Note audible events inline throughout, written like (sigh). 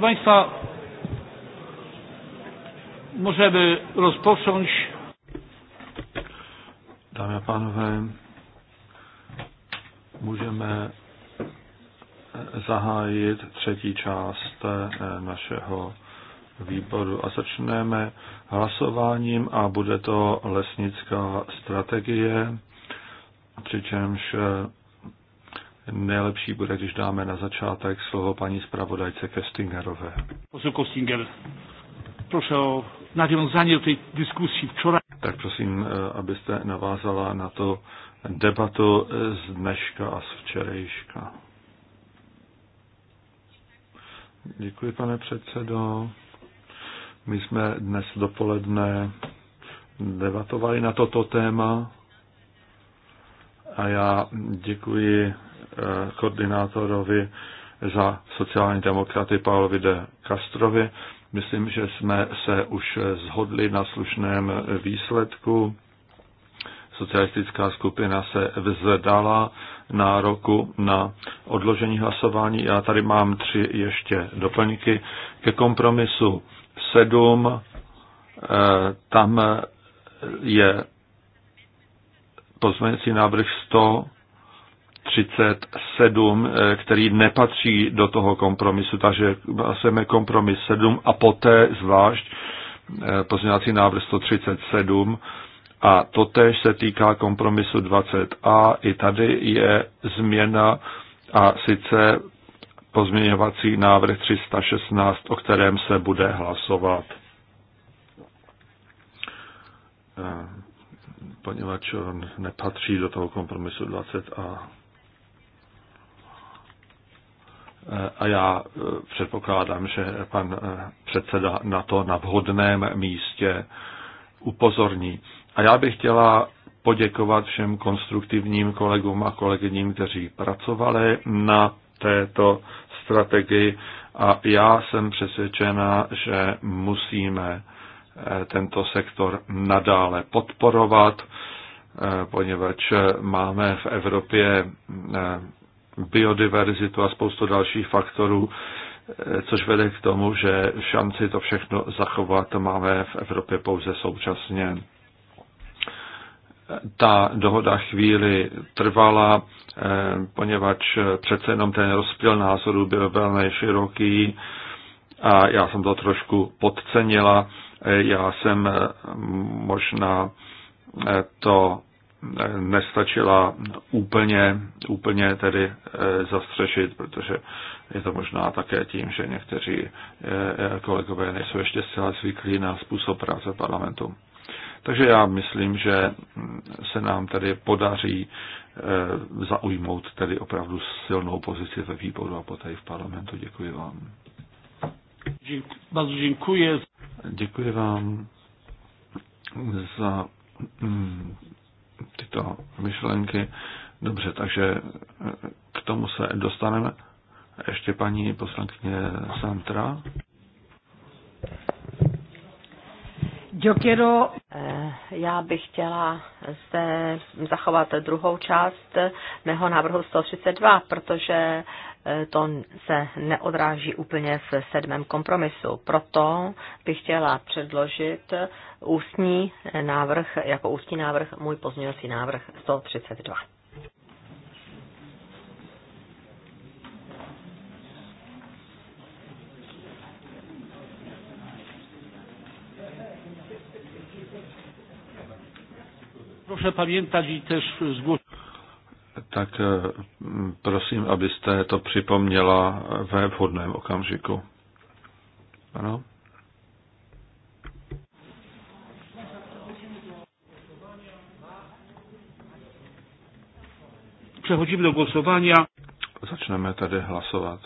Proszę Państwa, możemy rozpocząć. Dámy a pánové, můžeme eh, zahájit třetí část eh, našeho výboru a začneme hlasováním a bude to lesnická strategie, přičemž eh, nejlepší bude, když dáme na začátek slovo paní zpravodajce Kestingerové. Posel Kostinger, prosím o navázání do té diskusí včera. Tak prosím, e, abyste navázala na to debatu e, z dneška a z včerejška. Děkuji, pane předsedo. My jsme dnes dopoledne debatovali na toto téma a já děkuji koordinátorovi za sociální demokraty Pavlovi de Castrovi. Myslím, že jsme se už zhodli na slušném výsledku. Socialistická skupina se vzedala nároku na odložení hlasování. Já tady mám tři ještě doplňky. Ke kompromisu 7 eh, tam je pozměňující návrh 100 37, eh, který nepatří do toho kompromisu, takže hlasujeme kompromis 7 a poté zvlášť eh, pozměňovací návrh 137 a totéž se týká kompromisu 20a. I tady je změna a sice pozměňovací návrh 316, o kterém se bude hlasovat. Eh, poněvadž on nepatří do toho kompromisu 20a a já e, předpokládám, že pan e, předseda na to na vhodném místě upozorní. A já bych chtěla poděkovat všem konstruktivním kolegům a kolegyním, kteří pracovali na této strategii a já jsem přesvědčena, že musíme e, tento sektor nadále podporovat, poněvadž máme v Evropě biodiverzitu a spoustu dalších faktorů, eh, což vede k tomu, že šanci to všechno zachovat máme v Evropě pouze současně. Ta dohoda chvíli trvala, eh, poněvadž přece jenom ten rozpěl názorů byl velmi široký a já jsem to trošku podcenila. Eh, já jsem možná to nestačila úplně, úplně tedy eh, zastřešit, protože je to možná také tím, že někteří eh, kolegové nejsou ještě zcela zvyklí na způsob práce parlamentu. Takže já myslím, že se nám tady podaří eh, zaujmout tedy opravdu silnou pozici ve výboru a poté i v parlamentu. Děkuji vám. Děkuji. Děkuji vám za mm, tyto myšlenky. Dobře, takže eh, k tomu se dostaneme. Ještě paní poslankyně Santra. Yo eh, Já bych chtěla zde zachovat druhou část mého návrhu 132, protože to se neodráží úplně v sedmém kompromisu. Proto bych chtěla předložit ústní návrh, jako ústní návrh, můj pozměňovací návrh 132. Proszę pamiętać i też zgłosić tak eh, prosím, abyste to připomněla ve vhodném okamžiku. Ano? Přechodíme do hlasování. Začneme tady hlasovat.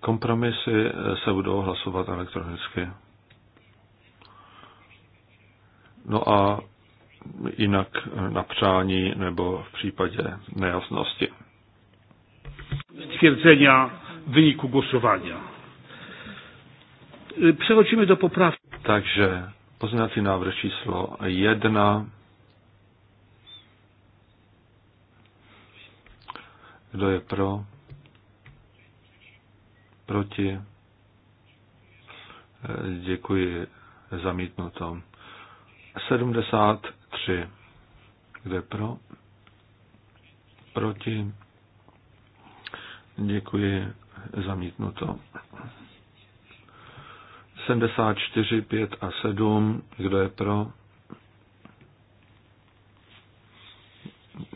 Kompromisy eh, se budou hlasovat elektronicky. No a jinak na přání nebo v případě nejasnosti. Stwierdzenia wyniku głosowania. Přechodíme do poprawki. Takže pozměňovací návrh číslo 1. Kdo je pro? Proti? Děkuji zamítnuto. 70 3. Kde pro? Proti? Děkuji, zamítnuto. 74, 5 a 7. Kdo je pro?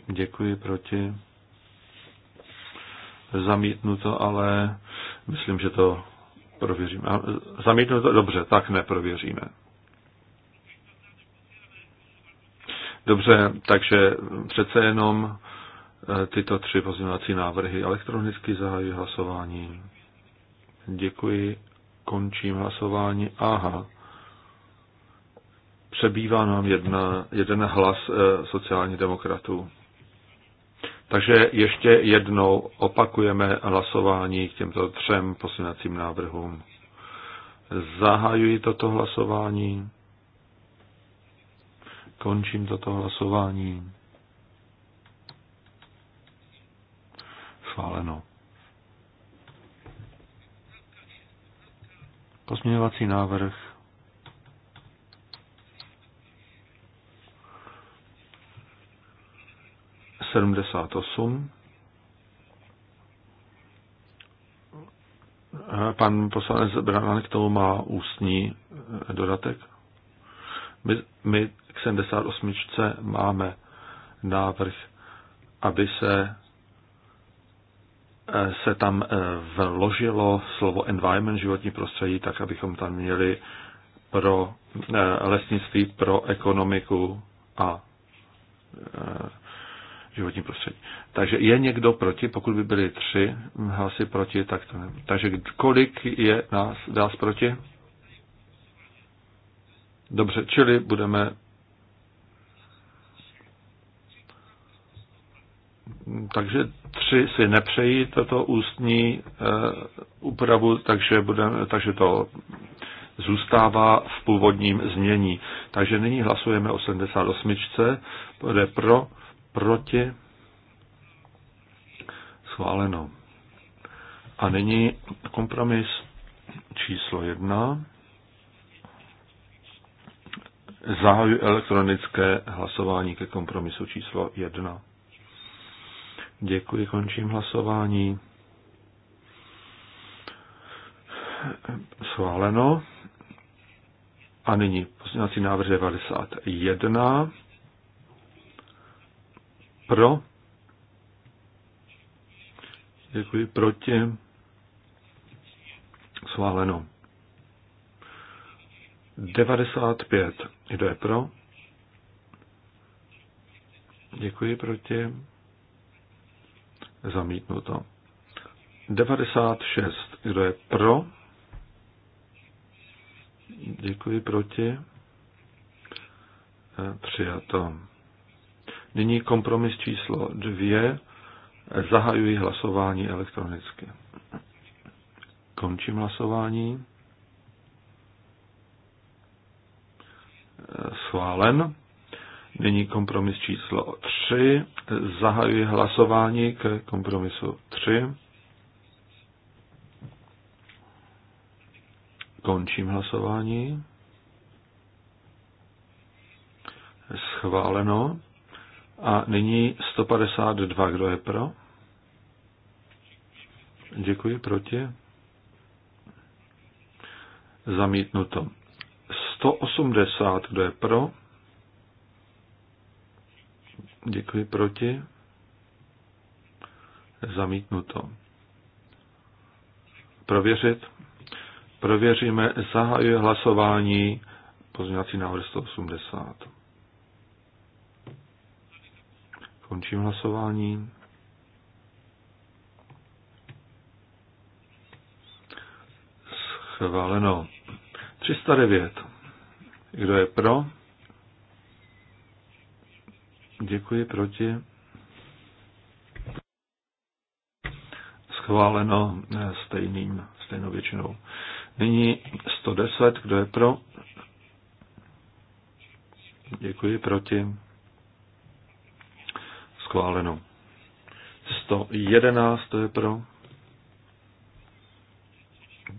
Děkuji, proti. Zamítnuto, ale myslím, že to prověříme. Zamítnuto, dobře, tak neprověříme. Dobře, takže přece jenom eh, tyto tři pozměňovací návrhy elektronicky zahajují hlasování. Děkuji, končím hlasování. Aha, přebývá nám jedna, jeden hlas e, eh, sociální demokratů. Takže ještě jednou opakujeme hlasování k těmto třem posunacím návrhům. Zahajuji toto hlasování. Končím toto hlasování. Schváleno. Pozměňovací návrh sedmdesát osm. Pan poslanec Branan k tomu má ústní dodatek. My, my k 78. máme návrh, aby se eh, se tam eh, vložilo slovo environment, životní prostředí, tak abychom tam měli pro eh, lesnictví, pro ekonomiku a životní prostředí. Takže je někdo proti, pokud by byly tři hlasy proti, tak to nevím. Takže kolik je nás, nás proti? Dobře, čili budeme takže tři si nepřejí tato ústní eh, úpravu, takže, takže to zůstává v původním změní. Takže nyní hlasujeme o 78. Bude pro, proti, schváleno. A nyní kompromis číslo jedna Zahajuji elektronické hlasování ke kompromisu číslo jedna. Děkuji, končím hlasování. Schváleno. A nyní pozměňovací návrh 91. Pro. Děkuji. Proti. Schváleno. 95. Kdo je pro? Děkuji. Proti Zamítnuto. 96. Kdo je pro? Děkuji proti. E, přijato. Nyní kompromis číslo 2. Zahajuji hlasování elektronicky. Končím hlasování. E, schválen. Nyní kompromis číslo 3. Zahajuji hlasování k kompromisu 3. Končím hlasování. Schváleno. A nyní 152. Kdo je pro? Děkuji. Proti? Zamítnuto. 180. Kdo je pro? Děkuji proti. Zamítnuto. Prověřit. Prověříme, zahajuje hlasování pozměňovací návrh 180. Končím hlasování. Schváleno. 309. Kdo je pro? Děkuji proti. Schváleno eh, stejným, stejnou většinou. Nyní 110, kdo je pro? Děkuji proti. Schváleno. 111, to je pro.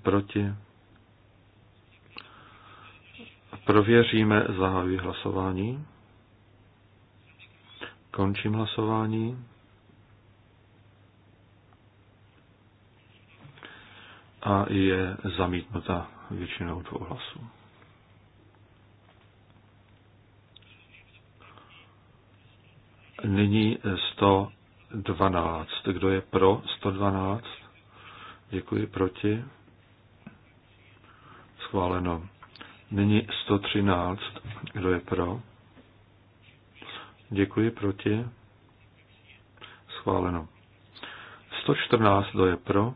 Proti. Prověříme, zahájí hlasování. Končím hlasování. A je zamítnuta většinou dvou hlasů. Nyní 112. Kdo je pro 112? Děkuji. Proti? Schváleno. Nyní 113. Kdo je pro? Děkuji proti. Schváleno. 114, kdo je pro?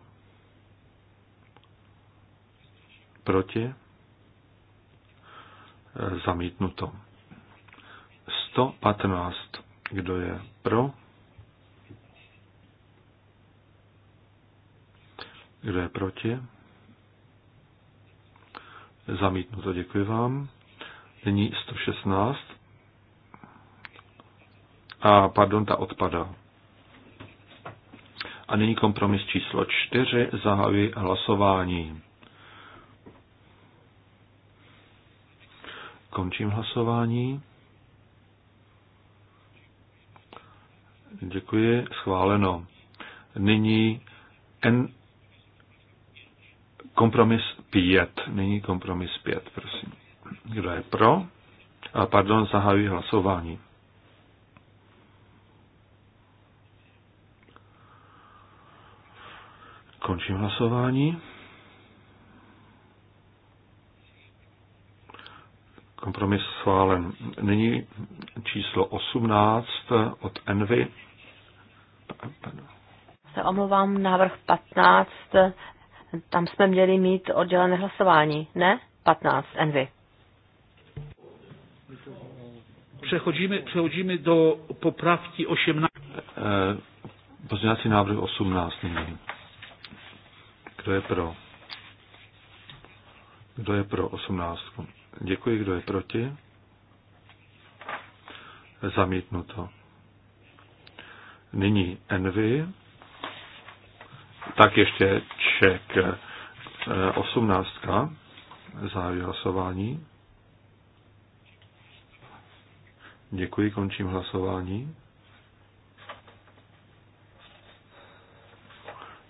Proti? E, zamítnuto. 115, kdo je pro? Kdo je proti? Zamítnuto, děkuji vám. Nyní 116, a pardon, ta odpadá. A nyní kompromis číslo čtyři Zahajuji hlasování. Končím hlasování. Děkuji, schváleno. Nyní N... kompromis 5. Nyní kompromis 5, prosím. Kdo je pro? A pardon, zahajuji hlasování. Končím hlasování. Kompromis schválen. Nyní číslo 18 od Envy. Se omlouvám, návrh 15. Tam jsme měli mít oddělené hlasování, ne? 15, Envy. Přechodíme, přechodíme do popravky 18. Eh, pozdělací návrh 18 nyní. Kdo je pro? Kdo je pro osmnáctku? Děkuji, kdo je proti? Zamítnuto. Nyní Envy. Tak ještě ček. Eh, osmnáctka. Zahájí hlasování. Děkuji, končím hlasování.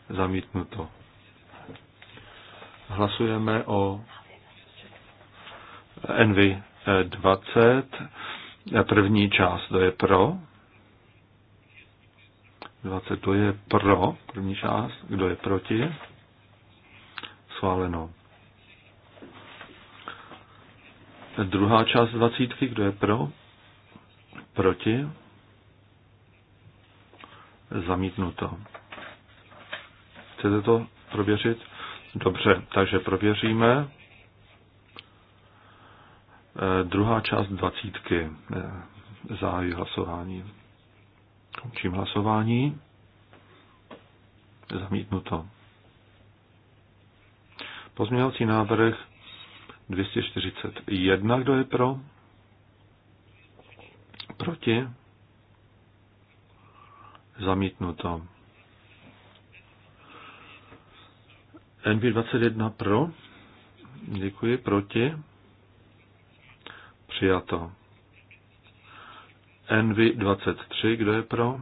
Zamítnuto. Hlasujeme o NV 20, první část, to je pro. 20, to je pro, první část, kdo je proti. Schváleno. Druhá část dvacítky, kdo je pro? Proti? Zamítnuto. Chcete to prověřit? Dobře, takže prověříme. Eh, druhá část dvacítky. Eh, zahájí hlasování. Končím hlasování. Zamítnuto. Pozměňovací návrh 241. Kdo je pro? Proti? Zamítnuto. NV21 pro. Děkuji. Proti. Přijato. NV23, kdo je pro?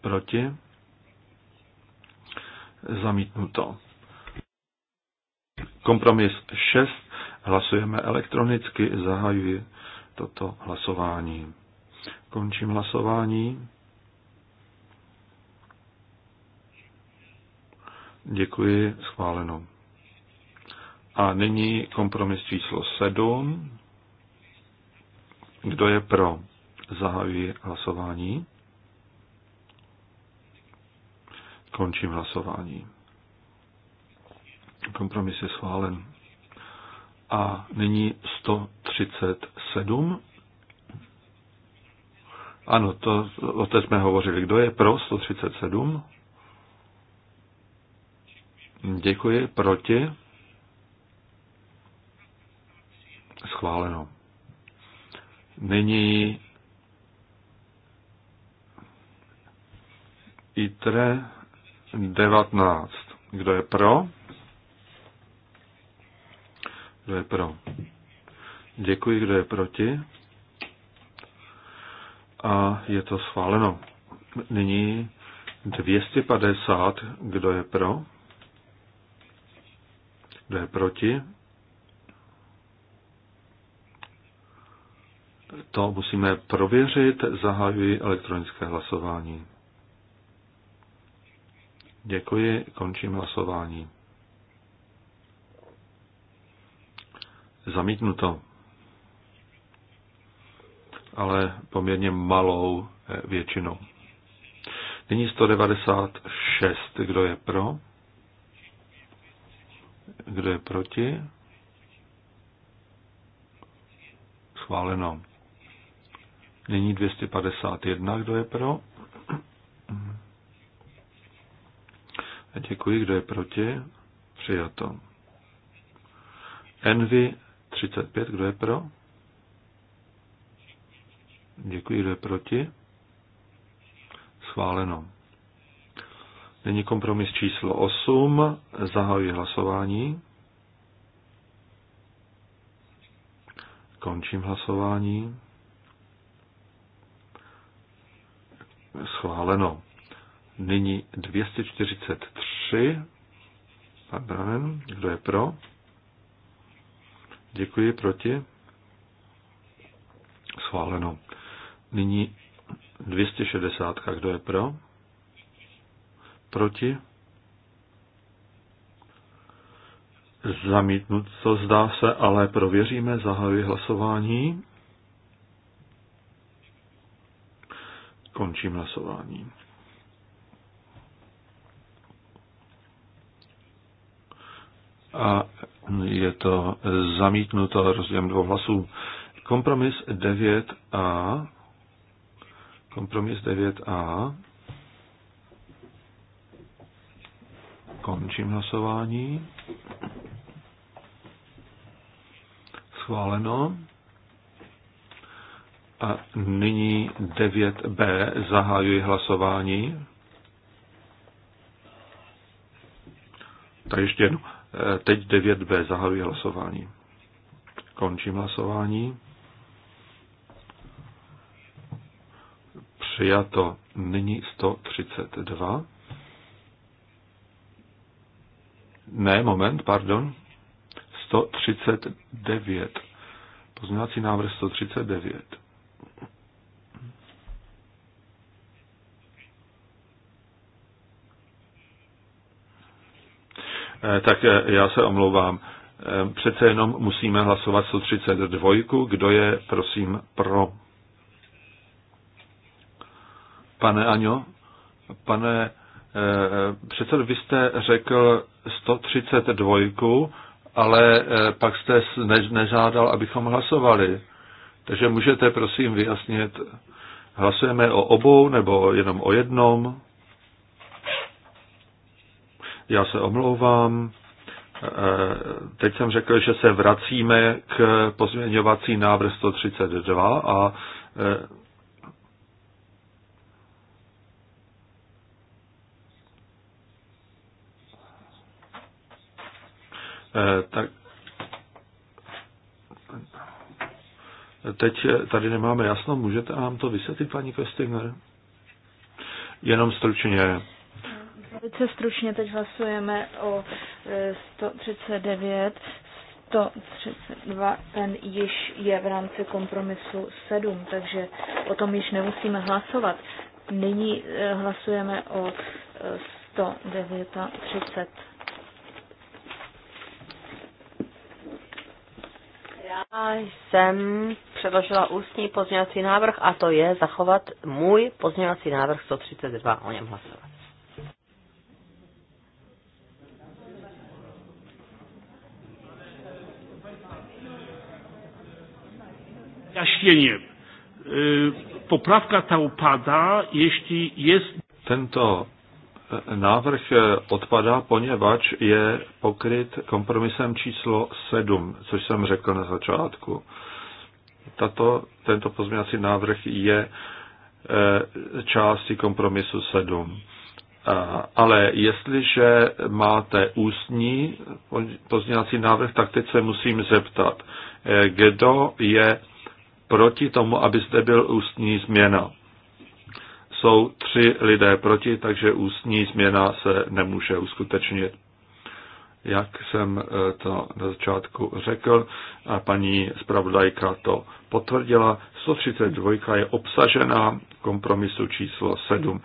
Proti? Zamítnuto. Kompromis 6. Hlasujeme elektronicky. Zahajuji toto hlasování. Končím hlasování. Děkuji, schváleno. A nyní kompromis číslo 7. Kdo je pro? Zahajuji hlasování. Končím hlasování. Kompromis je schválen. A nyní 137. Ano, to, o té jsme hovořili. Kdo je pro 137? Děkuji. Proti? Schváleno. Nyní ITRE 19. Kdo je pro? Kdo je pro? Děkuji, kdo je proti. A je to schváleno. Nyní 250. Kdo je pro? Kdo je proti? To musíme prověřit. Zahajuji elektronické hlasování. Děkuji, končím hlasování. Zamítnuto. Ale poměrně malou eh, většinou. Nyní 196. Kdo je pro? Kdo je proti? Schváleno. Nyní 251. Kdo je pro? Děkuji. Kdo je proti? Přijato. Envy 35. Kdo je pro? Děkuji. Kdo je proti? Schváleno. Nyní kompromis číslo 8. Zahajuji hlasování. Končím hlasování. Schváleno. Nyní 243. Pan kdo je pro? Děkuji, proti? Schváleno. Nyní 260. Kdo je pro? proti, zamítnut to zdá se, ale prověříme, zahajuji hlasování. Končím hlasování. A je to zamítnuto rozdělem dvou hlasů. Kompromis 9a. Kompromis 9a. Končím hlasování. Schváleno. A nyní 9b zahajuji hlasování. Tak ještě jednou. E, teď 9b zahajuji hlasování. Končím hlasování. Přijato nyní 132. Ne, moment, pardon. 139. Pozměňovací návrh 139. Eh, tak eh, já se omlouvám. Eh, přece jenom musíme hlasovat 132. Kdo je, prosím, pro? Pane Aňo, pane Eh, Přece vy jste řekl 132, ale eh, pak jste nežádal, abychom hlasovali. Takže můžete prosím vyjasnit, hlasujeme o obou nebo jenom o jednom? Já se omlouvám. Eh, teď jsem řekl, že se vracíme k pozměňovací návrh 132 a Eh, tak teď eh, tady nemáme jasno. Můžete nám to vysvětlit, paní Kostinger? Jenom stručně. Velice stručně teď hlasujeme o 139. Eh, 132, ten již je v rámci kompromisu 7, takže o tom již nemusíme hlasovat. Nyní hlasujeme o 139. Já jsem předložila ústní pozměňovací návrh a to je zachovat můj pozměňovací návrh 132, o něm hlasovat. Jaśnienie. Poprawka ta upada, jeśli jest... Tento návrh eh, odpadá, poněvadž je pokryt kompromisem číslo 7, což jsem řekl na začátku. Tato, tento pozměňovací návrh je eh, části kompromisu 7. Ale jestliže máte ústní pozměňovací návrh, tak teď se musím zeptat, eh, kdo je proti tomu, aby zde byl ústní změna jsou tři lidé proti, takže ústní změna se nemůže uskutečnit. Jak jsem eh, to na začátku řekl, a paní zpravodajka to potvrdila, 132 je obsažena v kompromisu číslo 7.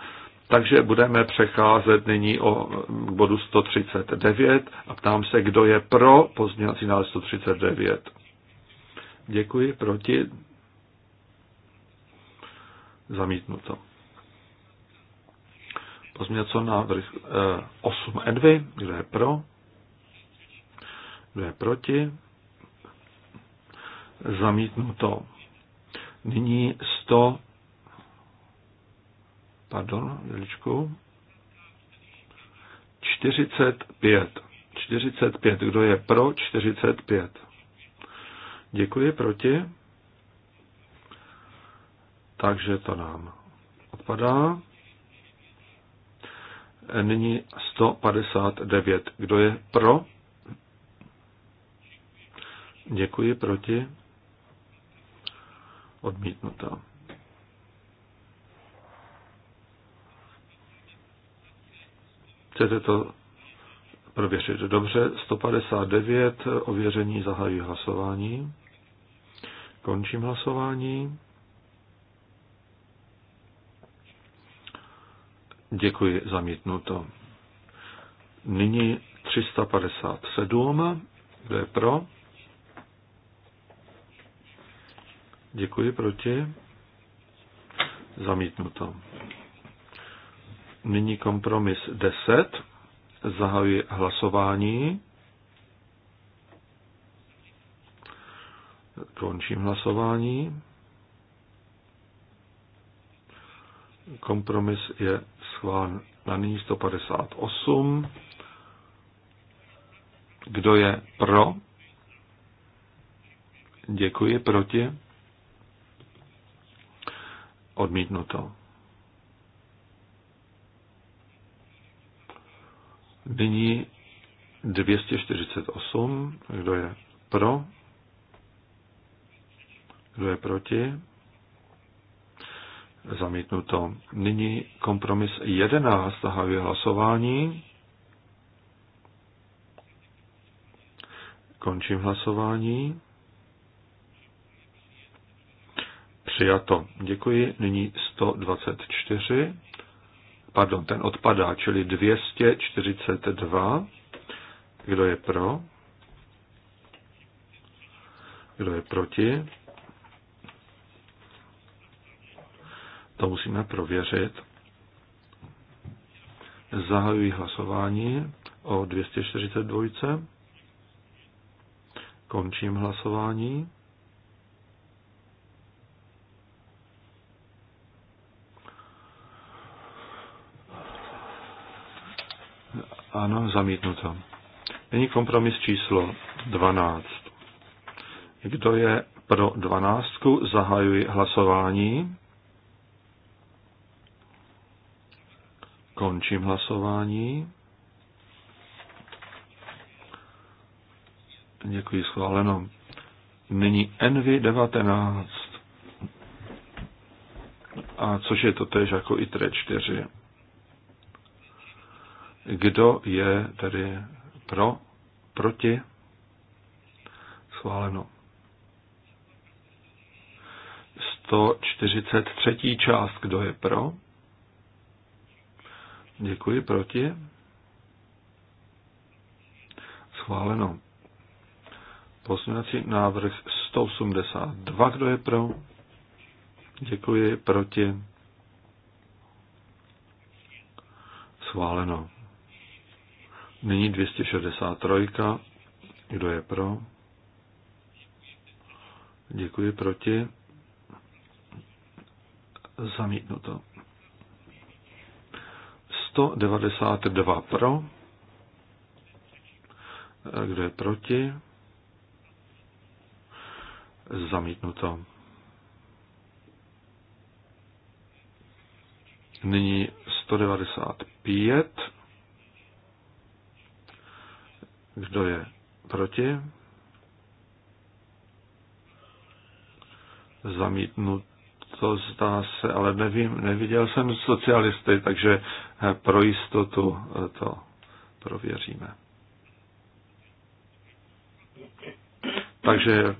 Takže budeme přecházet nyní o, k bodu 139 a ptám se, kdo je pro pozměňovací návrh 139. Děkuji, proti. Zamítnuto. Pozměňovací návrh 8 eh, 2 kdo je pro, kdo je proti, zamítnuto. Nyní 100, pardon, chviličku, 45. 45. Kdo je pro 45? Děkuji, proti. Takže to nám odpadá nyní 159. Kdo je pro? Děkuji, proti? Odmítnuto. Chcete to prověřit? Dobře, 159, ověření zahají hlasování. Končím hlasování. Děkuji, zamítnuto. Nyní 357. Kdo je pro? Děkuji, proti? Zamítnuto. Nyní kompromis 10. Zahajuji hlasování. Končím hlasování. Kompromis je schválen na nyní 158. Kdo je pro? Děkuji. Proti? Odmítnuto. Nyní 248. Kdo je pro? Kdo je proti? Zamítnuto. Nyní kompromis 11. Zahajuje hlasování. Končím hlasování. Přijato. Děkuji. Nyní 124. Pardon, ten odpadá, čili 242. Kdo je pro? Kdo je proti? To musíme prověřit. Zahajuji hlasování o 242. Končím hlasování. Ano, zamítnuto. Není kompromis číslo 12. Kdo je pro 12, zahajuji hlasování. Končím hlasování. Děkuji, schváleno. Nyní Envy 19. A což je to tež jako i 4. E kdo je tedy pro, proti? Schváleno. 143. část, kdo je pro? Děkuji. Proti? Schváleno. Pozměňovací návrh 182. Kdo je pro? Děkuji. Proti? Schváleno. Nyní 263. Kdo je pro? Děkuji. Proti? Zamítnuto. 192 pro. Kdo je proti? Zamítnuto. Nyní 195. Kdo je proti? Zamítnut to zdá se, ale nevím, neviděl jsem socialisty, takže pro jistotu to prověříme. Takže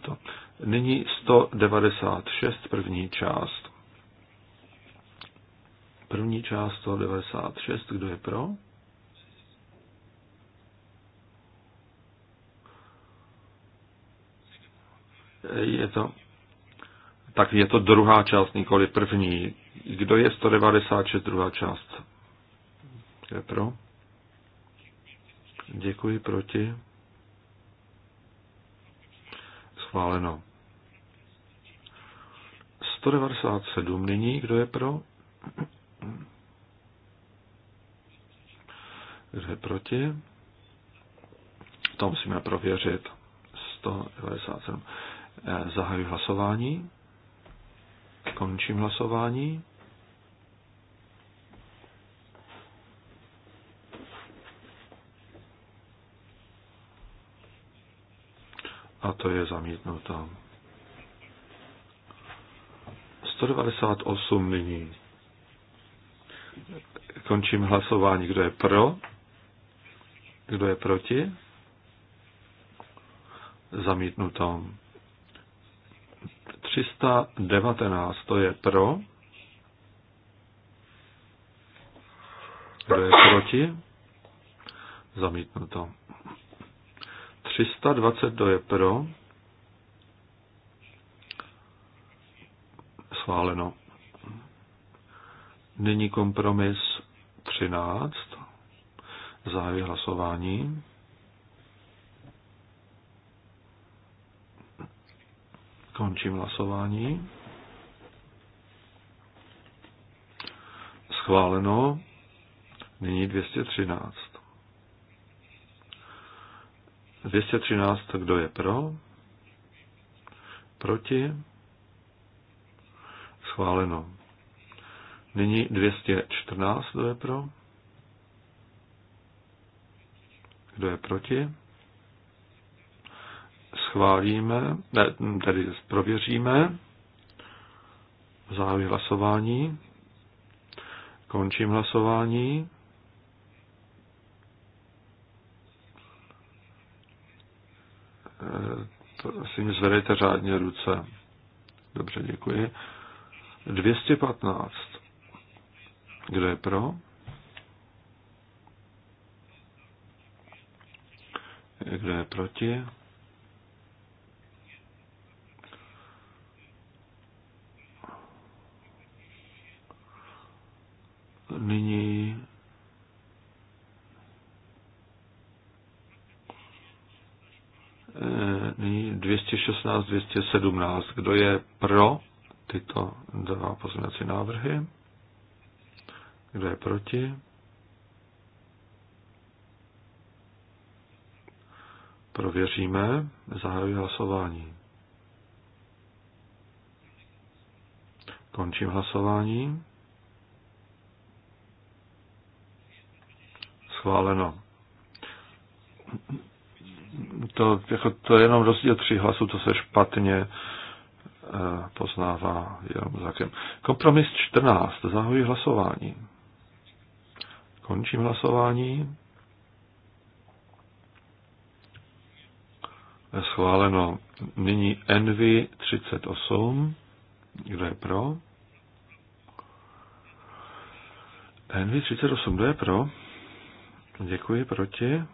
to. Nyní 196, první část. První část 196, kdo je pro? Je to tak je to druhá část, nikoli první. Kdo je 196, druhá část? Kdo je pro? Děkuji, proti? Schváleno. 197 nyní, kdo je pro? Kdo je proti? To musíme prověřit. 197. Eh, zahajuji hlasování. Končím hlasování. A to je zamítnuto. 198 nyní. Končím hlasování. Kdo je pro? Kdo je proti? Zamítnuto. 319, to je pro. Kdo je proti? Zamítnuto. 320, to je pro. Schváleno. Nyní kompromis 13. Zahajuji hlasování. Končím hlasování. Schváleno. Nyní 213. 213, kdo je pro? Proti? Schváleno. Nyní 214, kdo je pro? Kdo je proti? schválíme, ne, tedy prověříme, závěr hlasování, končím hlasování, prosím, eh, zvedejte řádně ruce. Dobře, děkuji. 215. Kdo je pro? Kdo je proti? nyní eh, nyní 216, 217. Kdo je pro tyto dva pozměňovací návrhy? Kdo je proti? Prověříme. Zahajuji hlasování. Končím hlasování. schváleno. To, jako, to je jenom rozdíl tří hlasů, to se špatně eh, poznává jenom zákem. Kompromis 14. Zahojí hlasování. Končím hlasování. Schváleno. Nyní Envy 38. Kdo je pro? Envy 38. Kdo je pro? Děkuji, proti.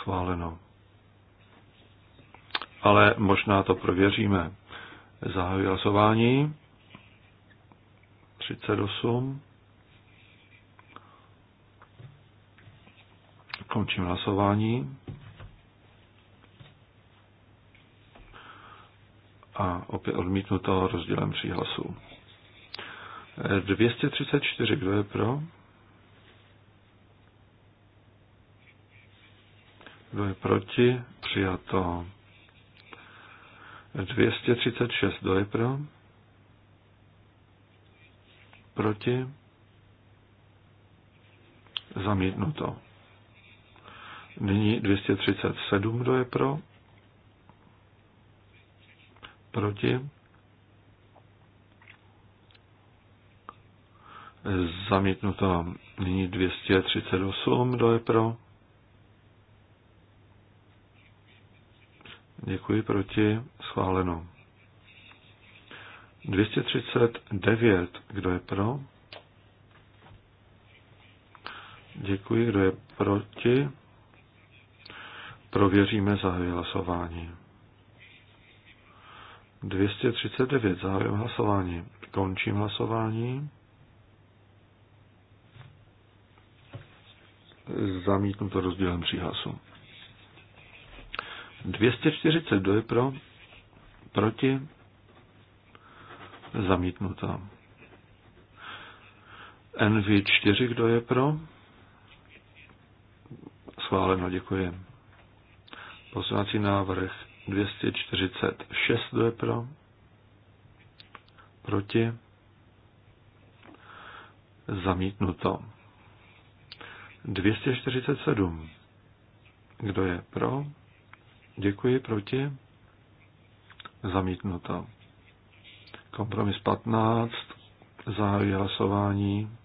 Schváleno. Ale možná to prověříme. Zahajuji hlasování. 38. Končím hlasování. A opět odmítnuto rozdělem tří hlasů. 234, kdo je pro? Kdo je proti? Přijato. 236, kdo je pro? Proti? Zamítnuto. Nyní 237, kdo je pro? Proti? Zamítnuto nyní 238, kdo je pro? Děkuji proti, schváleno. 239, kdo je pro? Děkuji, kdo je proti? Prověříme zahajuji hlasování. 239 zahajuji hlasování. Končím hlasování. zamítnuto rozdílem příhlasu. 240, 242 je pro, proti, zamítnuto. NV4, kdo je pro? Schváleno, děkuji. Poslanecí návrh 246, kdo je pro? Proti? Zamítnuto. 247. Kdo je pro? Děkuji, proti? Zamítnuto. Kompromis 15. Zahajuji hlasování.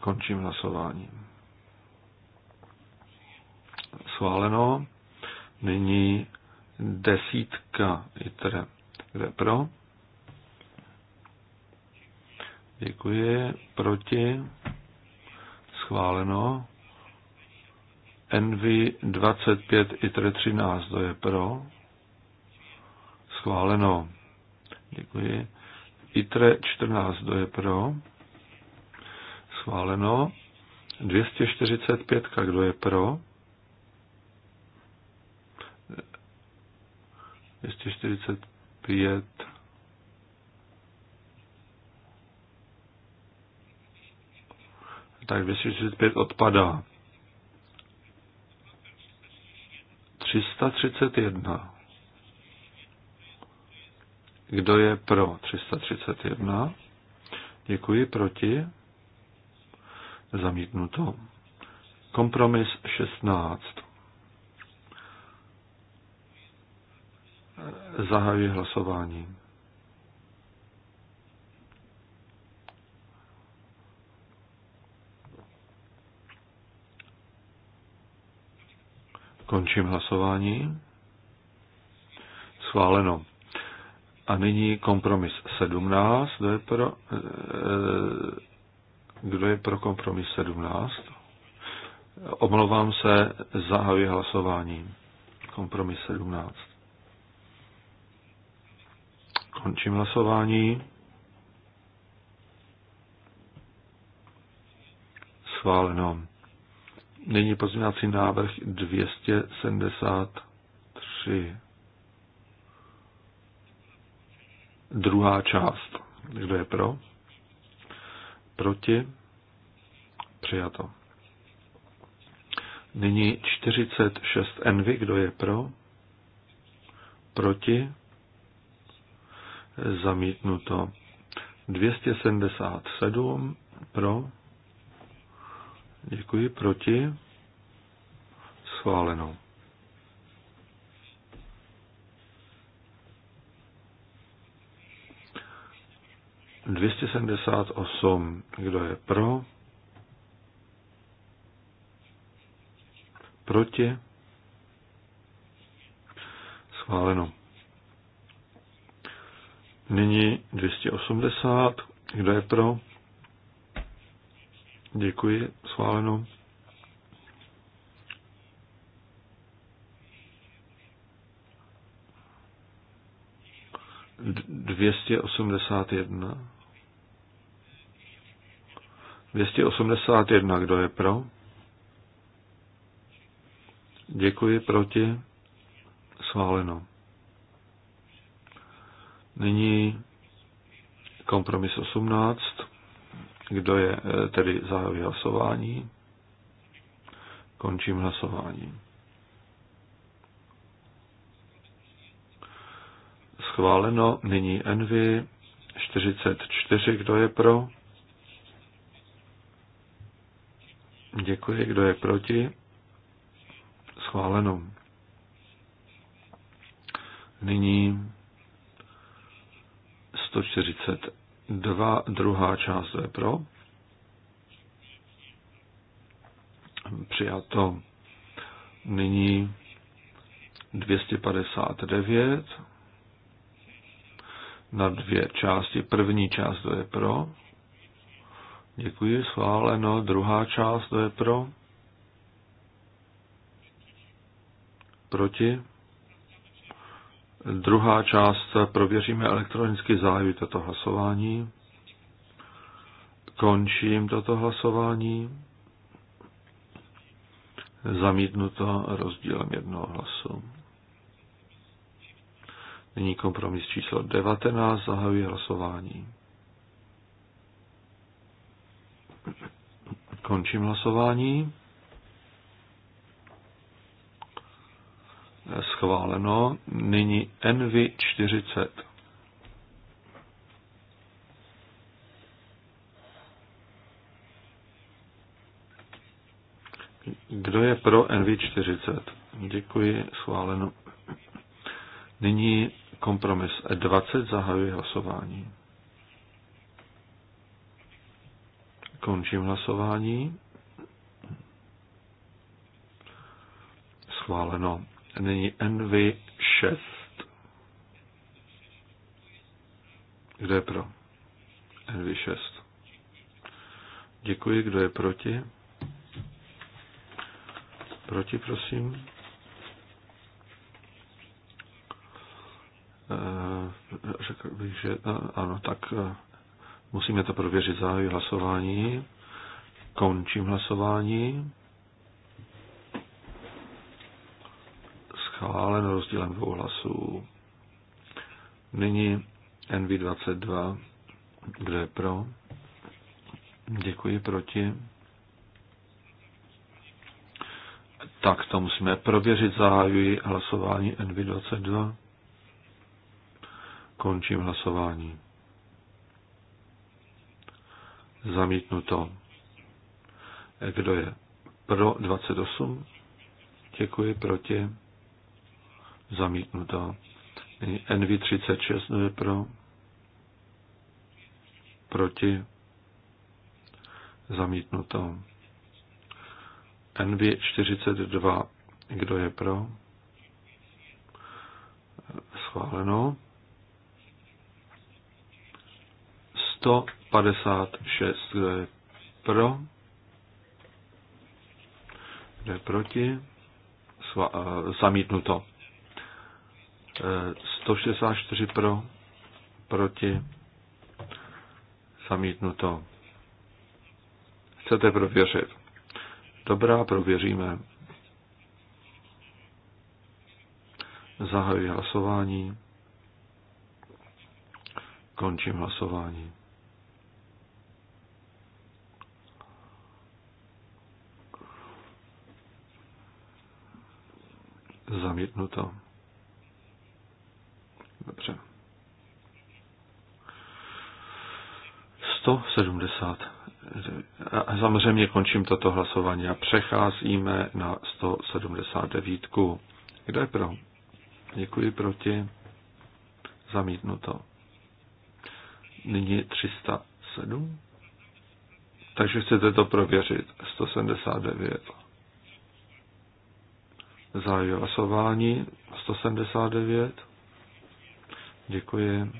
Končím hlasování. Schváleno. Nyní desítka ITRE. Kde pro? Děkuji. Proti? Schváleno. nv 25 ITRE 13, to je pro. Schváleno. Děkuji. ITRE 14, to je pro. Schváleno. 245, kdo je pro? 245 tak 235 odpadá. 331. Kdo je pro 331? Děkuji, proti? Zamítnuto. Kompromis 16. Zahajuji hlasování. Končím hlasování. Schváleno. A nyní kompromis 17. Kdo je pro, eh, kdo je pro kompromis 17? Omlouvám se, zahajuji hlasování. Kompromis 17. Končím hlasování. Schváleno. Nyní pozměňovací návrh 273. Druhá část. Kdo je pro? Proti? Přijato. Nyní 46 envy. Kdo je pro? Proti? Zamítnuto. 277 pro? Děkuji. Proti? Schváleno. Dvěstě sedmdesát osm. Kdo je pro? Proti? Schváleno. Nyní osmdesát. Kdo je pro? Děkuji, schváleno. Dvěstě osmdesát jedna. kdo je pro? Děkuji, proti? Schváleno. Nyní kompromis 18. Kdo je eh, tedy zahájí hlasování? Končím hlasování. Schváleno nyní Envy 44. Kdo je pro? Děkuji. Kdo je proti? Schváleno. Nyní 140 Dva druhá část, je pro. Přijato nyní 259 na dvě části. První část to je pro. Děkuji, schváleno. Druhá část to je pro. Proti. Druhá část prověříme elektronicky zájmy toto hlasování. Končím toto hlasování. Zamítnuto rozdílem jednoho hlasu. Nyní kompromis číslo 19. zahajuje hlasování. Končím hlasování. schváleno. Nyní Envy 40. Kdo je pro NV 40? Děkuji, schváleno. Nyní kompromis E 20 zahajuje hlasování. Končím hlasování. Schváleno a Nyní Envy 6 Kdo je pro? Envy 6 Děkuji. Kdo je proti? Proti, prosím. Eh, řekl bych, že eh, ano, tak eh, musíme to prověřit. Zahajuji hlasování. Končím hlasování. schválen rozdílem dvou hlasů. Nyní NV22. Kdo je pro? Děkuji proti. Tak to musíme prověřit. Zahajuji hlasování NV22. Končím hlasování. Zamítnuto. Kdo je pro 28? Děkuji proti zamítnuto. NV36 je pro, proti, zamítnuto. NV42, kdo je pro? Schváleno. 156, kdo je pro? Kdo je proti? Sva, eh, zamítnuto. 164 pro, proti, zamítnuto. Chcete prověřit? Dobrá, prověříme. Zahajuji hlasování. Končím hlasování. Zamítnuto. Dobře. 170. A samozřejmě končím toto hlasování a přecházíme na 179. Kdo je pro? Děkuji proti. Zamítnuto. Nyní 307. Takže chcete to prověřit. 179. Zahajuji hlasování. 179. Děkuji.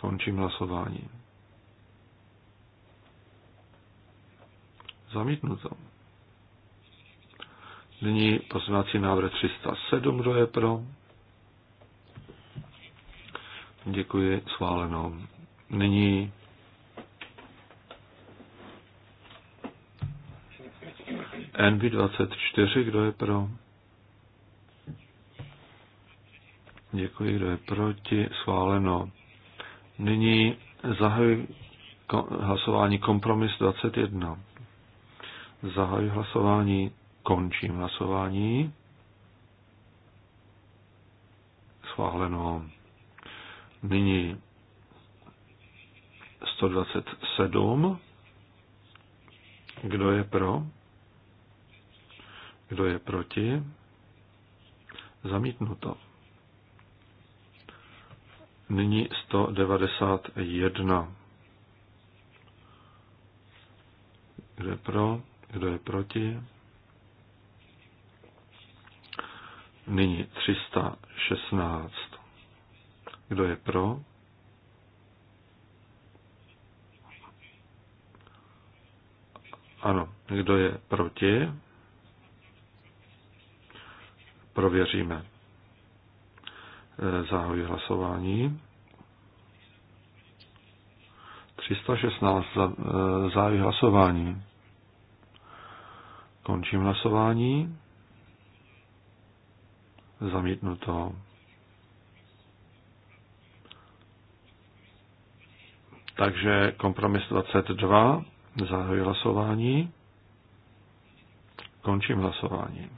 Končím hlasování. Zamítnuto. Nyní pozvací návrh 307, kdo je pro? Děkuji, schváleno. Nyní NV24, kdo je pro? Děkuji, kdo je proti. Schváleno. Nyní zahajuji hlasování kompromis 21. Zahajuji hlasování, končím hlasování. Schváleno. Nyní 127. Kdo je pro? Kdo je proti? Zamítnuto. Nyní 191. Kdo je pro? Kdo je proti? Nyní 316. Kdo je pro? Ano. Kdo je proti? Prověříme. Zahajuji hlasování. 316 eh, zahajuji hlasování. Končím hlasování. Zamítnuto. Takže kompromis 22. Zahajuji hlasování. Končím hlasování.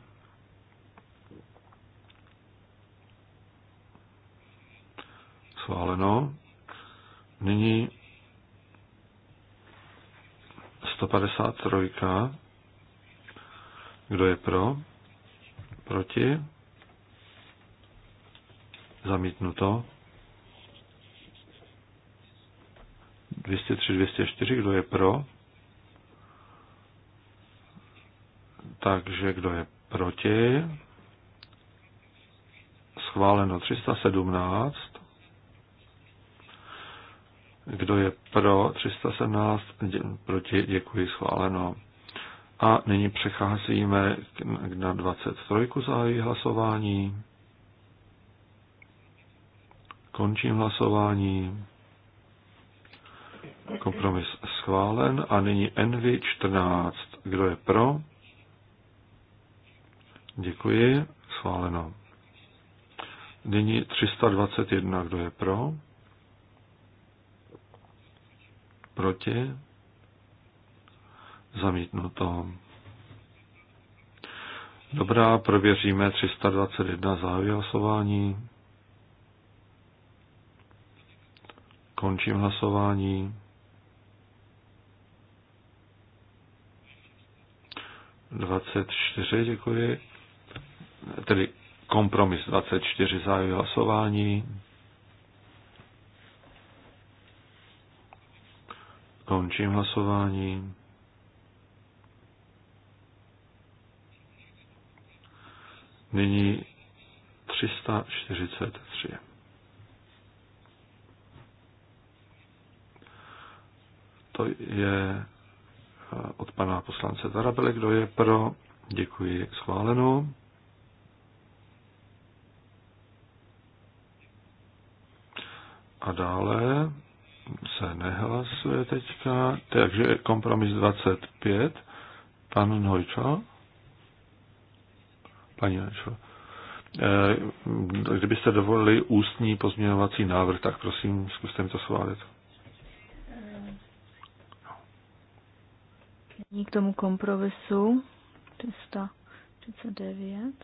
Schváleno. Nyní 153. Kdo je pro? Proti? Zamítnuto. 203, 204. Kdo je pro? Takže kdo je proti? Schváleno 317. Kdo je pro 317, proti děkuji schváleno. A nyní přecházíme na 23. zahájí hlasování. Končím hlasování. Kompromis schválen. A nyní NV 14. Kdo je pro? Děkuji. Schváleno. Nyní 321. Kdo je pro? Proti? Zamítnuto. Dobrá, prověříme 321 závěr hlasování. Končím hlasování. Dvacet čtyři, děkuji. Tedy kompromis 24 závěr hlasování. Končím hlasování. Nyní 343. To je eh, od pana poslance Tarabele. Kdo je pro? Děkuji, schváleno. A dále se nehlasuje teďka, takže kompromis 25, pan Nojčo, paní Nojčo. Eh, kdybyste dovolili ústní pozměňovací návrh, tak prosím, zkuste mi to schválit. Nyní k tomu kompromisu 339.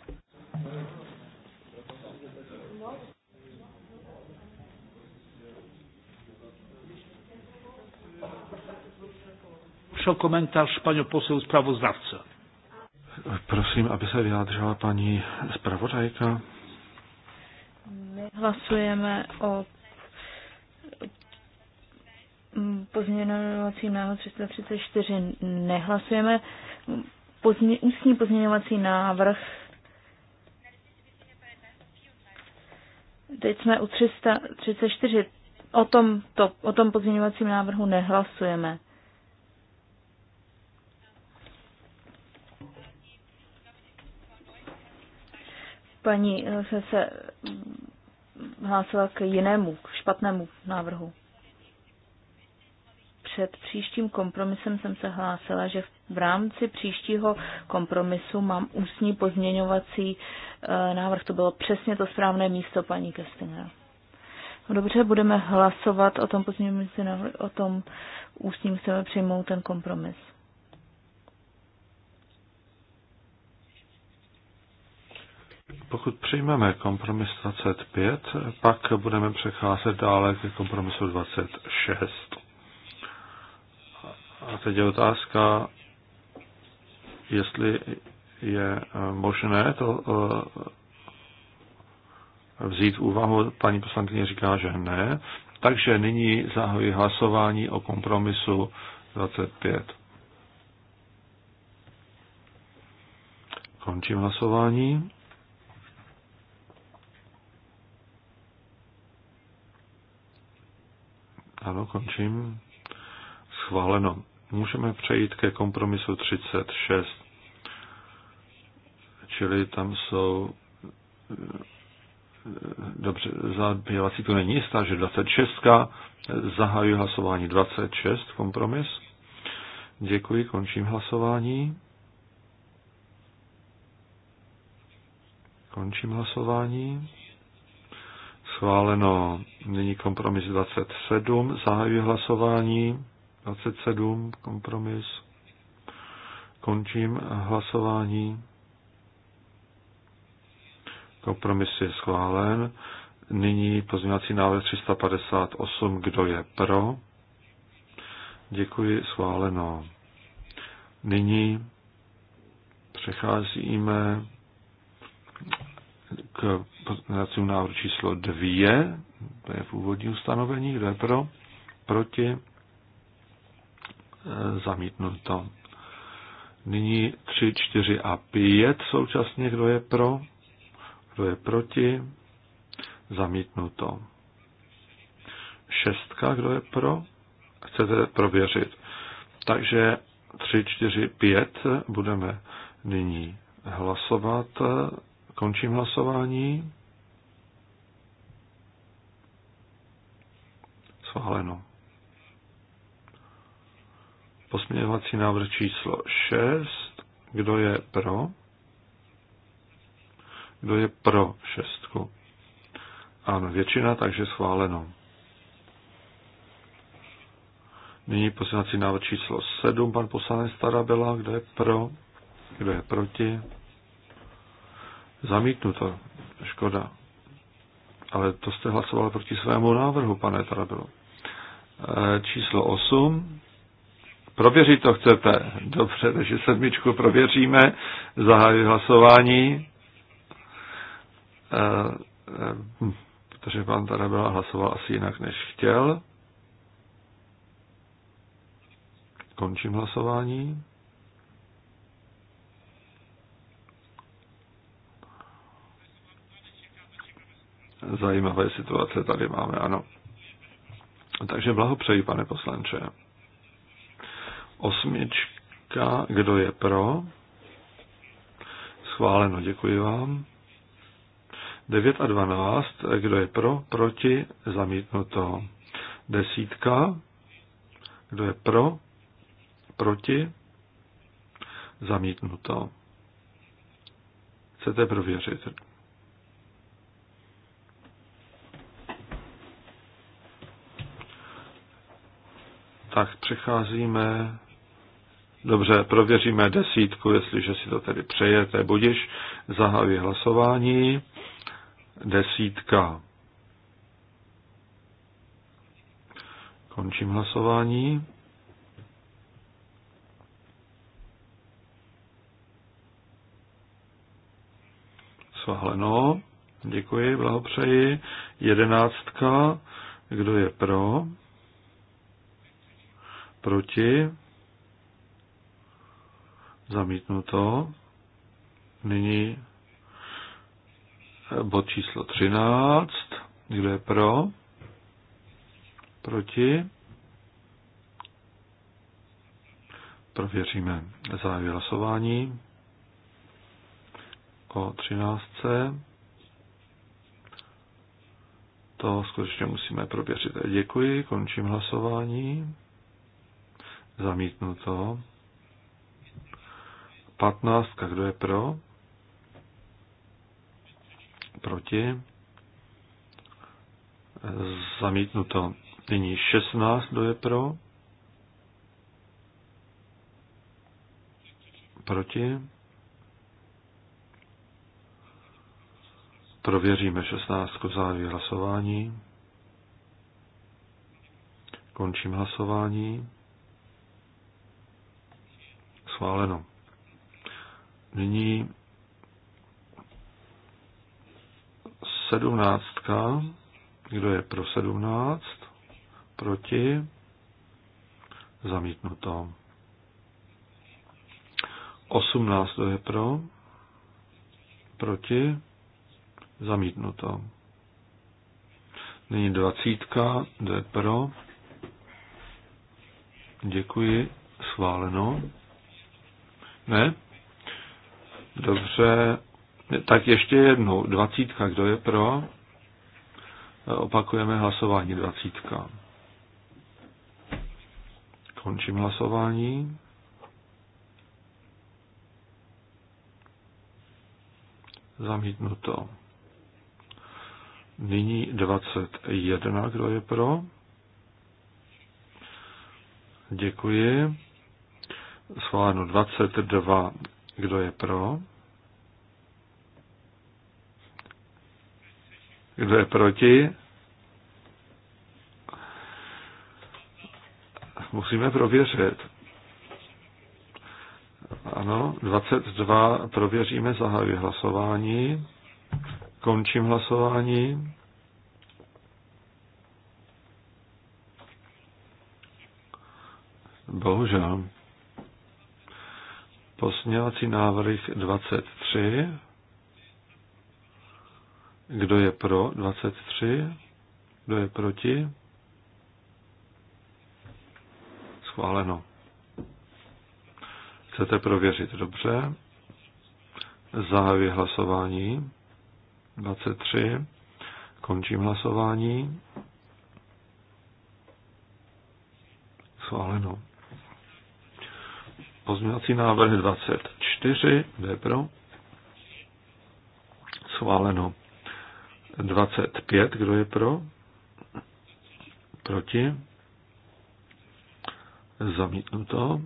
Proszę komentář paní panią zpravozdravce. Prosím, aby se vyjádřila paní zpravodajka. My hlasujeme o pozměňovacím návrhu 334. Nehlasujeme. Pozmě, ústní pozměňovací návrh. Teď jsme u 334. O, tom o tom pozměňovacím návrhu nehlasujeme. Paní eh, se, se mm, hlásila k jinému, k špatnému návrhu. Před příštím kompromisem jsem se hlásila, že v rámci příštího kompromisu mám ústní pozměňovací eh, návrh. To bylo přesně to správné místo, paní Kestingera. No dobře, budeme hlasovat o tom pozměňovacím návrhu, o tom ústním chceme přijmout ten kompromis. Pokud přijmeme kompromis 25, pak budeme přecházet dále ke kompromisu 26. A teď je otázka, jestli je eh, možné to eh, vzít v úvahu. Paní poslankyně říká, že ne. Takže nyní zahojí hlasování o kompromisu 25. Končím hlasování. Ano, končím. Schváleno. Můžeme přejít ke kompromisu 36. Čili tam jsou eh, dobře, Za to není jistá, že 26. Zahajuji hlasování 26, kompromis. Děkuji, končím hlasování. Končím hlasování. Schváleno. Nyní kompromis 27. Zahajuji hlasování. 27. Kompromis. Končím hlasování. Kompromis je schválen. Nyní pozměňovací návrh 358. Kdo je pro? Děkuji, schváleno. Nyní přecházíme k pozměňovacímu návrhu číslo 2, to je v úvodním ustanovení, kdo je pro, proti, e, zamítnuto. Nyní 3, 4 a 5 současně, kdo je pro, kdo je proti, zamítnuto. Šestka, kdo je pro, chcete prověřit. Takže 3, 4, 5 budeme nyní hlasovat Končím hlasování. Schváleno. Posměňovací návrh číslo 6. Kdo je pro? Kdo je pro šestku? Ano, většina, takže schváleno. Nyní poslanecí návrh číslo 7, pan poslanec Starabela, kdo je pro, kdo je proti, Zamítnuto. Škoda. Ale to jste hlasoval proti svému návrhu, pane Tarabilo. E, číslo 8. Prověřit to chcete. Dobře, takže sedmičku prověříme. Zahájí hlasování. E, e, protože pan Tarabila hlasoval asi jinak, než chtěl. Končím hlasování. zajímavé situace tady máme, ano. Takže blahopřeji, pane poslanče. Osmička, kdo je pro? Schváleno, děkuji vám. 9 a 12, kdo je pro, proti, zamítnuto. Desítka, kdo je pro, proti, zamítnuto. Chcete prověřit? tak přecházíme. Dobře, prověříme desítku, jestliže si to tedy přejete. Budiš zahájí hlasování. Desítka. Končím hlasování. Svahleno. Děkuji, blahopřeji. Jedenáctka. Kdo je pro? proti, zamítnuto. Nyní eh, bod číslo 13, kdo je pro, proti, prověříme závěr hlasování o 13. To skutečně musíme prověřit. Děkuji, končím hlasování. Zamítnuto. 15. Kdo je pro? Proti? Zamítnuto. Nyní 16. Kdo je pro? Proti? Prověříme 16. závěr hlasování. Končím hlasování. Schváleno. Nyní sedmnáctka. Kdo je pro sedmnáct? Proti? Zamítnuto. Osmnáct. Kdo je pro? Proti? Zamítnuto. Nyní dvacítka. Kdo je pro? Děkuji. Schváleno. Ne? Dobře. Tak ještě jednou. Dvacítka. Kdo je pro? Opakujeme hlasování. Dvacítka. Končím hlasování. Zamítnuto. Nyní 21. Kdo je pro? Děkuji. Schváleno 22. Kdo je pro? Kdo je proti? Musíme prověřit. Ano, 22 prověříme, zahajuji hlasování. Končím hlasování. Bohužel. Posměvací návrh 23. Kdo je pro 23? Kdo je proti? Schváleno. Chcete prověřit? Dobře. Zahajuji hlasování. 23. Končím hlasování. Schváleno. Pozměňovací návrh 24, kde pro? Schváleno. 25, kdo je pro? Proti? Zamítnuto.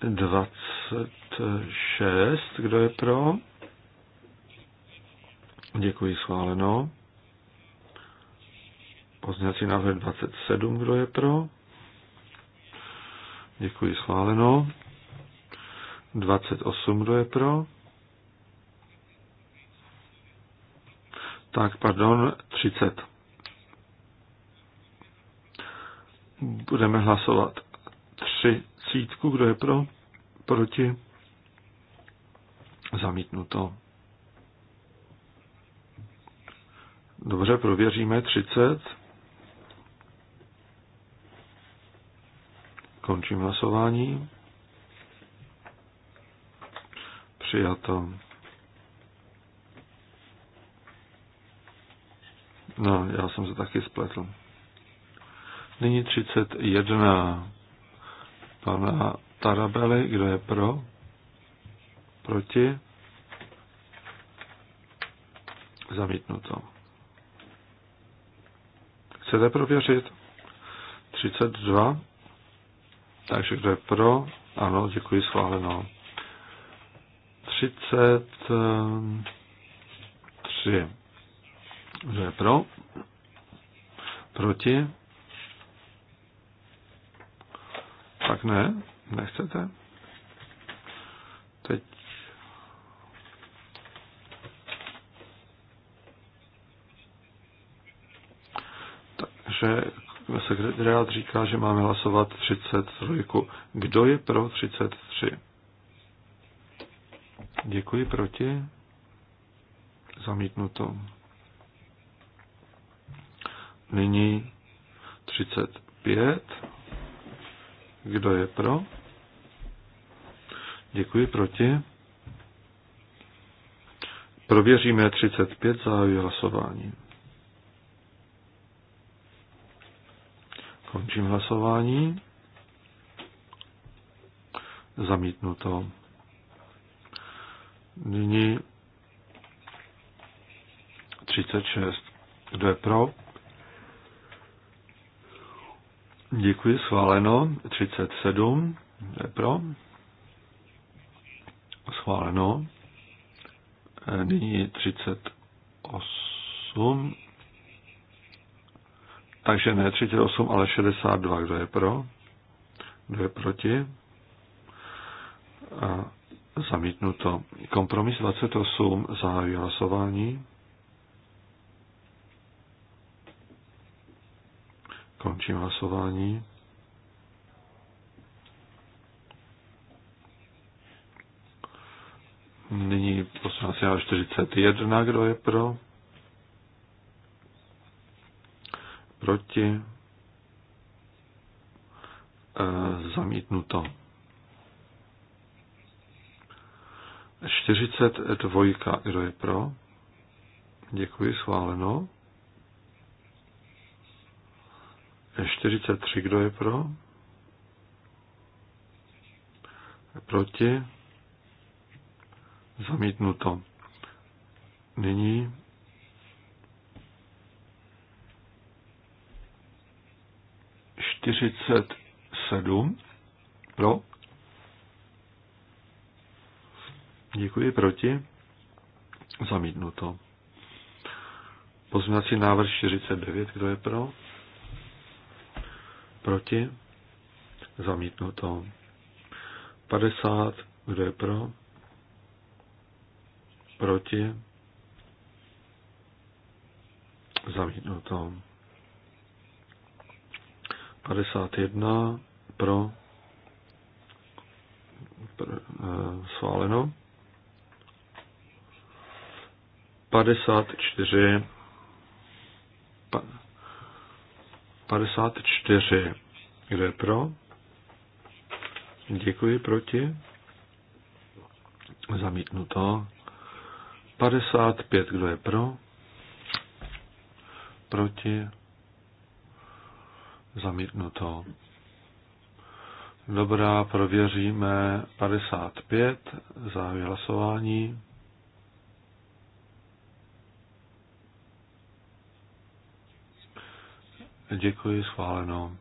26, kdo je pro? Děkuji, schváleno. Pozměňovací návrh 27, kdo je pro? Děkuji, schváleno. 28, kdo je pro? Tak, pardon, 30. Budeme hlasovat 30, kdo je pro? Proti? Zamítnuto. Dobře, prověříme 30. Končím hlasování. Přijato. No, já jsem se taky spletl. Nyní 31. Pana Tarabely, kdo je pro? Proti? Zamítnuto. Chcete prověřit? 32. Takže kdo je pro? Ano, děkuji, schváleno. 33. Ehm, kdo je pro? Proti? Tak ne, nechcete? Teď Takže Sekretariát říká, že máme hlasovat 33. Kdo je pro 33? Děkuji proti. Zamítnuto. Nyní 35. Kdo je pro? Děkuji proti. Prověříme 35 zahájí hlasování. Končím hlasování. Zamítnuto. Nyní 36. Kdo je pro? Děkuji, schváleno. 37. Kdo je pro? Schváleno. Nyní 38. Takže ne 38, ale 62. Kdo je pro? Kdo je proti? A zamítnuto. Kompromis 28 zahájí hlasování. Končím hlasování. Nyní poslanec 41, kdo je pro? proti, e, zamítnuto. 42, kdo je pro? Děkuji, schváleno. 43, kdo je pro? Proti? Zamítnuto. Nyní 47 pro. Děkuji, proti. Zamítnuto. Pozměňovací návrh 49, kdo je pro? Proti? Zamítnuto. 50, kdo je pro? Proti? Zamítnuto. 51 pro, pro sváleno. 54 54 kdo je pro? Děkuji proti. Zamítnuto. 55 kdo je pro? Proti zamítnuto. Dobrá, prověříme 55, za hlasování. Děkuji, schváleno.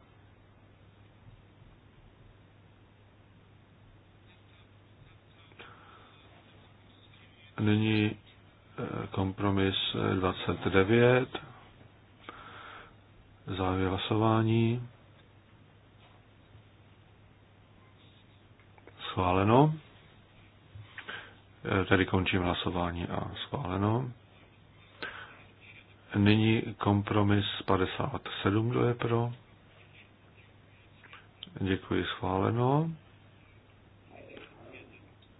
Nyní eh, kompromis 29. Zahajuji hlasování. Schváleno. E, Tady končím hlasování a schváleno. Nyní kompromis 57, kdo je pro. Děkuji, schváleno.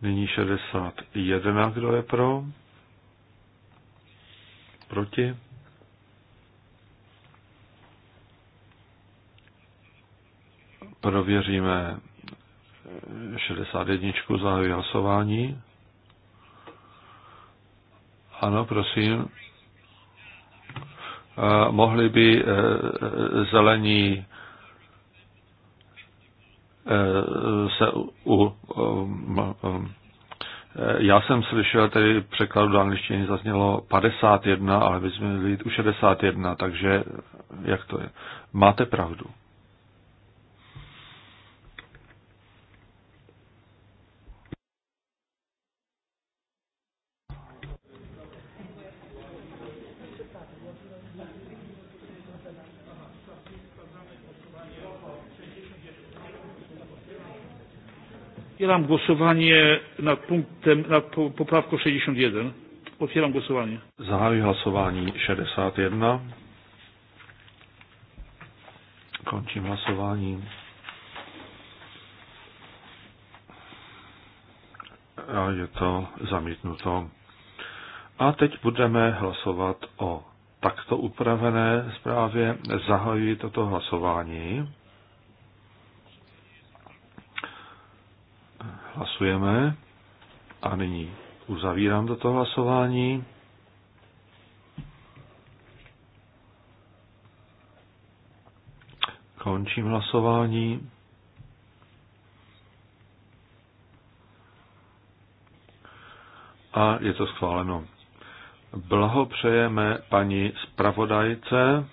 Nyní 61, kdo je pro. Proti. Prověříme 61. Zahajuji hlasování. Ano, prosím. Eh, mohli by eh, zelení eh, se u... Um, um, já jsem slyšel, tedy překladu do angličtiny zaznělo 51, ale my jsme měli u 61, takže jak to je? Máte pravdu. Otwieram głosowanie nad punktem, nad poprawką 61. Otwieram głosowanie. Zahajuji hlasování 61. Kończymy hlasování. A je to zamítnuto. A teď budeme hlasovat o takto upravené zprávě. Zahajuji toto hlasování. Hlasujeme. A nyní uzavírám toto hlasování. Končím hlasování. A je to schváleno. Blahopřejeme paní zpravodajce.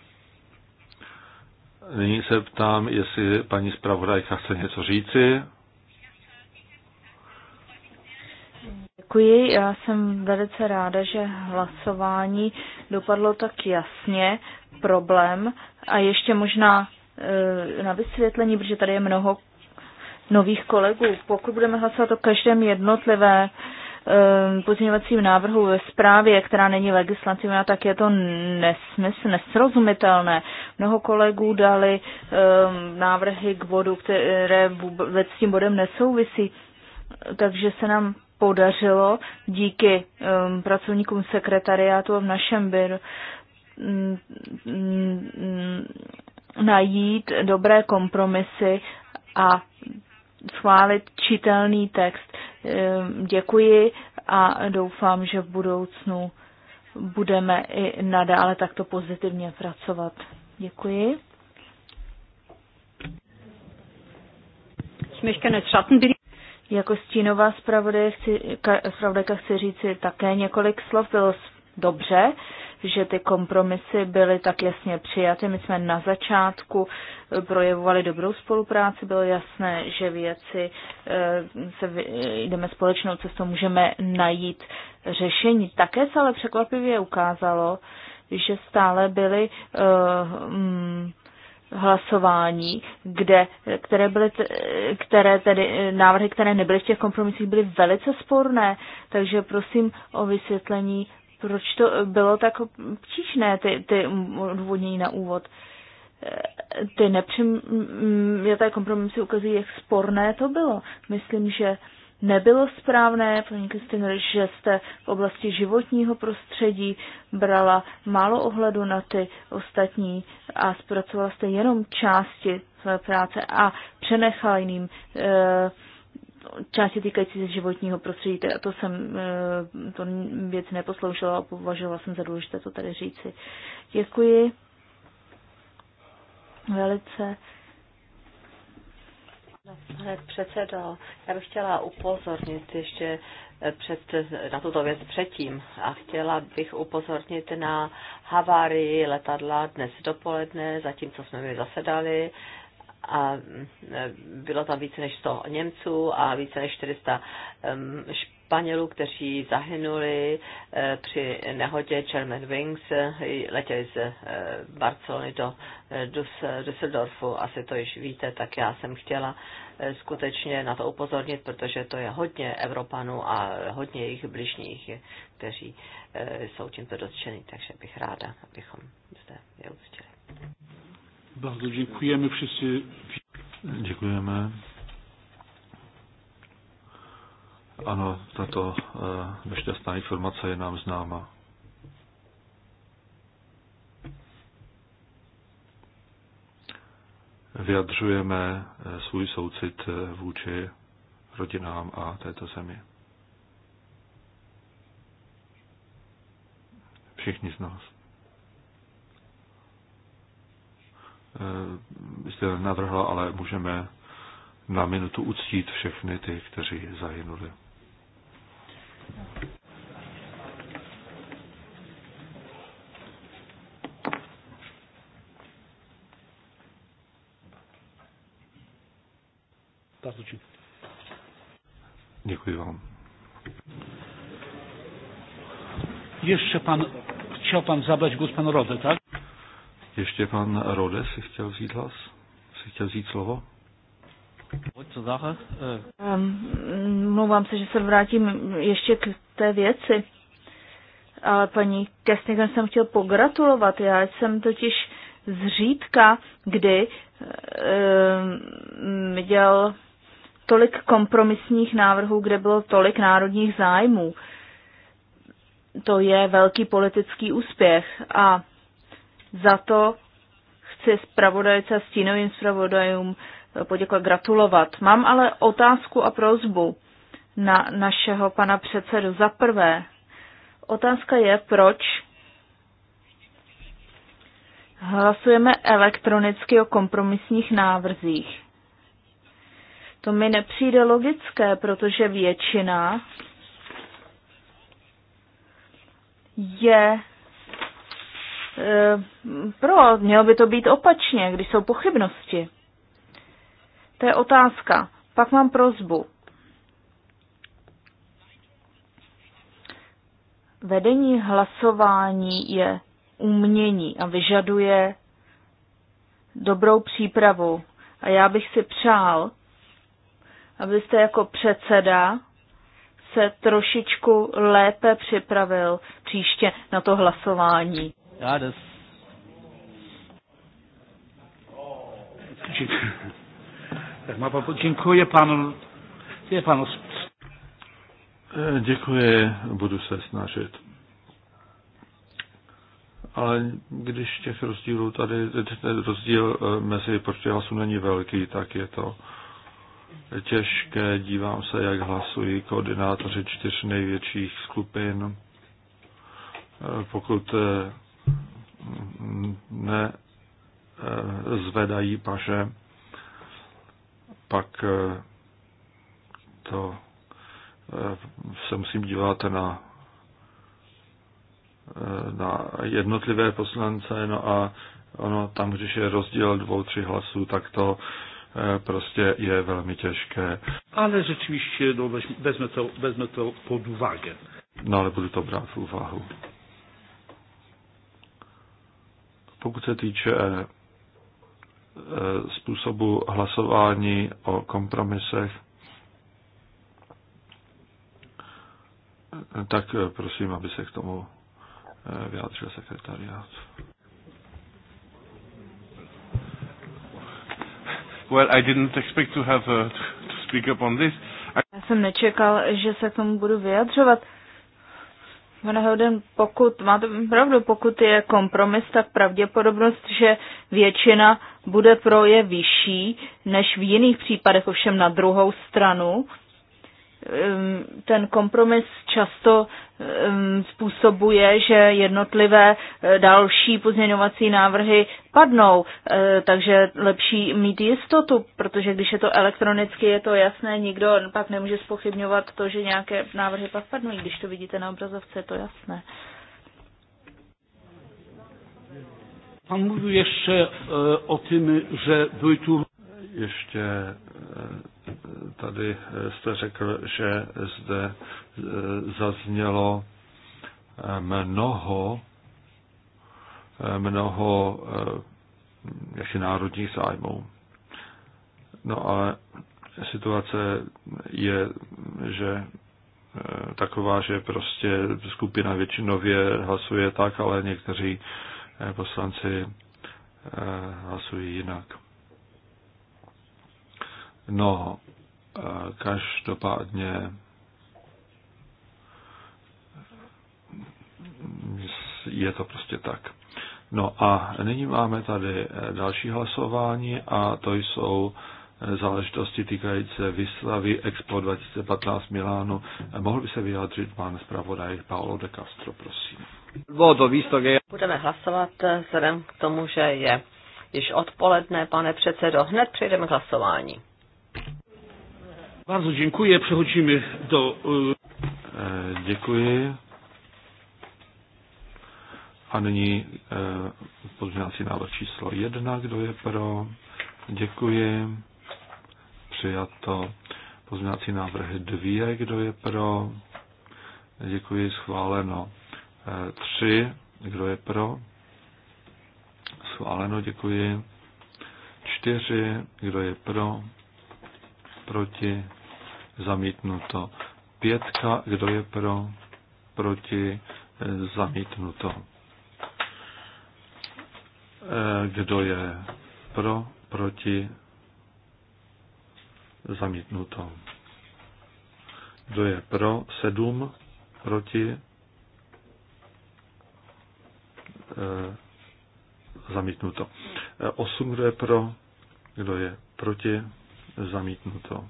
Nyní se ptám, jestli paní zpravodajka chce něco říci. Děkuji. Já jsem velice ráda, že hlasování dopadlo tak jasně. Problém a ještě možná eh, na vysvětlení, protože tady je mnoho nových kolegů. Pokud budeme hlasovat o každém jednotlivé eh, pozměňovacím návrhu ve zprávě, která není legislativní, tak je to nesmysl, nesrozumitelné. Mnoho kolegů dali e, návrhy k bodu, které vůbec s tím bodem nesouvisí, takže se nám podařilo díky um, pracovníkům sekretariátu a v našem byru um, um, najít dobré kompromisy a schválit čitelný text. Um, děkuji a doufám, že v budoucnu budeme i nadále takto pozitivně pracovat. Děkuji. Ich möchte gerne Schatten jako stínová zpravodajka chci, chci říci také několik slov. Bylo dobře, že ty kompromisy byly tak jasně přijaty. My jsme na začátku eh, projevovali dobrou spolupráci, bylo jasné, že věci eh, se jdeme společnou cestou, můžeme najít řešení. Také se ale překvapivě ukázalo, že stále byly uh, hlasování, kde, které, byly, které tedy návrhy, které nebyly v těch kompromisích, byly velice sporné, takže prosím o vysvětlení, proč to bylo tak obtížné, ty, ty odvodnění na úvod. E, ty nepřím, já tady kompromisy ukazují, jak sporné to bylo. Myslím, že nebylo správné, paní Kristin, že jste v oblasti životního prostředí brala málo ohledu na ty ostatní a zpracovala jste jenom části své práce a přenechala jiným e, části týkající se životního prostředí. A to jsem e, to věc neposloušela a považovala jsem za důležité to tady říci. Děkuji velice. Pane předsedo, já bych chtěla upozornit ještě eh, před, eh, na tuto věc předtím a chtěla bych upozornit na havárii letadla dnes dopoledne, zatímco jsme mi zasedali a mm, eh, bylo tam více než 100 Němců a více než 400 Španělů, kteří zahynuli eh, při nehodě German Wings, eh, letěli z eh, Barcelony do Düsseldorfu, asi to již víte, tak já jsem chtěla skutečně na to upozornit, protože to je hodně Evropanů a hodně jejich bližních, kteří jsou tímto dotčeni, takže bych ráda, abychom zde je uctili. Bardzo dziękujemy wszyscy. Děkujeme. Ano, tato eh, nešťastná informace je nám známa. Vyjadřujeme eh, svůj soucit eh, vůči rodinám a této zemi. Všichni z nás. Jste navrhla, ale můžeme na minutu uctít všechny ty, kteří zahynuli. Bardzo dziękuję. Děkuji vám. Ještě pan, chtěl pan zabrať głos panu Rode, tak? Ještě pan Rode si chtěl vzít hlas? Si chtěl vzít slovo? Ehm, mluvám se, že se vrátím ještě k té věci. Ale paní Kestigen jsem chtěl pogratulovat. Já jsem totiž zřídka, kdy um, dělal tolik kompromisních návrhů, kde bylo tolik národních zájmů. To je velký politický úspěch a za to chci zpravodajce a stínovým zpravodajům uh, poděkovat, gratulovat. Mám ale otázku a prozbu na našeho pana předsedu. Za prvé, otázka je, proč hlasujeme elektronicky o kompromisních návrzích. To mi nepřijde logické, protože většina je e, pro, mělo by to být opačně, když jsou pochybnosti. To je otázka. Pak mám prozbu. Vedení hlasování je umění a vyžaduje dobrou přípravu. A já bych si přál, abyste jako předseda se trošičku lépe připravil příště na to hlasování. Já das. Tak má pan, děkuji panu, je panu. Eh, děkuji, budu se snažit. Ale když těch rozdílů tady, ten rozdíl eh, mezi počty hlasů není velký, tak je to těžké. Dívám se, jak hlasují koordinátoři čtyř největších skupin. Eh, pokud ne zvedají paže, pak eh, to eh, se musím dívat na, eh, na jednotlivé poslance, no a ono tam, když je rozdíl dvou, tři hlasů, tak to prostě je velmi těžké. Ale řečiště, no, vezme, to, vezme to pod úvahu. No ale budu to brát v úvahu. Pokud se týče Eh, způsobu hlasování o kompromisech, tak prosím, aby se k tomu eh, vyjádřil sekretariát. Well, I didn't expect to have a, eh, to speak up on this. I... Já jsem nečekal, že se k tomu budu vyjadřovat. Pane Hoden, pokud, máte pravdu, pokud je kompromis, tak pravděpodobnost, že většina bude pro je vyšší než v jiných případech, ovšem na druhou stranu. Ehm, ten kompromis často ehm, způsobuje, že jednotlivé eh, další pozměňovací návrhy padnou, eh, takže lepší mít jistotu, protože když je to elektronicky, je to jasné, nikdo pak nemůže spochybňovat to, že nějaké návrhy pak padnou, i když to vidíte na obrazovce, je to jasné. Pan mluví ještě e, o tom, že byly tu ještě eh, tady eh, jste řekl, že zde eh, zaznělo mnoho, mnoho jaksi národních zájmů. No ale situace je, že taková, že prostě skupina většinově hlasuje tak, ale někteří poslanci hlasují jinak. No, každopádně je to prostě tak. No a nyní máme tady eh, další hlasování a to jsou eh, záležitosti týkající Vyslavy Expo 2015 Milánu. Eh, mohl by se vyjádřit pán zpravodaj Paolo de Castro, prosím. Budeme hlasovat vzhledem k tomu, že je již odpoledne, pane předsedo. Hned přejdeme k hlasování. Bardzo dziękuję. Przechodzimy do... E, děkuji. A nyní e, pozměňovací návrh číslo jedna. Kdo je pro? Děkuji. Přijato. Pozměňovací návrh dvě. Kdo je pro? Děkuji. Schváleno. E, tři. Kdo je pro? Schváleno. Děkuji. Čtyři. Kdo je pro? Proti? zamítnuto. Pětka, kdo je pro, proti, zamítnuto. E, kdo je pro, proti, zamítnuto. Kdo je pro, sedm, proti, e, zamítnuto. E, osm, kdo je pro, kdo je proti, zamítnuto.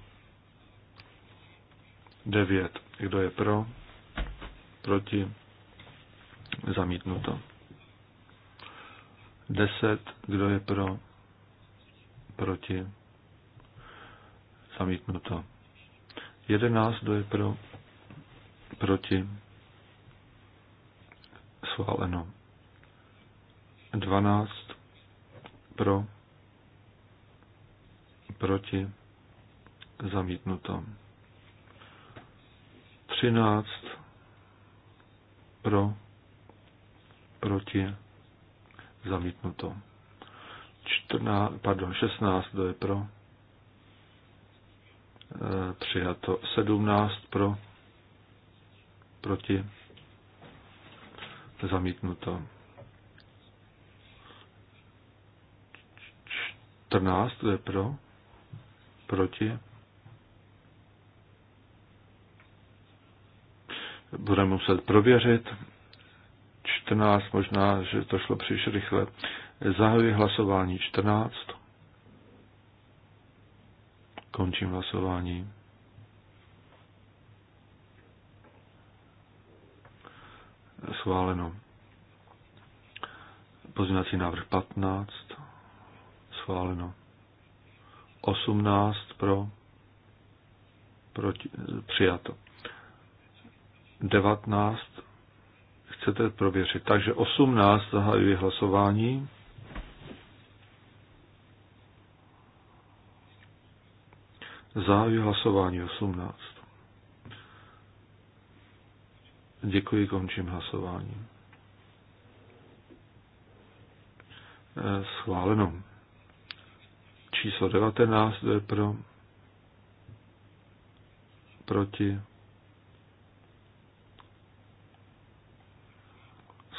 9. Kdo je pro? Proti? Zamítnuto. 10. Kdo je pro? Proti? Zamítnuto. 11. Kdo je pro? Proti? Schváleno. 12. Pro? Proti? Zamítnuto. 13 pro, proti, zamítnuto. 14, pardon, 16 to je pro, eh, přijato. 17 pro, proti, zamítnuto. 14 to je pro, proti, budeme muset prověřit. 14, možná, že to šlo příliš rychle. Zahajuji hlasování 14. Končím hlasování. Schváleno. Pozměňovací návrh 15. Schváleno. 18 pro. Proti, eh, přijato. 19 chcete prověřit. Takže 18 zahajuje hlasování. Zahajuje hlasování 18. Děkuji, končím hlasování. Eh, schváleno. Číslo 19, kdo je pro? Proti?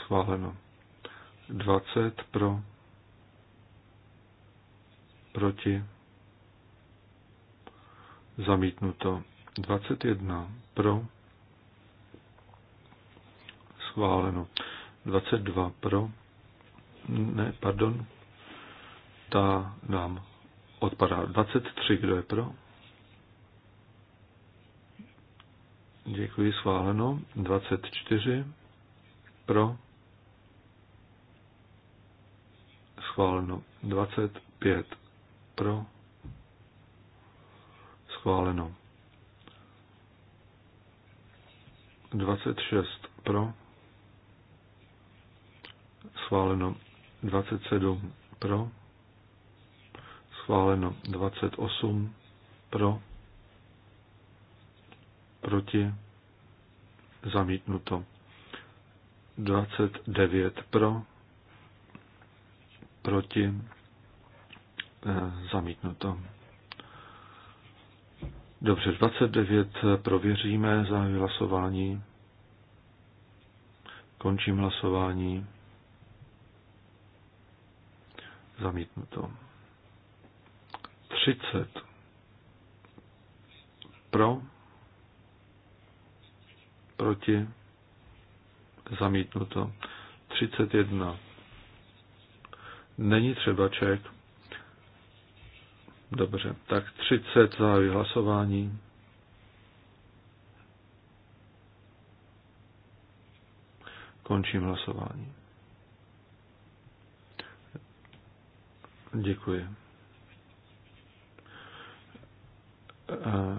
schváleno. 20 pro, proti, zamítnuto. 21 pro, schváleno. 22 pro, ne, pardon, ta nám odpadá. 23, kdo je pro? Děkuji, schváleno. 24 pro, schváleno. 25 pro, schváleno. 26 pro, schváleno. 27 pro, schváleno. 28 pro, proti, zamítnuto. 29 pro, proti, eh, zamítnuto. Dobře, 29 eh, prověříme, zahájí hlasování. Končím hlasování. Zamítnuto. 30 pro, proti, zamítnuto. 31 Není třeba ček. Dobře, tak 30 zahájí hlasování. Končím hlasování. Děkuji. A,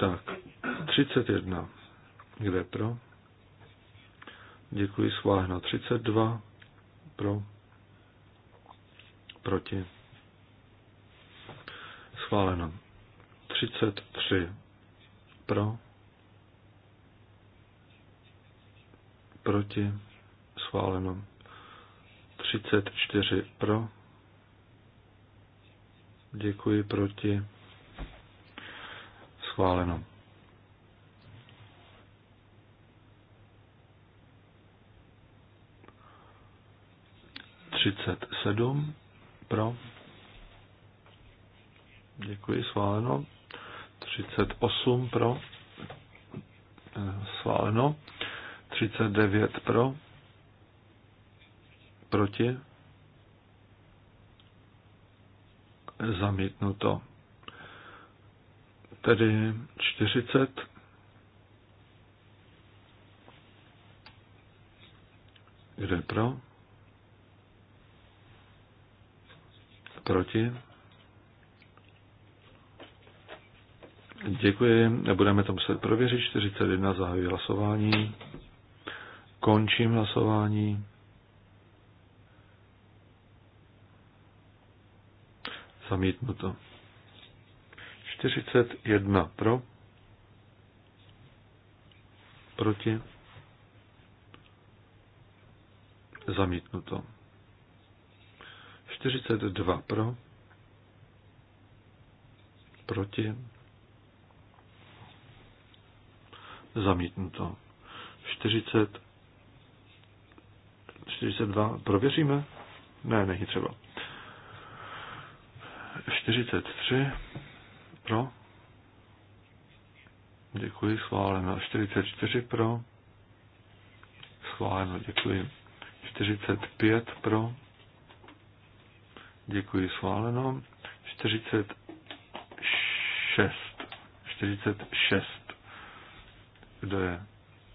tak, 31. Kde pro? Děkuji, schválno 32 pro, proti, schváleno. 33 pro, proti, schváleno. 34 pro, děkuji, proti, schváleno. 37 pro. Děkuji, schváleno. 38 pro. Eh, schváleno. 39 pro. Proti. Zamítnuto. Tedy 40 Kde je pro? Proti? Děkuji. Budeme to muset prověřit. 41 zahajuji hlasování. Končím hlasování. Zamítnuto. 41 pro. Proti. Zamítnuto. 42 pro, proti, zamítnuto. 40, 42, prověříme? Ne, není třeba. 43 pro, děkuji, schváleno. 44 pro, schváleno, děkuji. 45 pro, Děkuji, schváleno. 46. 46. Kdo je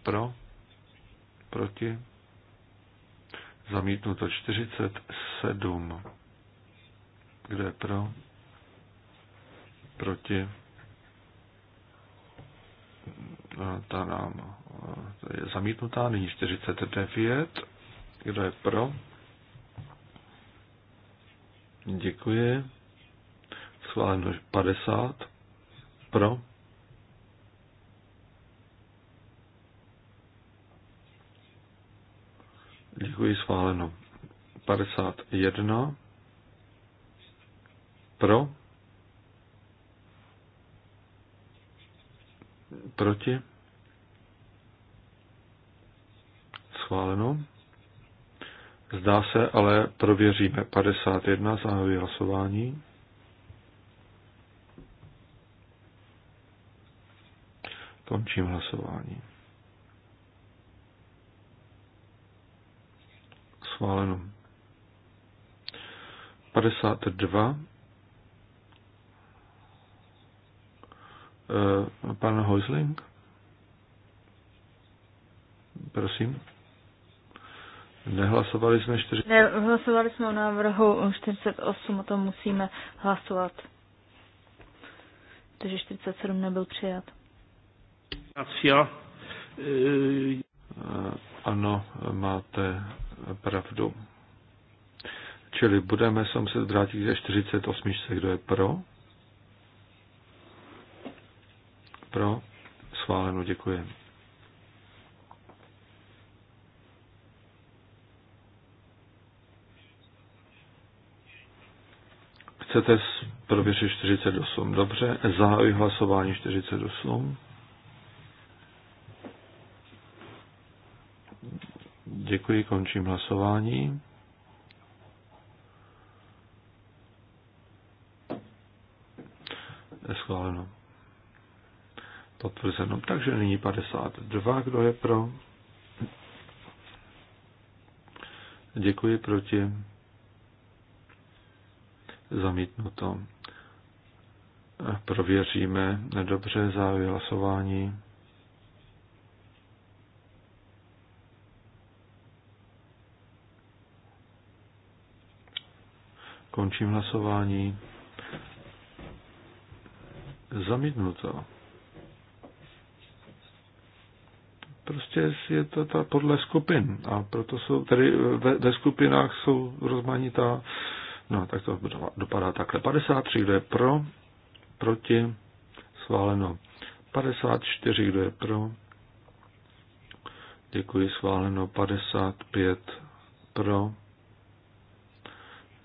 pro? Proti? Zamítnuto 47. Kdo je pro? Proti? No, ta nám eh, je zamítnutá. Nyní 49. Kdo je pro? Děkuji. Schváleno 50. Pro. Děkuji, schváleno. 51. Pro. Proti. Schváleno. Zdá se, ale prověříme. 51 zahajuje hlasování. Končím hlasování. Schváleno. 52. Eh, pan Hoisling, Prosím. Nehlasovali jsme 40. Nehlasovali jsme o návrhu 48, o tom musíme hlasovat. Takže 47 nebyl přijat. Eh, ano, máte pravdu. Čili budeme se muset vrátit ze 48, kdo je pro. Pro. Schváleno, děkuji. Chcete prověřit 48? Dobře. Zahajuji hlasování 48. Děkuji, končím hlasování. Schváleno. Potvrzeno. Takže nyní 52. Kdo je pro? Děkuji proti zamítnuto. Prověříme nedobře závěr hlasování. Končím hlasování. Zamítnuto. Prostě je to ta podle skupin a proto jsou, tady ve, ve skupinách jsou rozmanitá No, tak to dopadá takhle. 53, kdo je pro, proti, schváleno. 54, kdo je pro, děkuji, schváleno. 55, pro,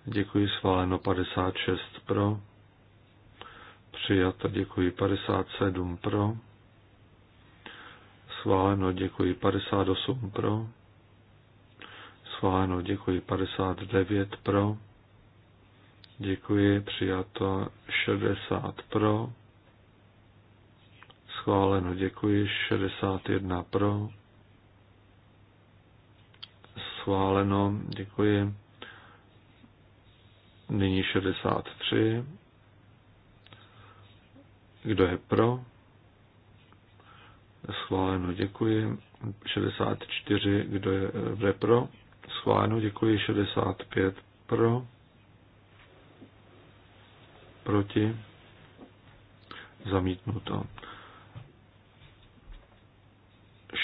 děkuji, schváleno. 56, pro, přijato, děkuji. 57, pro, schváleno, děkuji. 58, pro, schváleno, děkuji. 59, pro, Děkuji, přijato 60 pro. Schváleno, děkuji, 61 pro. Schváleno, děkuji. Nyní 63. Kdo je pro? Schváleno, děkuji. 64, kdo je, kdo je pro? Schváleno, děkuji. 65 pro proti, zamítnuto.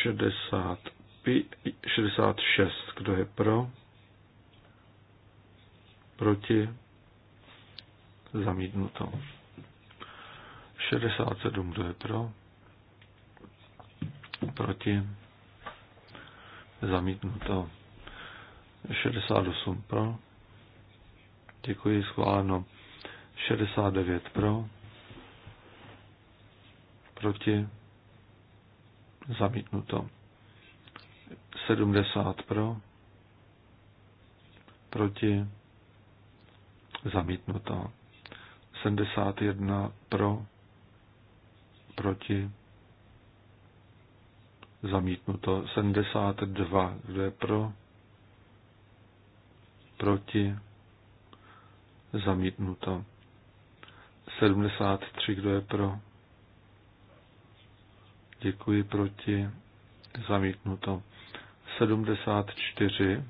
66, kdo je pro, proti, zamítnuto. 67, kdo je pro, proti, zamítnuto. 68 pro, děkuji, schváleno. 69 pro, proti, zamítnuto. 70 pro, proti, zamítnuto. 71 pro, proti, zamítnuto. 72, kdo je pro, proti, zamítnuto. 73, kdo je pro? Děkuji proti. Zamítnuto. 74.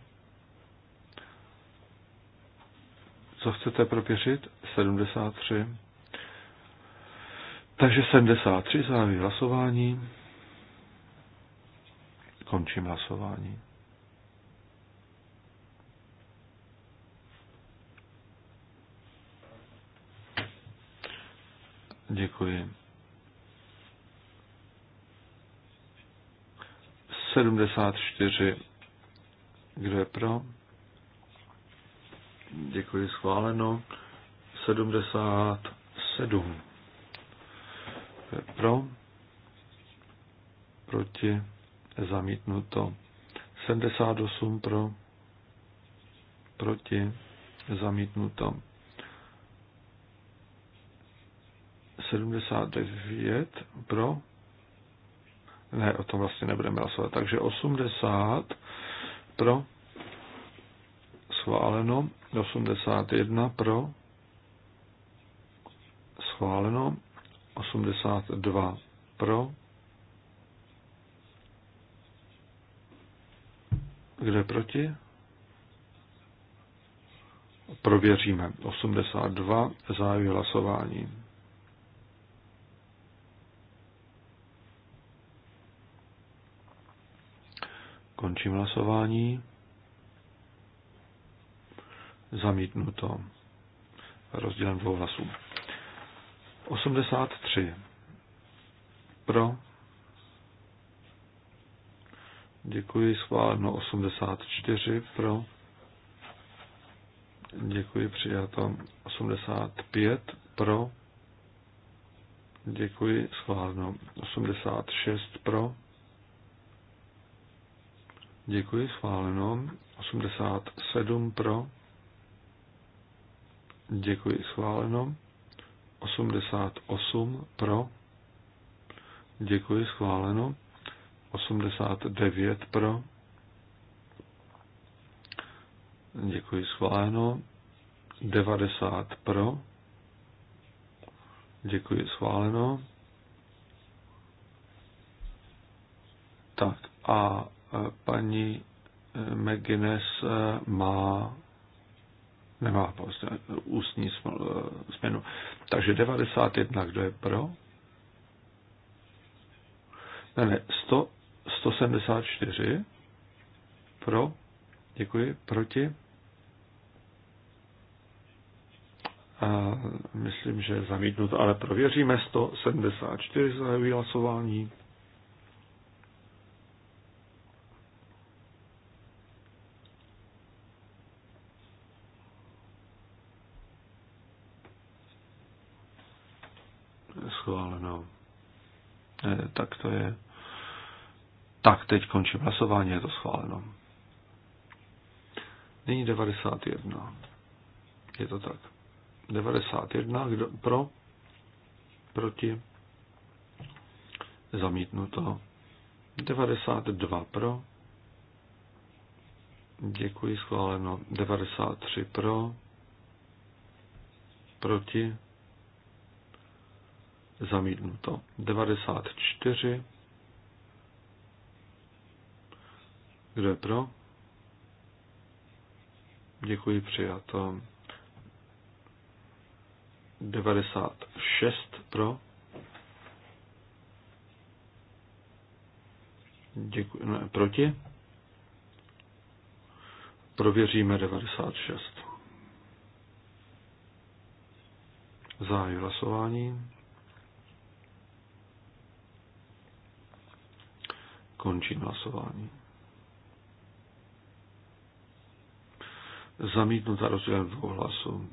Co chcete propěřit? 73. Takže 73 zahájí hlasování. Končím hlasování. Děkuji. 74. Kdo je pro? Děkuji, schváleno. 77. Kdo je pro? Proti? Zamítnuto. 78 pro? Proti? Zamítnuto. 79 pro. Ne, o tom vlastně nebudeme hlasovat. Takže 80 pro. Schváleno. 81 pro. Schváleno. 82 pro. Kde proti? Prověříme. 82 zájmy hlasování. Končím hlasování. Zamítnuto. Rozdělen dvou hlasů. 83. Pro. Děkuji, schváleno 84 pro. Děkuji, přijato 85 pro. Děkuji, schváleno 86 pro. Děkuji, schváleno. 87 pro. Děkuji, schváleno. 88 pro. Děkuji, schváleno. 89 pro. Děkuji, schváleno. 90 pro. Děkuji, schváleno. Tak a paní eh, McGuinness eh, má nemá prostě eh, ústní směnu. Takže 91, kdo je pro? Ne, ne, 100, 174 pro, děkuji, proti. A myslím, že zamítnut, ale prověříme 174 za hlasování. no E, tak to je. Tak, teď končí hlasování, je to schváleno. Nyní 91. Je to tak. 91, kdo pro? Proti? Zamítnuto. 92 pro. Děkuji, schváleno. 93 pro. Proti? zamítnuto. 94. Kdo je pro? Děkuji, přijato. 96 pro. Děkuji, ne, proti. Prověříme 96. Zahájí hlasování. Končím hlasování. Zamítnuta rozdělen dvou hlasů.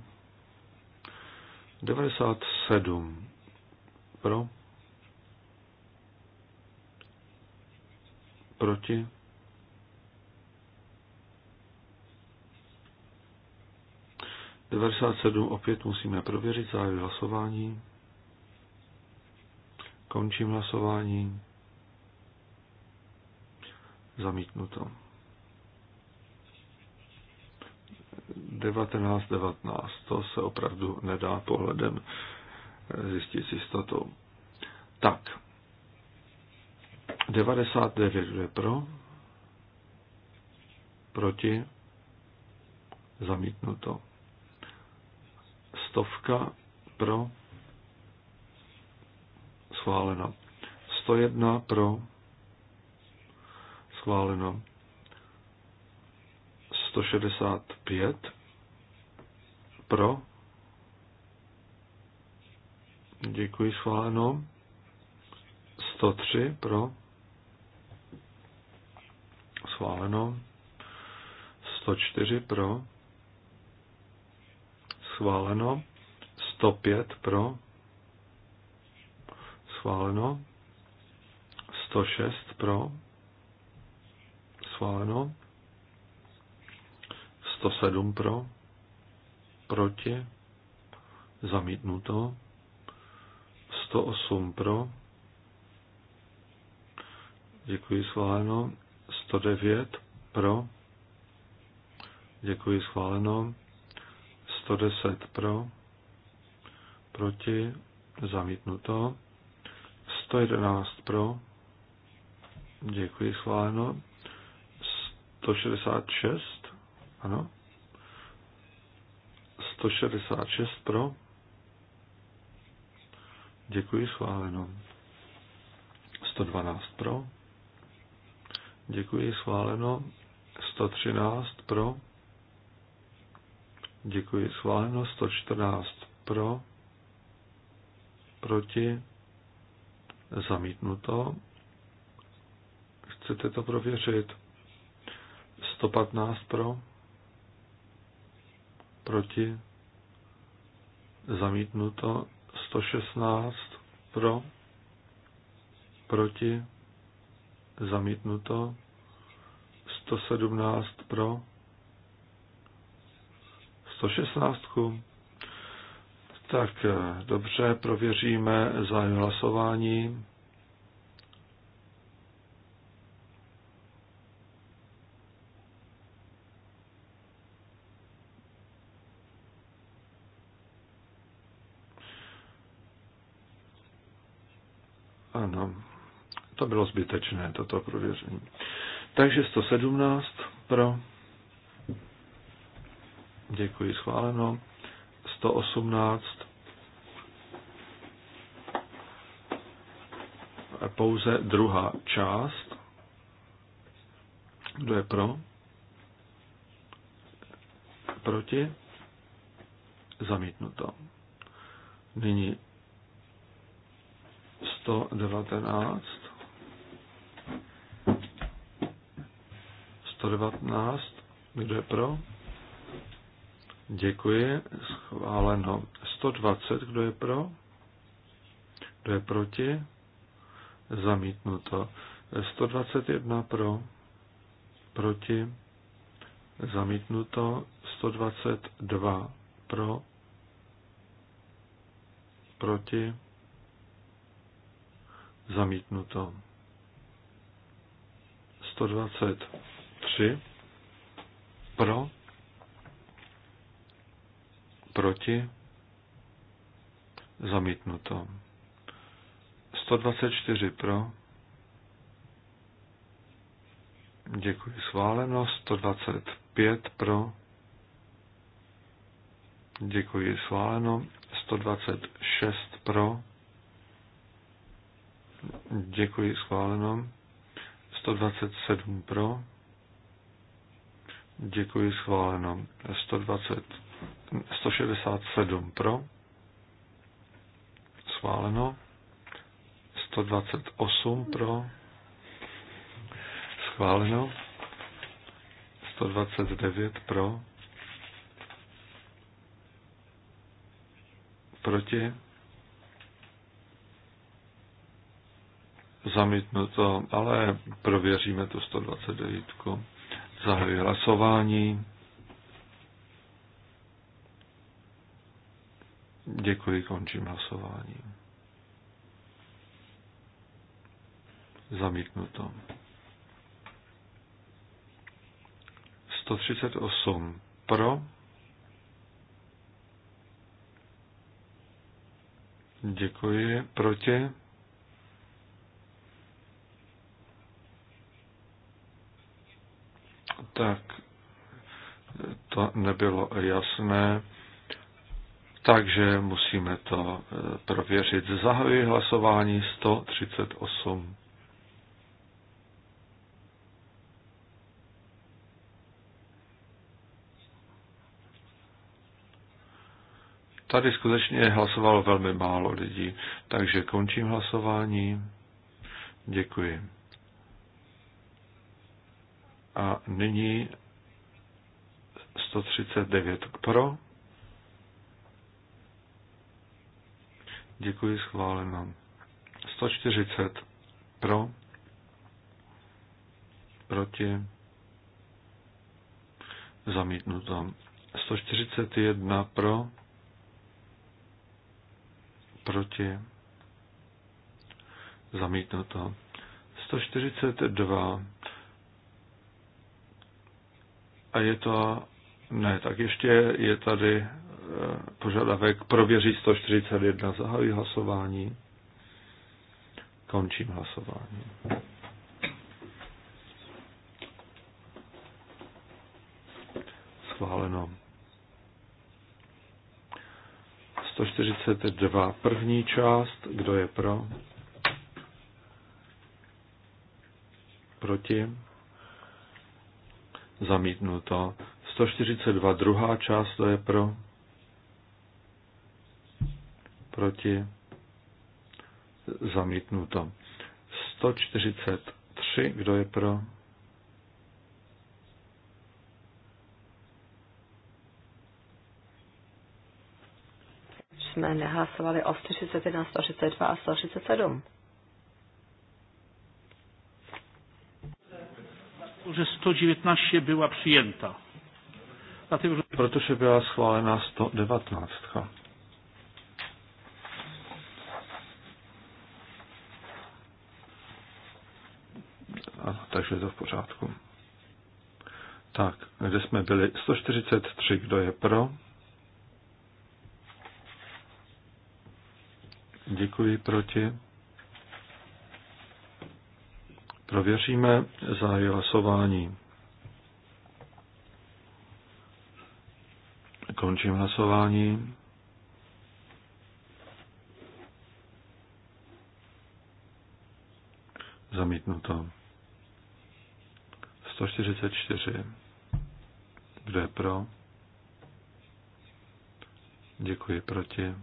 97 pro, proti, Devadesát sedm opět musíme prověřit zájem hlasování. Končím hlasování. Zamítnuto. 19.19. 19. To se opravdu nedá pohledem zjistit s jistotou. Tak. 99 je pro, proti, zamítnuto. Stovka pro, Schváleno. 101 pro, Schváleno. 165 pro. Děkuji, schváleno. 103 pro. Schváleno. 104 pro. Schváleno. 105 pro. Schváleno. 106 pro Schváleno. 107 pro. Proti. Zamítnuto. 108 pro. Děkuji, schváleno. 109 pro. Děkuji, schváleno. 110 pro. Proti. Zamítnuto. 111 pro. Děkuji, schváleno. 166, ano. 166 pro. Děkuji, schváleno. 112 pro. Děkuji, schváleno. 113 pro. Děkuji, schváleno. 114 pro. Proti. Zamítnuto. Chcete to prověřit? 115 pro, proti, zamítnuto 116 pro, proti, zamítnuto 117 pro, 116. Tak eh, dobře, prověříme zájem hlasování. To bylo zbytečné, toto prověření. Takže 117 pro. Děkuji, schváleno. 118 pouze druhá část. Kdo je pro? Proti? Zamítnuto. Nyní 119 119. Kdo je pro? Děkuji. Schváleno. 120. Kdo je pro? Kdo je proti? Zamítnuto. 121 pro. Proti. Zamítnuto. 122 pro. Proti. Zamítnuto. 120 tři pro, proti, zamítnuto. 124 pro, děkuji, schváleno. 125 pro, děkuji, schváleno. 126 pro, děkuji, schváleno. 127 pro, Děkuji, schváleno. 120, 167 pro. Schváleno. 128 pro. Schváleno. 129 pro. Proti. Zamítnuto, ale prověříme tu 129. Zahajuji hlasování. Děkuji, končím hlasování. Zamítnuto. 138 pro. Děkuji. Proti. tak to nebylo jasné, takže musíme to e, prověřit. Zahajuji hlasování 138. Tady skutečně hlasovalo velmi málo lidí, takže končím hlasování. Děkuji. A nyní 139 pro. Děkuji, schváleno. 140 pro. Proti. Zamítnuto. 141 pro. Proti. Zamítnuto. 142 a je to, ne, tak ještě je tady eh, požadavek prověřit 141. Zahajuji hlasování. Končím hlasování. Schváleno. 142. První část. Kdo je pro? Proti? zamítnuto. 142 druhá část, to je pro, proti, zamítnuto. 143, kdo je pro, jsme nehlasovali o 131, 132 a 137. Protože 119 byla přijenta. Dlatego, Protože byla schválena 119. Ano, takže je to v pořádku. Tak, kde jsme byli? 143, kdo je pro? Děkuji, proti. Prověříme zahájí hlasování. Končím hlasování. Zamítnuto. 144. Kdo je pro? Děkuji proti.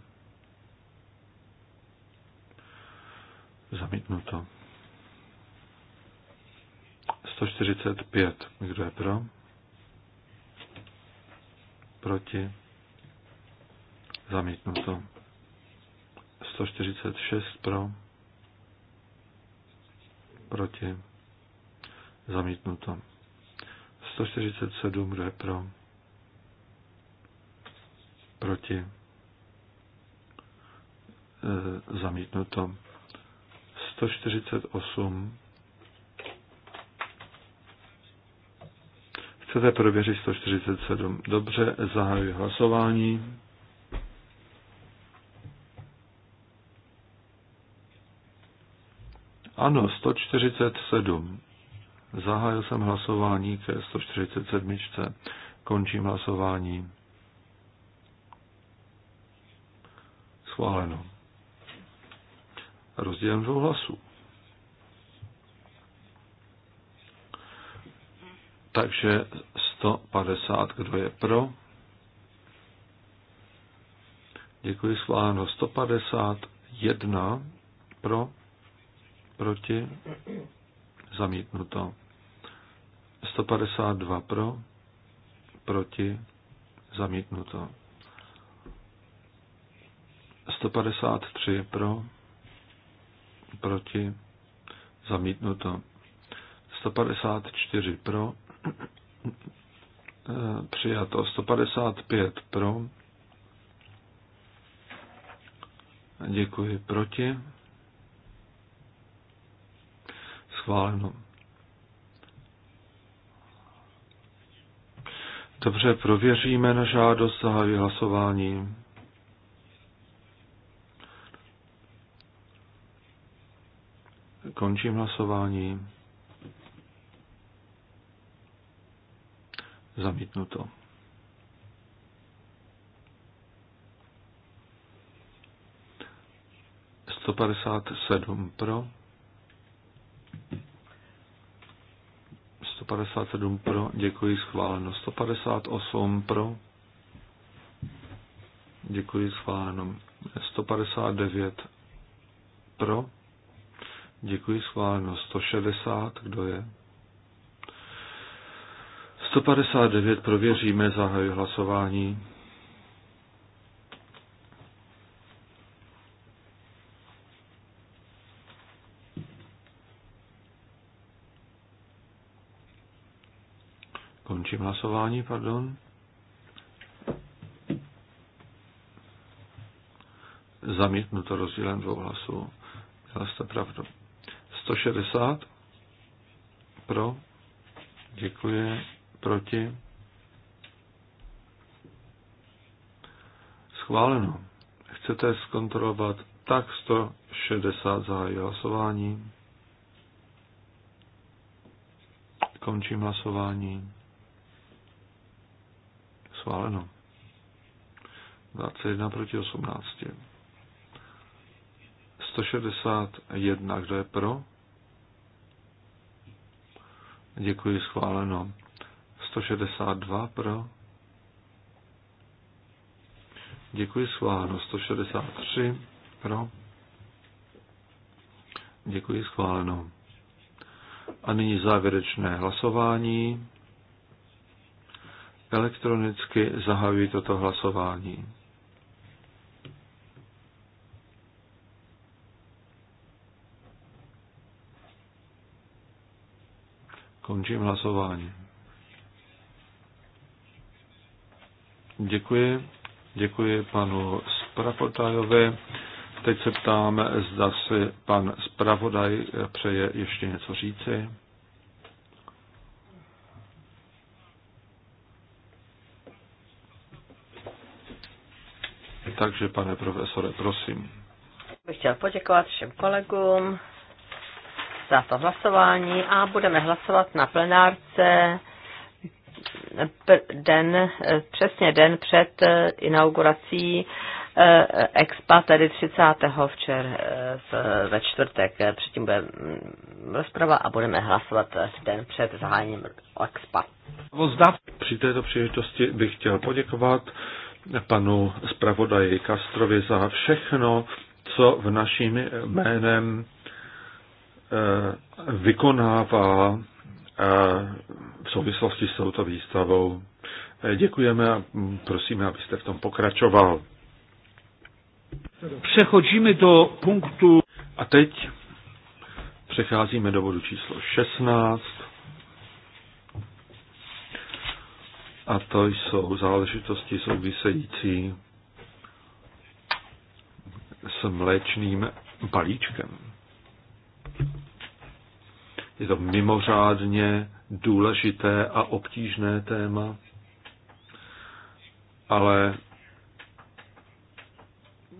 Zamítnuto. 145. Kdo je pro? Proti? Zamítnuto. 146 pro? Proti? Zamítnuto. 147. Kdo je pro? Proti? E, zamítnuto. 148 Chcete prověřit 147. Dobře, zahajuji hlasování. Ano, 147. Zahájil jsem hlasování ke 147. Končím hlasování. Schváleno. Rozdělem dvou hlasů. Takže 150, kdo je pro? Děkuji, schváleno 151 pro, proti, zamítnuto. 152 pro, proti, zamítnuto. 153 pro, proti, zamítnuto. 154 pro, Eh, přijato 155 pro, děkuji proti, schváleno. Dobře, prověříme na žádost a hlasování. Končím hlasování. Zamítnuto. Sto padesát pro. 157 pro, děkuji, schváleno. 158 pro, děkuji, schváleno. 159 pro, děkuji, schváleno. 160, kdo je? 159 prověříme, zahajuji hlasování. Končím hlasování, pardon. Zamítnuto rozdílem dvou hlasů. Měl jste pravdu. 160 pro. Děkuji proti, schváleno. Chcete zkontrolovat tak 160 zahájí hlasování. Končím hlasování. Schváleno. 21 proti 18. 161, kdo je pro? Děkuji, schváleno. 162 pro. Děkuji, schváleno. 163 pro. Děkuji, schváleno. A nyní závěrečné hlasování. Elektronicky zahajuji toto hlasování. Končím hlasování. Děkuji. Děkuji panu Spravodajovi. Teď se ptám, zda si pan Spravodaj přeje ještě něco říci. Takže, pane profesore, prosím. Bych chtěl poděkovat všem kolegům za to hlasování a budeme hlasovat na plenárce den, přesně den před eh, inaugurací eh, Expa, tedy 30. včer eh, ve čtvrtek. Předtím bude mm, rozprava a budeme hlasovat den před zahájením Expa. Při této příležitosti bych chtěl poděkovat panu zpravodaji Kastrovi za všechno, co v naším jménem vykonává v souvislosti s touto výstavou. Eh, děkujeme a prosíme, abyste v tom pokračoval. Přechodíme do punktu. A teď přecházíme do bodu číslo 16. A to jsou záležitosti související s mléčným balíčkem. Je to mimořádně důležité a obtížné téma, ale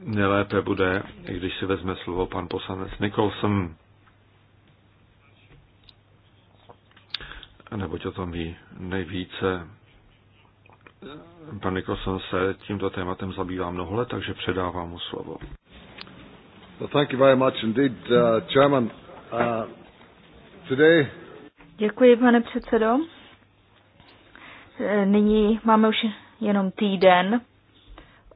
nejlépe bude, když si vezme slovo pan poslanec Nicholson, neboť o tom ví nejvíce. Pan Nicholson se tímto tématem zabývá mnoho let, takže předávám mu slovo. Well, thank you very much indeed, uh, Chairman. Uh, Today... Děkuji, pane předsedo. Eh, nyní máme už jenom týden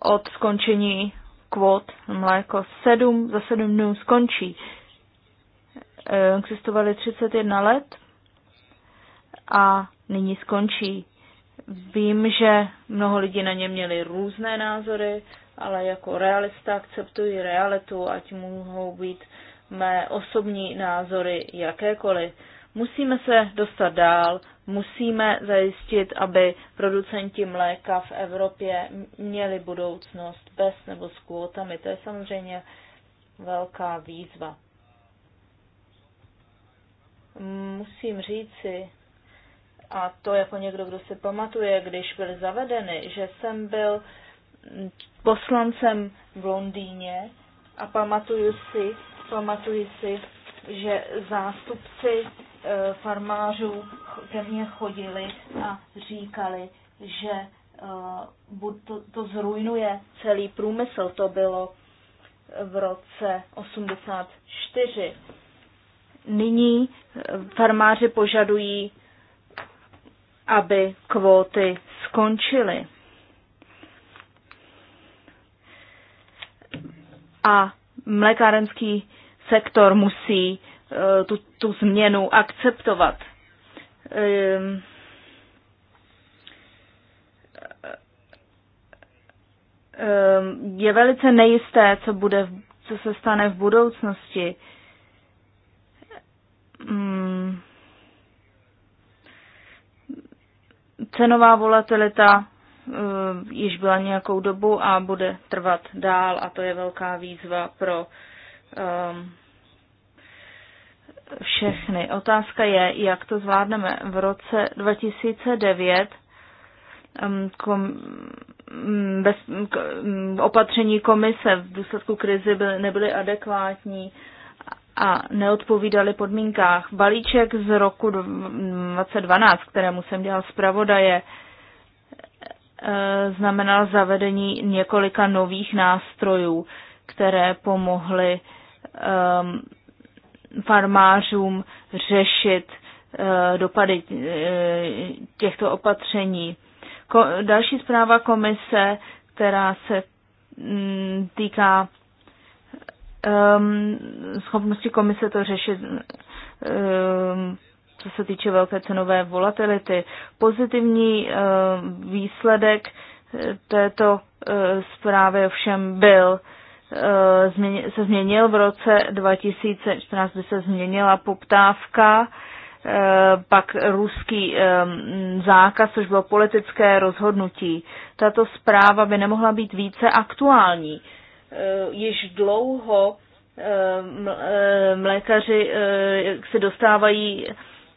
od skončení kvot mléko. Sedm, za sedm dnů skončí. Eh, existovaly 31 let a nyní skončí. Vím, že mnoho lidí na ně měli různé názory, ale jako realista akceptuji realitu, ať mohou být mé osobní názory jakékoliv. Musíme se dostat dál, musíme zajistit, aby producenti mléka v Evropě měli budoucnost bez nebo s kvótami. To je samozřejmě velká výzva. Musím říci, a to jako někdo, kdo si pamatuje, když byly zavedeny, že jsem byl poslancem v Londýně a pamatuju si, Pamatuji si, že zástupci e, farmářů ke mně chodili a říkali, že e, to, to zrujnuje celý průmysl. To bylo v roce 84. Nyní e, farmáři požadují, aby kvóty skončily. A mlékárenský sektor musí eh, tu, tu změnu akceptovat. Ehm, ehm, je velice nejisté, co, bude, co se stane v budoucnosti. Hmm. Cenová volatilita Eh, již byla nějakou dobu a bude trvat dál a to je velká výzva pro um, všechny. Otázka je, jak to zvládneme. V roce 2009 um, ehm, kom, mm, bez, mm, opatření komise v důsledku krizi byly, nebyly adekvátní a neodpovídali podmínkách. Balíček z roku 2012, mm, kterému jsem dělal zpravodaje, Eh, znamenal zavedení několika nových nástrojů, které pomohly ehm, farmářům řešit eh, dopady eh, těchto opatření. Další zpráva komise, která se mm, týká ehm, schopnosti komise to řešit ehm, co se týče velké cenové volatility. Pozitivní eh, výsledek eh, této eh, zprávy ovšem byl, se změnil v roce 2014, by se změnila poptávka, pak ruský zákaz, což bylo politické rozhodnutí. Tato zpráva by nemohla být více aktuální. Již dlouho mlékaři se dostávají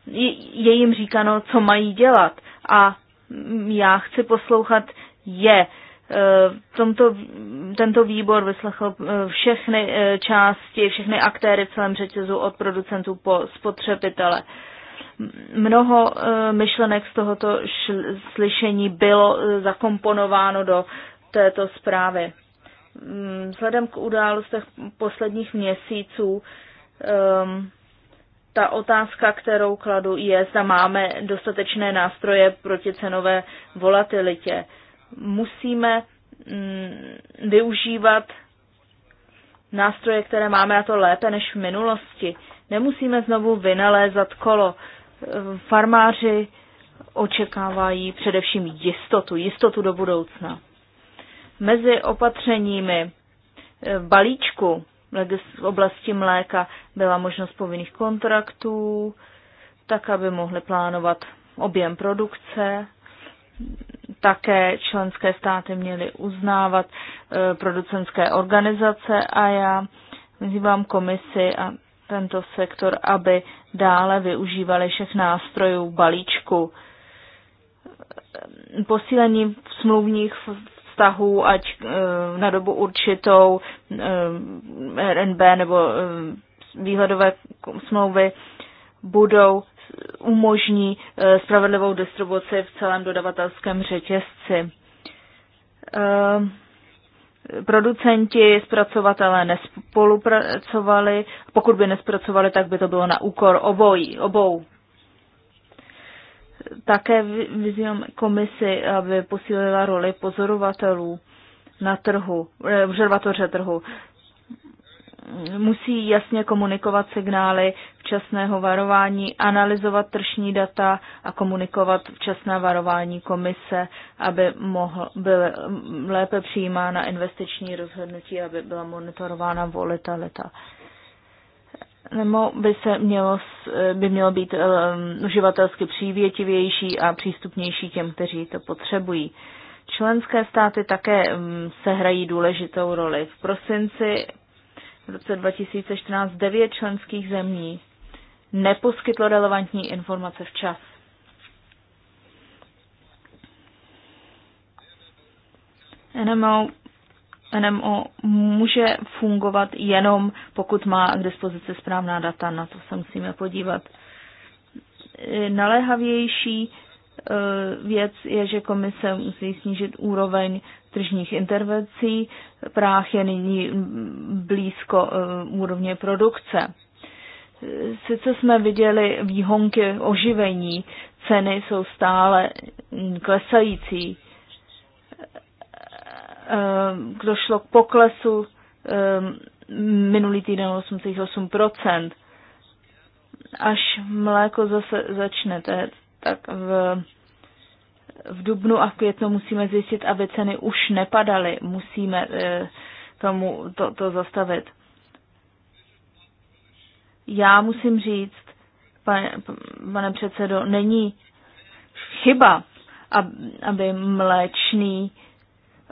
je jim říkáno, co mají dělat. A mm, já chci poslouchat je. E, tomto, tento výbor vyslechl e, všechny e, části, všechny aktéry v celém řetězu od producentů po spotřebitele. Mnoho myšlenek z tohoto slyšení bylo zakomponováno do této zprávy. Mm, vzhledem k událostech posledních měsíců um, ta otázka, kterou kladu, je, zda máme dostatečné nástroje proti cenové volatilitě. Musíme mm, využívat nástroje, které máme a to lépe než v minulosti. Nemusíme znovu vynalézat kolo. Farmáři očekávají především jistotu, jistotu do budoucna. Mezi opatřeními v eh, balíčku v oblasti mléka byla možnost povinných kontraktů, tak aby mohly plánovat objem produkce. Také členské státy měly uznávat e, producenské organizace a já vyzývám komisi a tento sektor, aby dále využívali všech nástrojů balíčku. Posílení smluvních vztahů, ať eh, na dobu určitou eh, RNB nebo eh, výhledové smlouvy budou umožní spravedlivou distribuci v celém dodavatelském řetězci. Producenti, zpracovatelé nespolupracovali, pokud by nespracovali, tak by to bylo na úkor obojí, obou. Také vyzývám komisi, aby posílila roli pozorovatelů na trhu, eh, observatoře trhu. Musí jasně komunikovat signály včasného varování, analyzovat tržní data a komunikovat včasné varování komise, aby mohl, byl lépe přijímána investiční rozhodnutí, aby byla monitorována volatilita nebo by se mělo, by mělo být um, uživatelsky přívětivější a přístupnější těm, kteří to potřebují. Členské státy také um, sehrají důležitou roli. V prosinci v roce 2014 devět členských zemí neposkytlo relevantní informace včas. NMO NMO může fungovat jenom, pokud má k dispozici správná data, na to se musíme podívat. E, naléhavější e, věc je, že komise musí snížit úroveň tržních intervencí. Práh je nyní blízko e, úrovně produkce. Sice jsme viděli výhonky oživení, ceny jsou stále klesající Eh, došlo k poklesu eh, minulý týden 8,8%. Až mléko zase začne, to tak v, v dubnu a v květnu musíme zjistit, aby ceny už nepadaly. Musíme eh, tomu to, to zastavit. Já musím říct, pane, pane předsedo, není chyba, aby mléčný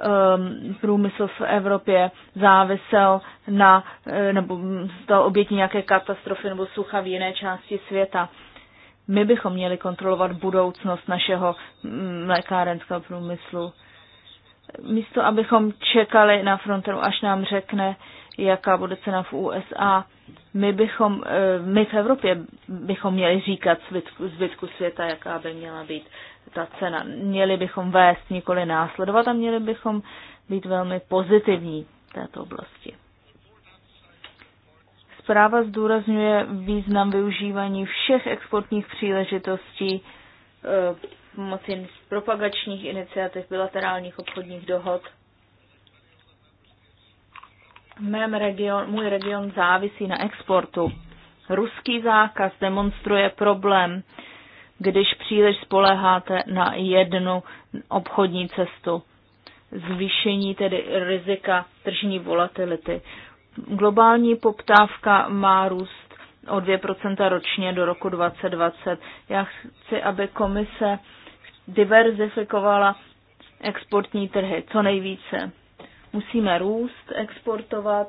Um, průmysl v Evropě závisel na, eh, nebo stal obětí nějaké katastrofy nebo sucha v jiné části světa. My bychom měli kontrolovat budoucnost našeho mm, mlékárenského průmyslu. Místo, abychom čekali na frontu, až nám řekne, jaká bude cena v USA. My, bychom, eh, my v Evropě bychom měli říkat zbytku, zbytku světa, jaká by měla být ta cena. Měli bychom vést, nikoli následovat a měli bychom být velmi pozitivní v této oblasti. Zpráva zdůrazňuje význam využívání všech exportních příležitostí pomocí eh, propagačních iniciativ, bilaterálních obchodních dohod – mém region, můj region závisí na exportu. Ruský zákaz demonstruje problém, když příliš spoleháte na jednu obchodní cestu. Zvýšení tedy rizika tržní volatility. Globální poptávka má růst o 2% ročně do roku 2020. Já chci, aby komise diverzifikovala exportní trhy co nejvíce Musíme růst, exportovat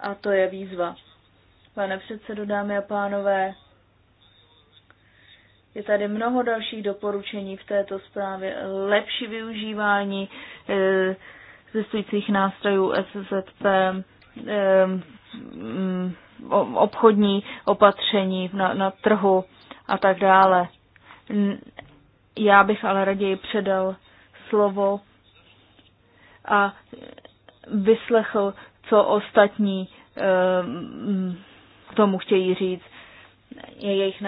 a to je výzva. Pane předsedo, dámy a pánové, je tady mnoho dalších doporučení v této zprávě. Lepší využívání eh, existujících nástrojů SZP, eh, mm, obchodní opatření na, na trhu a tak dále. Já bych ale raději předal slovo a vyslechl, co ostatní k ehm, tomu chtějí říct, jejich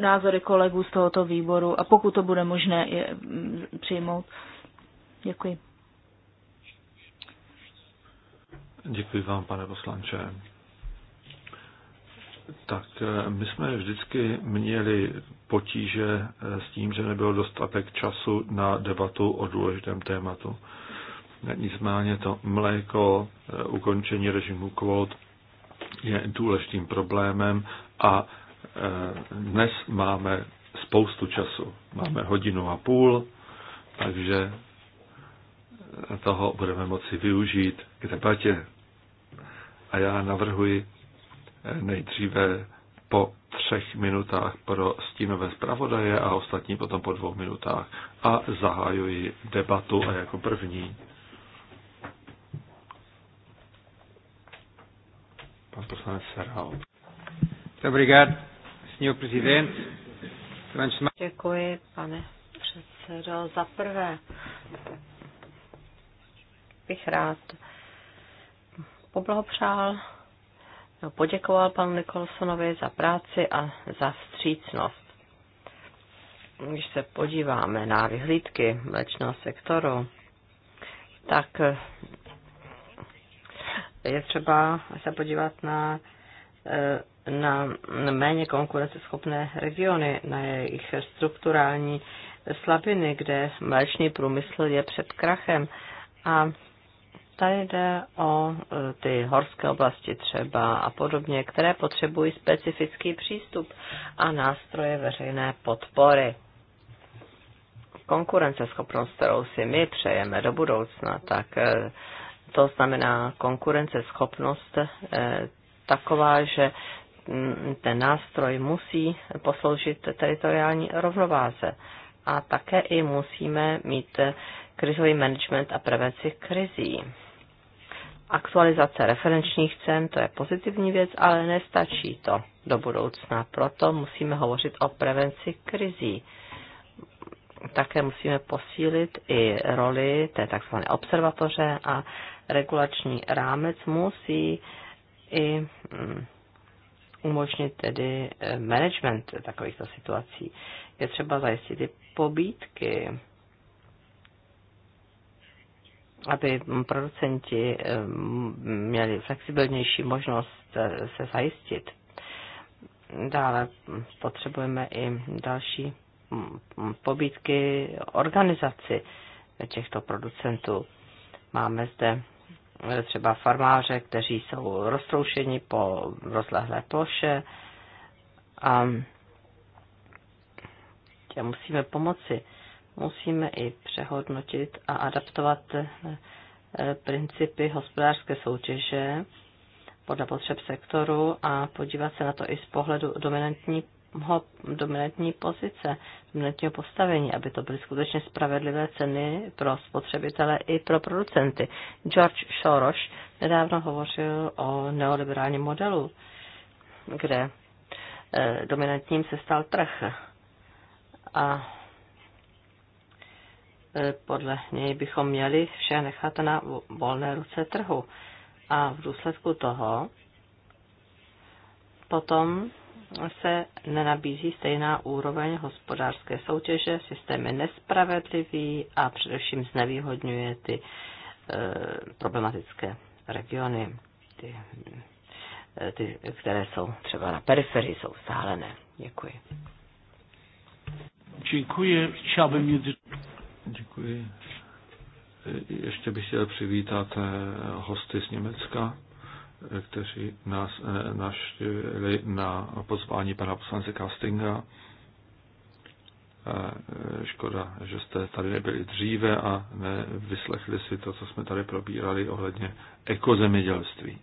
názory kolegů z tohoto výboru a pokud to bude možné je mm, přijmout. Děkuji. Děkuji vám, pane poslanče. Tak eh, my jsme vždycky měli potíže eh, s tím, že nebyl dostatek času na debatu o důležitém tématu. Nicméně to mléko, eh, ukončení režimu kvót je důležitým problémem a eh, dnes máme spoustu času. Máme hodinu a půl, takže eh, toho budeme moci využít k debatě. A já navrhuji nejdříve po třech minutách pro stínové zpravodaje a ostatní potom po dvou minutách. A zahajuji debatu a jako první Pan poslanec Serhal. Děkuji, pane předsedo. Za prvé bych rád poblahopřál poděkoval panu Nikolsonovi za práci a za vstřícnost. Když se podíváme na vyhlídky mlečného sektoru, tak je třeba se podívat na, eh, na méně konkurenceschopné regiony, na jejich strukturální slabiny, kde mléčný průmysl je před krachem. A tady jde o eh, ty horské oblasti třeba a podobně, které potřebují specifický přístup a nástroje veřejné podpory. Konkurenceschopnost, kterou si my přejeme do budoucna, tak eh, to znamená konkurenceschopnost eh, taková, že mm, ten nástroj musí posloužit teritoriální rovnováze. A také i musíme mít eh, krizový management a prevenci krizí. Aktualizace referenčních cen, to je pozitivní věc, ale nestačí to do budoucna. Proto musíme hovořit o prevenci krizí. Také musíme posílit i roli té tzv. observatoře a regulační rámec musí i mm, umožnit tedy eh, management takovýchto situací. Je třeba zajistit i pobídky, aby producenti eh, měli flexibilnější možnost eh, se zajistit. Dále potřebujeme i další mm, pobídky organizaci těchto producentů. Máme zde třeba farmáře, kteří jsou roztroušeni po rozlehlé ploše a musíme pomoci. Musíme i přehodnotit a adaptovat eh, principy hospodářské soutěže podle potřeb sektoru a podívat se na to i z pohledu dominantní dominantní pozice, dominantního postavení, aby to byly skutečně spravedlivé ceny pro spotřebitele i pro producenty. George Soros nedávno hovořil o neoliberálním modelu, kde eh, dominantním se stal trh. A eh, podle něj bychom měli vše nechat na volné ruce trhu. A v důsledku toho potom se nenabízí stejná úroveň hospodářské soutěže, systém je nespravedlivý a především znevýhodňuje ty e, problematické regiony, ty, e, ty, které jsou třeba na periferii, jsou vzdálené. Děkuji. Děkuji. Chtěl bych Děkuji. E, ještě bych chtěl přivítat e, hosty z Německa kteří nás eh, naštívili na pozvání pana poslance Castinga. Eh, eh, škoda, že jste tady nebyli dříve a nevyslechli si to, co jsme tady probírali ohledně ekozemědělství.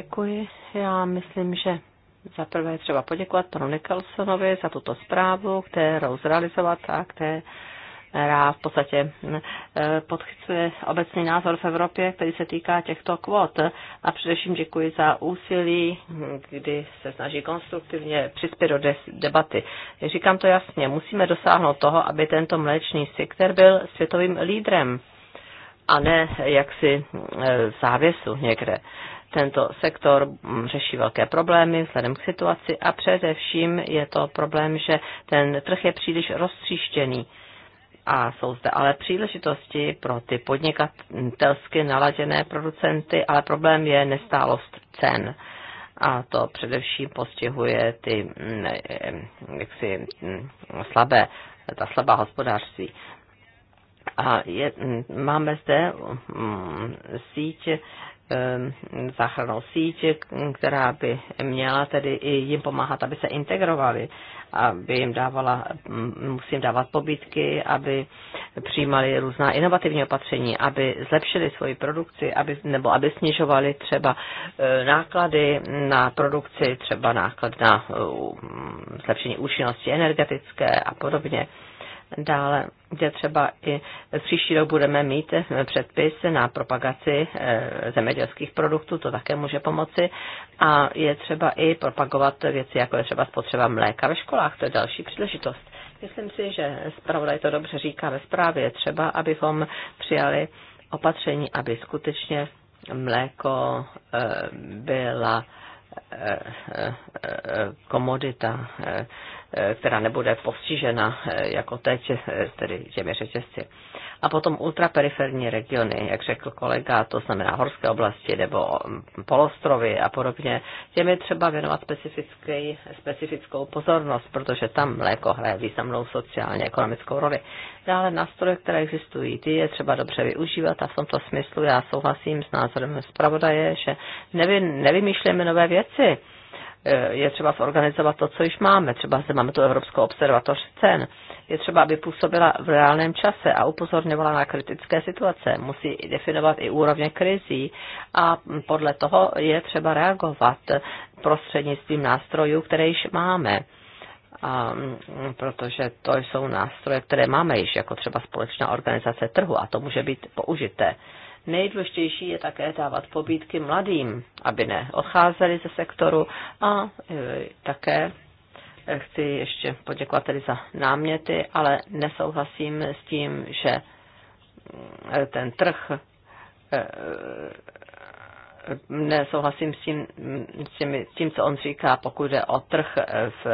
Děkuji. Já myslím, že za prvé třeba poděkovat panu Nicholsonovi za tuto zprávu, kterou zrealizovat a která v podstatě hm, eh, podchycuje obecný názor v Evropě, který se týká těchto kvot. A především děkuji za úsilí, hm, kdy se snaží konstruktivně přispět do debaty. Říkám to jasně, musíme dosáhnout toho, aby tento mléčný sektor byl světovým lídrem a ne jaksi hm, závěsu někde. Tento sektor mm, řeší velké problémy vzhledem k situaci a především je to problém, že ten trh je příliš roztříštěný. A jsou zde ale příležitosti pro ty podnikatelsky naladěné producenty, ale problém je nestálost cen a to především postihuje ty mm, eh, eh, jaksi, mm, slabé, ta slabá hospodářství. A je, máme zde síť Ehm, záchranou síť, která by měla tedy i jim pomáhat, aby se integrovali, aby jim dávala, mm, musím dávat pobytky, aby přijímali různá inovativní opatření, aby zlepšili svoji produkci, aby, nebo aby snižovali třeba eh, náklady na produkci, třeba náklad na eh, mm, zlepšení účinnosti energetické a podobně. Dále, kde třeba i příští rok budeme mít eh, předpis na propagaci eh, zemědělských produktů, to také může pomoci. A je třeba i propagovat věci, jako je třeba spotřeba mléka ve školách, to je další příležitost. Myslím si, že zpravodaj to dobře říká ve zprávě. Třeba, abychom přijali opatření, aby skutečně mléko eh, byla komodita, Eh, která nebude postižena eh, jako teď, eh, tedy těmi řetězci. A potom ultraperiferní regiony, jak řekl kolega, to znamená horské oblasti nebo mm, polostrovy a podobně, těm je třeba věnovat specifickou pozornost, protože tam mléko hraje významnou sociálně ekonomickou roli. Dále nástroje, které existují, ty je třeba dobře využívat a v tomto smyslu já souhlasím s názorem zpravodaje, že nevy, nevymýšlíme nové věci E, je třeba zorganizovat to, co již máme. Třeba zde máme tu Evropskou observatoř cen. Je třeba, aby působila v reálném čase a upozorňovala na kritické situace. Musí definovat i úrovně krizí a podle toho je třeba reagovat prostřednictvím nástrojů, které již máme. A, mm, protože to jsou nástroje, které máme již, jako třeba společná organizace trhu a to může být použité. Nejdůležitější je také dávat pobídky mladým, aby neodcházeli ze sektoru a e, také e, chci ještě poděkovat tedy za náměty, ale nesouhlasím s tím, že e, ten trh nesouhlasím s tím, s tím, s tím, co on říká, pokud jde o trh v,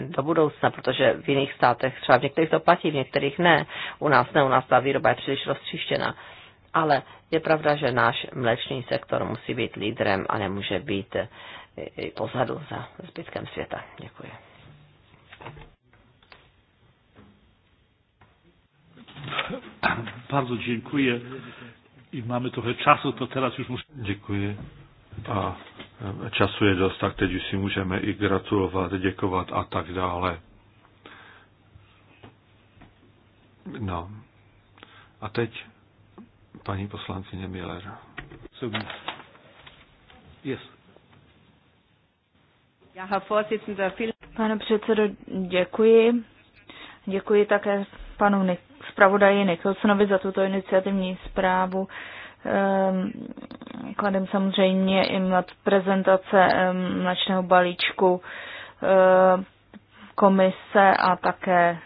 do budoucna, protože v jiných státech, třeba v některých to platí, v některých ne, u nás ne, u nás ta výroba je příliš roztříštěna. Ale je pravda, že náš mléčný sektor musí být lídrem a nemůže být pozadu za zbytkem světa. Děkuji. Bardzo dziękuję i mamy trochę czasu, to teraz już muszę... Dziękuję. A času e, je dost, tak teď už si můžeme i gratulovat, děkovat a tak dále. No. A teď paní poslankyně Miller. Yes. Pane předsedo, děkuji. Děkuji také panu zpravodaji Nicholsonovi za tuto iniciativní zprávu. Ehm, kladem samozřejmě i nad prezentace um, balíčku ehm, komise a také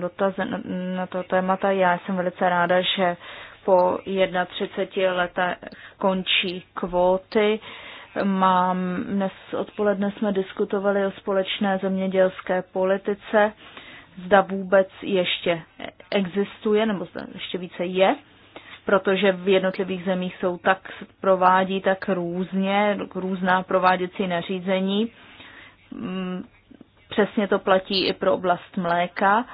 dotazy na, na to témata. Já jsem velice ráda, že po 31 letech končí kvóty. Mám, dnes odpoledne jsme diskutovali o společné zemědělské politice, zda vůbec ještě existuje, nebo zda ještě více je, protože v jednotlivých zemích jsou tak, provádí tak různě, různá prováděcí nařízení. Mm, přesně to platí i pro oblast mléka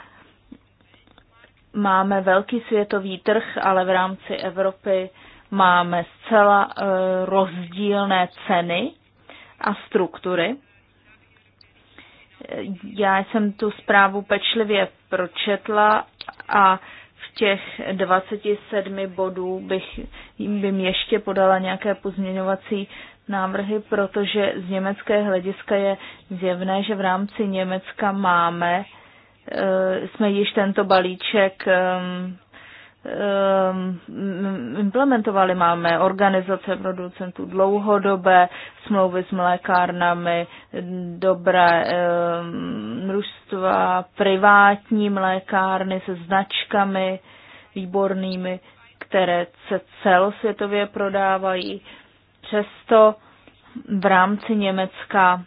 máme velký světový trh, ale v rámci Evropy máme zcela eh, rozdílné ceny a struktury. Já jsem tu zprávu pečlivě pročetla a v těch 27 bodů bych jim ještě podala nějaké pozměňovací návrhy, protože z německé hlediska je zjevné, že v rámci Německa máme uh, Eh, jsme již tento balíček ehm, ehm, implementovali. Máme organizace producentů dlouhodobé, smlouvy s mlékárnami, dobré družstva, ehm, privátní mlékárny se značkami výbornými, které se celosvětově prodávají. Přesto v rámci Německa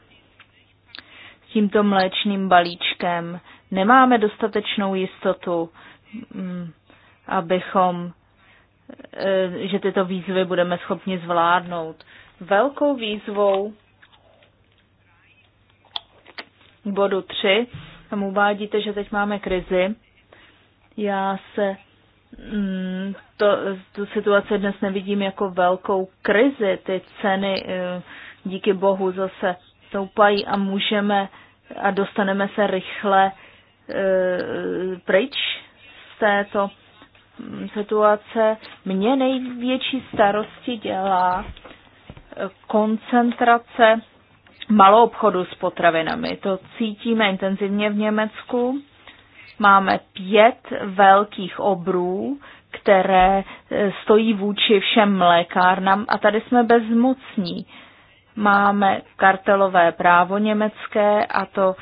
s tímto mléčným balíčkem nemáme dostatečnou jistotu, mm, abychom, eh, že tyto výzvy budeme schopni zvládnout. Velkou výzvou bodu 3, tam uvádíte, že teď máme krizi. Já se mm, to, tu situaci dnes nevidím jako velkou krizi. Ty ceny eh, díky bohu zase toupají a můžeme a dostaneme se rychle Eh, pryč z této hm, situace. Mě největší starosti dělá eh, koncentrace malou obchodu s potravinami. To cítíme intenzivně v Německu. Máme pět velkých obrů, které eh, stojí vůči všem mlékárnám a tady jsme bezmocní. Máme kartelové právo německé a to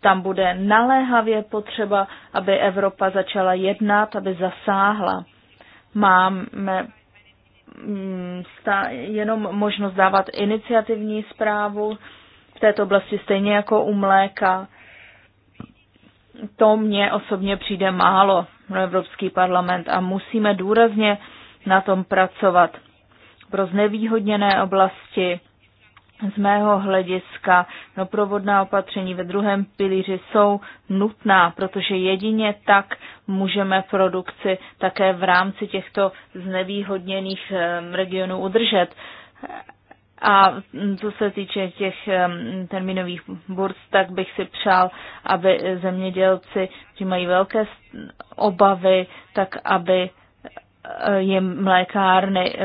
tam bude naléhavě potřeba, aby Evropa začala jednat, aby zasáhla. Máme mm, jenom možnost dávat iniciativní zprávu v této oblasti, stejně jako u mléka. To mně osobně přijde málo pro Evropský parlament a musíme důrazně na tom pracovat pro znevýhodněné oblasti, z mého hlediska doprovodná opatření ve druhém pilíři jsou nutná, protože jedině tak můžeme produkci také v rámci těchto znevýhodněných regionů udržet. A co se týče těch termínových burz, tak bych si přál, aby zemědělci, kteří mají velké obavy, tak aby jim mlékárny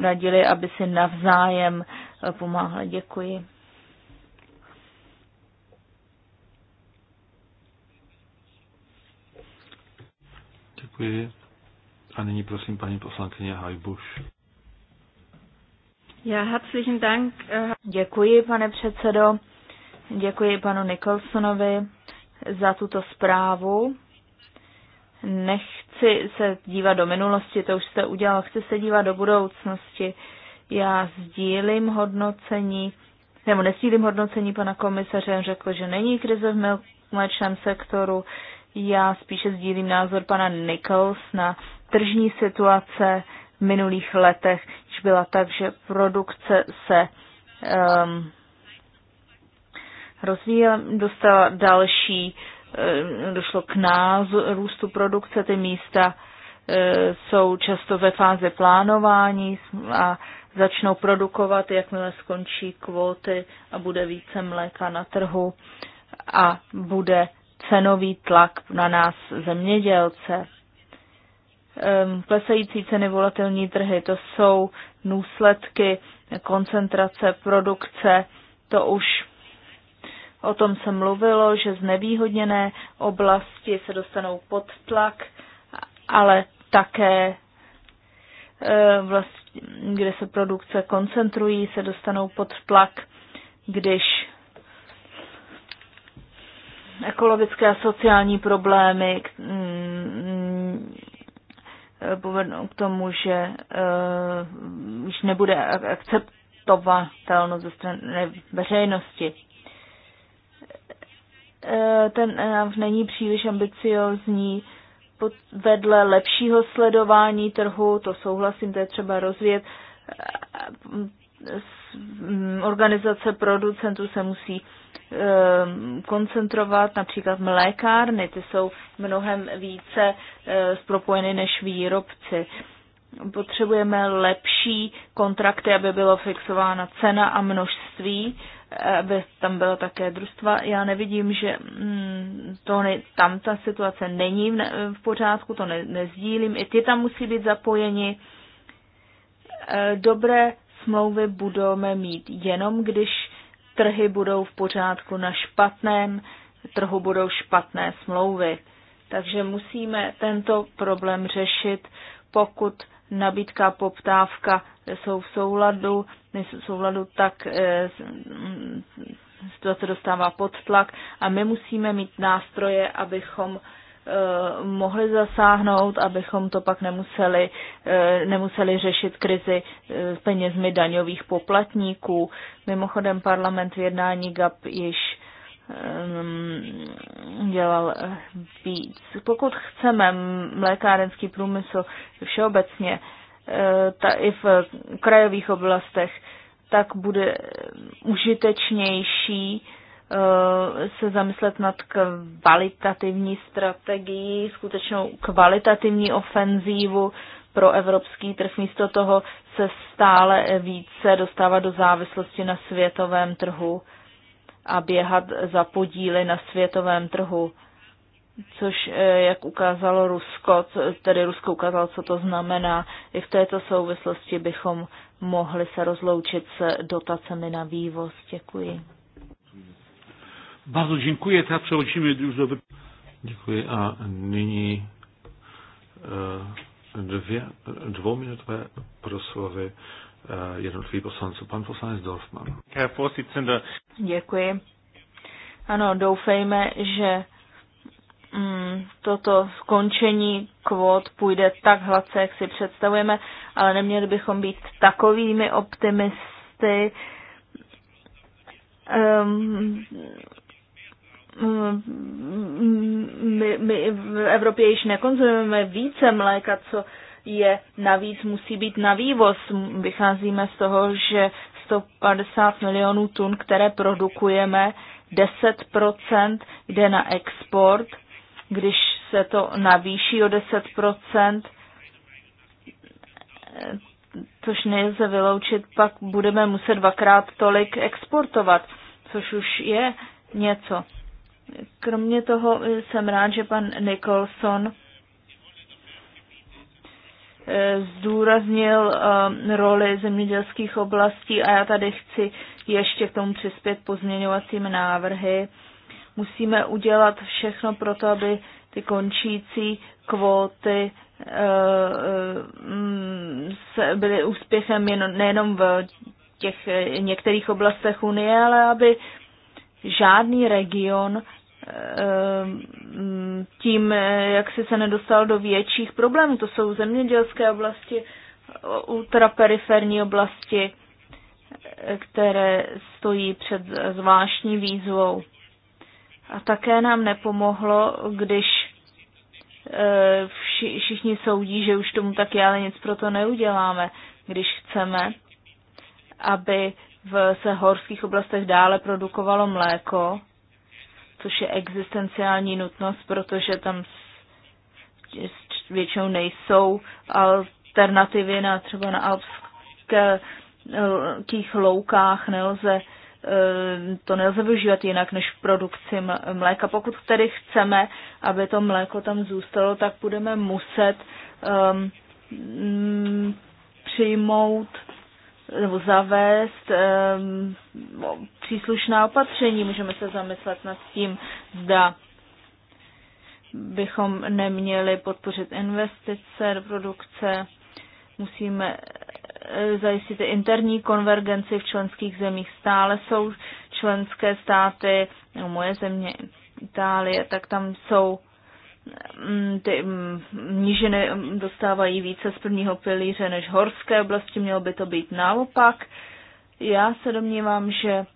radili, aby si navzájem pomáhla. Děkuji. Děkuji. A nyní prosím paní poslankyně Hajbuš. Já herzlichen Dank. Eh, Děkuji, pane předsedo. Děkuji panu Nicholsonovi za tuto zprávu. Nechci se dívat do minulosti, to už jste udělal, chci se dívat do budoucnosti. Já sdílím hodnocení, nebo nesdílím hodnocení pana komisaře, řekl, že není krize v mléčném sektoru. Já spíše sdílím názor pana Nichols na tržní situace v minulých letech, když byla tak, že produkce se um, rozvíjela, dostala další, um, došlo k názu, růstu produkce, ty místa e, jsou často ve fázi plánování a začnou produkovat, jakmile skončí kvóty a bude více mléka na trhu a bude cenový tlak na nás zemědělce. Ehm, klesající ceny volatilní trhy, to jsou důsledky koncentrace produkce, to už o tom se mluvilo, že znevýhodněné oblasti se dostanou pod tlak, ale také vlastně, kde se produkce koncentrují, se dostanou pod tlak, když ekologické a sociální problémy mm, eh, povednou k tomu, že uh, již nebude akceptovatelnost ze strany veřejnosti. Ten návrh není příliš ambiciozní, vedle lepšího sledování trhu, to souhlasím, to je třeba rozvět, mm, organizace producentů se musí ehm, koncentrovat, například mlékárny, ty jsou mnohem více eh, spropojeny než výrobci. Potřebujeme lepší kontrakty, aby bylo fixována cena a množství aby tam byla také družstva. Já nevidím, že mm, to ne, tam ta situace není v, ne, v pořádku, to ne, nezdílím. I ty tam musí být zapojeni. E, dobré smlouvy budeme mít jenom, když trhy budou v pořádku na špatném trhu budou špatné smlouvy. Takže musíme tento problém řešit, pokud nabídka a poptávka jsou v souladu, nejsou v souladu, tak eh, situace mm, dostává pod tlak a my musíme mít nástroje, abychom eh, mohli zasáhnout, abychom to pak nemuseli, eh, nemuseli řešit krizi s penězmi daňových poplatníků. Mimochodem parlament v jednání GAP již Um, dělal eh, víc. Pokud chceme mlékárenský průmysl všeobecně, eh, ta i v krajových oblastech, tak bude užitečnější eh, se zamyslet nad kvalitativní strategií, skutečnou kvalitativní ofenzívu pro evropský trh. Místo toho se stále více dostává do závislosti na světovém trhu a běhat za podíly na světovém trhu, což, eh, jak ukázalo Rusko, tedy Rusko ukázalo, co to znamená, i v této souvislosti bychom mohli se rozloučit s dotacemi na vývoz. Děkuji. Bardzo dziękuję. Teraz przechodzimy już do... Děkuji a nyní dvě, e, dvouminutové proslovy Eh, jednotlivých poslanců. Pan poslanec Dorfman. Děkuji. Ano, doufejme, že mm, toto skončení kvót půjde tak hladce, jak si představujeme, ale neměli bychom být takovými optimisty. Um, my, my v Evropě již nekonzumujeme více mléka, co je navíc musí být na vývoz. Vycházíme z toho, že 150 milionů tun, které produkujeme, 10% jde na export. Když se to navýší o 10%, což nelze vyloučit, pak budeme muset dvakrát tolik exportovat, což už je něco. Kromě toho jsem rád, že pan Nicholson zdůraznil eh, roli zemědělských oblastí a já tady chci ještě k tomu přispět pozměňovacími návrhy. Musíme udělat všechno pro to, aby ty končící kvóty eh, eh, mm, byly úspěchem nejenom v těch některých oblastech Unie, ale aby žádný region Eh, tím, eh, jak si se nedostal do větších problémů. To jsou zemědělské oblasti, eh, ultraperiferní oblasti, které stojí před zvláštní výzvou. A také nám nepomohlo, když všichni soudí, že už tomu tak je, ale nic pro to neuděláme, když chceme, aby v se horských oblastech dále produkovalo mléko, což je existenciální nutnost, protože tam většinou nejsou alternativy na třeba na alpských loukách, nelze eh, to nelze využívat jinak než v produkci mléka. Pokud tedy chceme, aby to mléko tam zůstalo, tak budeme muset um, přijmout nebo zavést um, příslušná opatření. Můžeme se zamyslet nad tím, zda bychom neměli podpořit investice do produkce. Musíme eh, zajistit interní konvergenci v členských zemích. Stále jsou členské státy, no moje země Itálie, tak tam jsou Mm, ty mm, nížiny mm, dostávají více z prvního pilíře než horské oblasti, mělo by to být naopak. Já se domnívám, že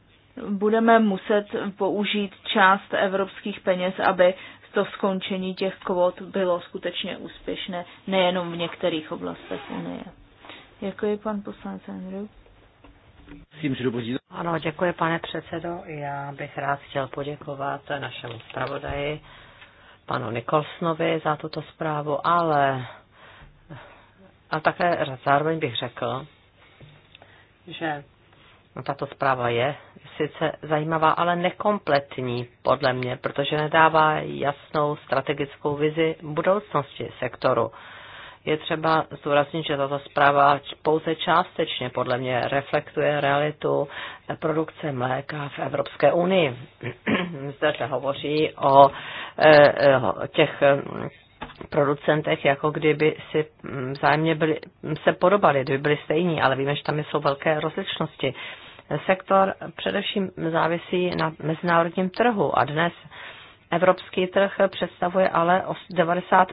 budeme muset použít část evropských peněz, aby to skončení těch kvot bylo skutečně úspěšné, nejenom v některých oblastech Unie. Děkuji, pan poslanec Andrew. Ano, děkuji, pane předsedo. Já bych rád chtěl poděkovat našemu zpravodaji panu Nikolsnovi za tuto zprávu, ale a také zároveň bych řekl, že no, tato zpráva je sice zajímavá, ale nekompletní podle mě, protože nedává jasnou strategickou vizi budoucnosti sektoru je třeba zdůraznit, že tato zpráva pouze částečně podle mě reflektuje realitu produkce mléka v Evropské unii. (clears throat) Zde se hovoří o e, e, těch mm, producentech, jako kdyby si mm, vzájemně byli, se podobali, kdyby byli stejní, ale víme, že tam jsou velké rozličnosti. Sektor především závisí na mezinárodním trhu a dnes Evropský trh představuje ale 90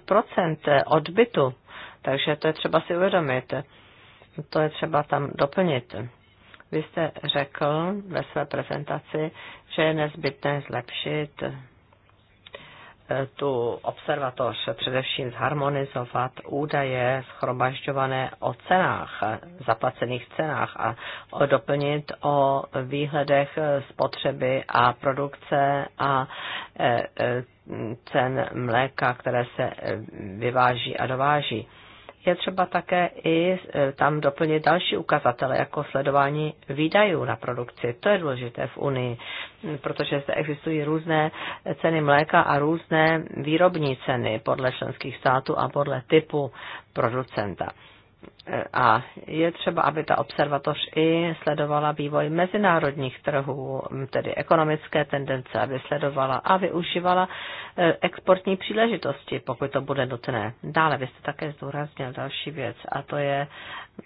odbytu takže to je třeba si uvědomit. To je třeba tam doplnit. Vy jste řekl ve své prezentaci, že je nezbytné zlepšit eh, tu observatoř, především zharmonizovat údaje schromažďované o cenách, zaplacených cenách a doplnit o výhledech spotřeby a produkce a eh, eh, cen mléka, které se vyváží a dováží je třeba také i e, tam doplnit další ukazatele, jako sledování výdajů na produkci. To je důležité v Unii, protože zde existují různé ceny mléka a různé výrobní ceny podle členských států a podle typu producenta a je třeba, aby ta observatoř i sledovala vývoj mezinárodních trhů, tedy ekonomické tendence, aby sledovala a využívala eh, exportní příležitosti, pokud to bude nutné. Dále byste jste také zdůraznil další věc a to je,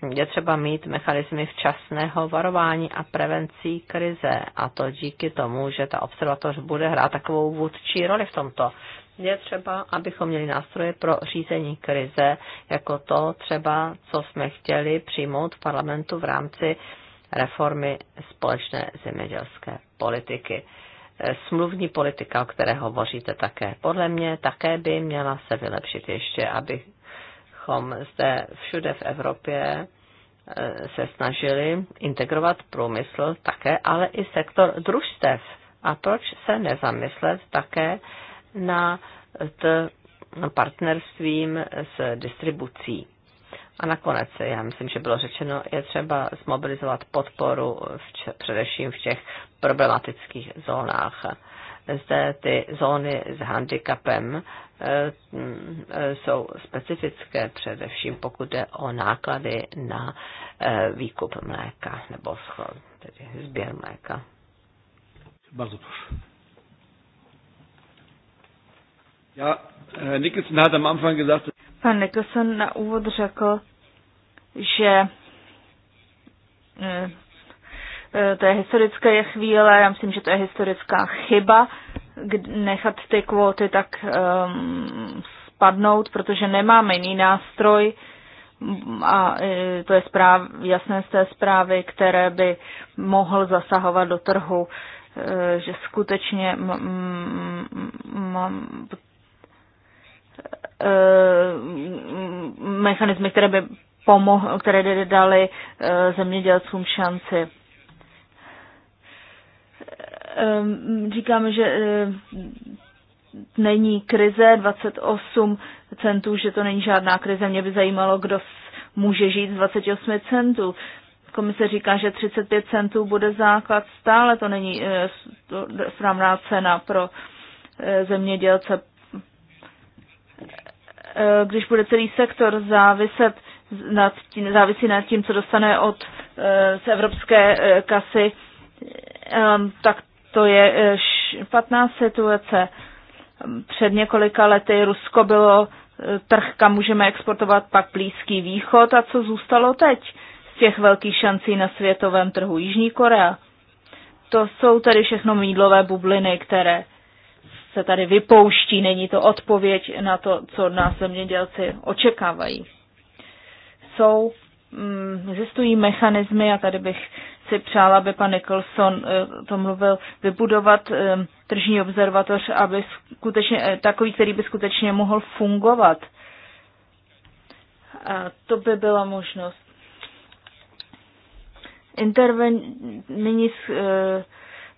je třeba mít mechanismy včasného varování a prevencí krize a to díky tomu, že ta observatoř bude hrát takovou vůdčí roli v tomto je třeba, abychom měli nástroje pro řízení krize, jako to třeba, co jsme chtěli přijmout v parlamentu v rámci reformy společné zemědělské politiky. Eh, smluvní politika, o které hovoříte také, podle mě také by měla se vylepšit ještě, abychom zde všude v Evropě eh, se snažili integrovat průmysl také, ale i sektor družstev. A proč se nezamyslet také nad partnerstvím s distribucí. A nakonec, já myslím, že bylo řečeno, je třeba zmobilizovat podporu v če- především v těch problematických zónách. Zde ty zóny s handicapem e, jsou specifické, především pokud jde o náklady na e, výkup mléka nebo tedy sběr mléka. Bardzo proszę. Ja, eh, Nicholson hat am Anfang gesagt, Pan Nicholson na úvod řekl, že eh, eh, to je historické chvíle, já myslím, že to je historická chyba, nechat ty kvóty tak um, spadnout, protože nemáme jiný nástroj a to je zpráv, jasné z té zprávy, které by mohl zasahovat do trhu, že skutečně Eh, mechanismy, které by pomohly, které by dali eh, zemědělcům šanci. Eh, Říkáme, že není krize, 28 centů, že to není žádná krize. Mě by zajímalo, kdo může žít z 28 centů. Komise říká, že 35 centů bude základ stále, to není správná cena pro zemědělce. Eh, když bude celý sektor záviset nad tím, závisí nad tím, co dostane od eh, z evropské eh, kasy, ehm, tak to je špatná situace. Před několika lety Rusko bylo trh, kam můžeme exportovat pak Blízký východ a co zůstalo teď z těch velkých šancí na světovém trhu Jižní Korea. To jsou tedy všechno mídlové bubliny, které se tady vypouští, není to odpověď na to, co nás zemědělci očekávají. Jsou, mm, existují mechanismy, a tady bych si přála, aby pan Nicholson eh, to mluvil, vybudovat eh, tržní observatoř, aby skutečně, eh, takový, který by skutečně mohl fungovat. A to by byla možnost. Intervenční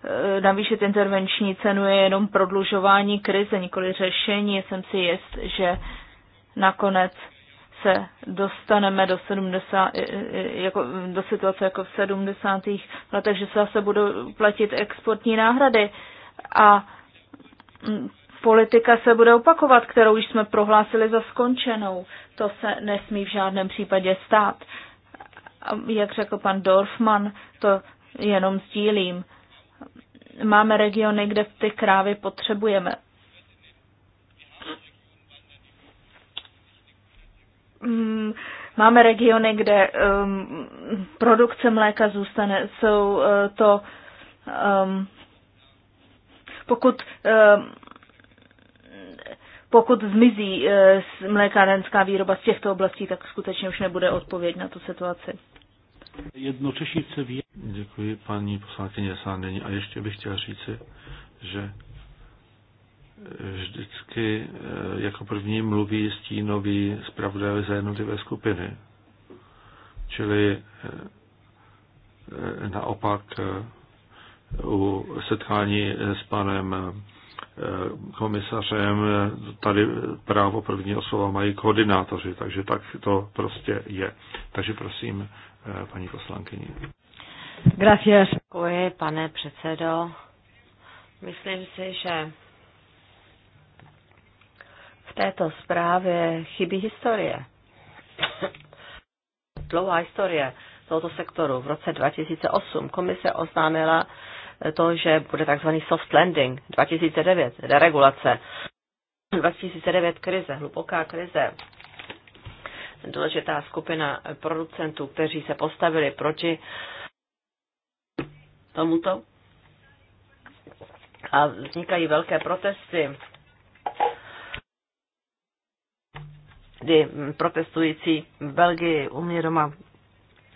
Eh, navýšit intervenční cenu je jenom prodlužování krize, nikoli řešení. Jsem si jist, že nakonec se dostaneme do, 70, eh, eh, jako, do situace jako v 70. letech, že se zase budou platit exportní náhrady a mm, politika se bude opakovat, kterou už jsme prohlásili za skončenou. To se nesmí v žádném případě stát. Jak řekl pan Dorfman, to jenom sdílím máme regiony, kde ty krávy potřebujeme. Mm, máme regiony, kde um, produkce mléka zůstane. Jsou uh, to, um, pokud um, pokud zmizí uh, mlékárenská výroba z těchto oblastí, tak skutečně už nebude odpověď na tu situaci. Jednočešně se Děkuji paní poslankyně Sándení. A ještě bych chtěl říci, že eh, vždycky eh, jako první mluví stínový zpravodaj za jednotlivé skupiny. Čili eh, naopak u setkání s panem komisařem tady právo prvního slova mají koordinátoři, takže tak to prostě je. Takže prosím, paní poslankyni. Gracias. Děkuji, pane předsedo. Myslím si, že v této zprávě chybí historie. (coughs) Dlouhá historie tohoto sektoru. V roce 2008 komise oznámila to, že bude takzvaný soft landing. 2009 deregulace. 2009 krize, hluboká krize. Důležitá skupina producentů, kteří se postavili proti uh, tomuto. A vznikají velké protesty, kdy protestující v Belgii u mě doma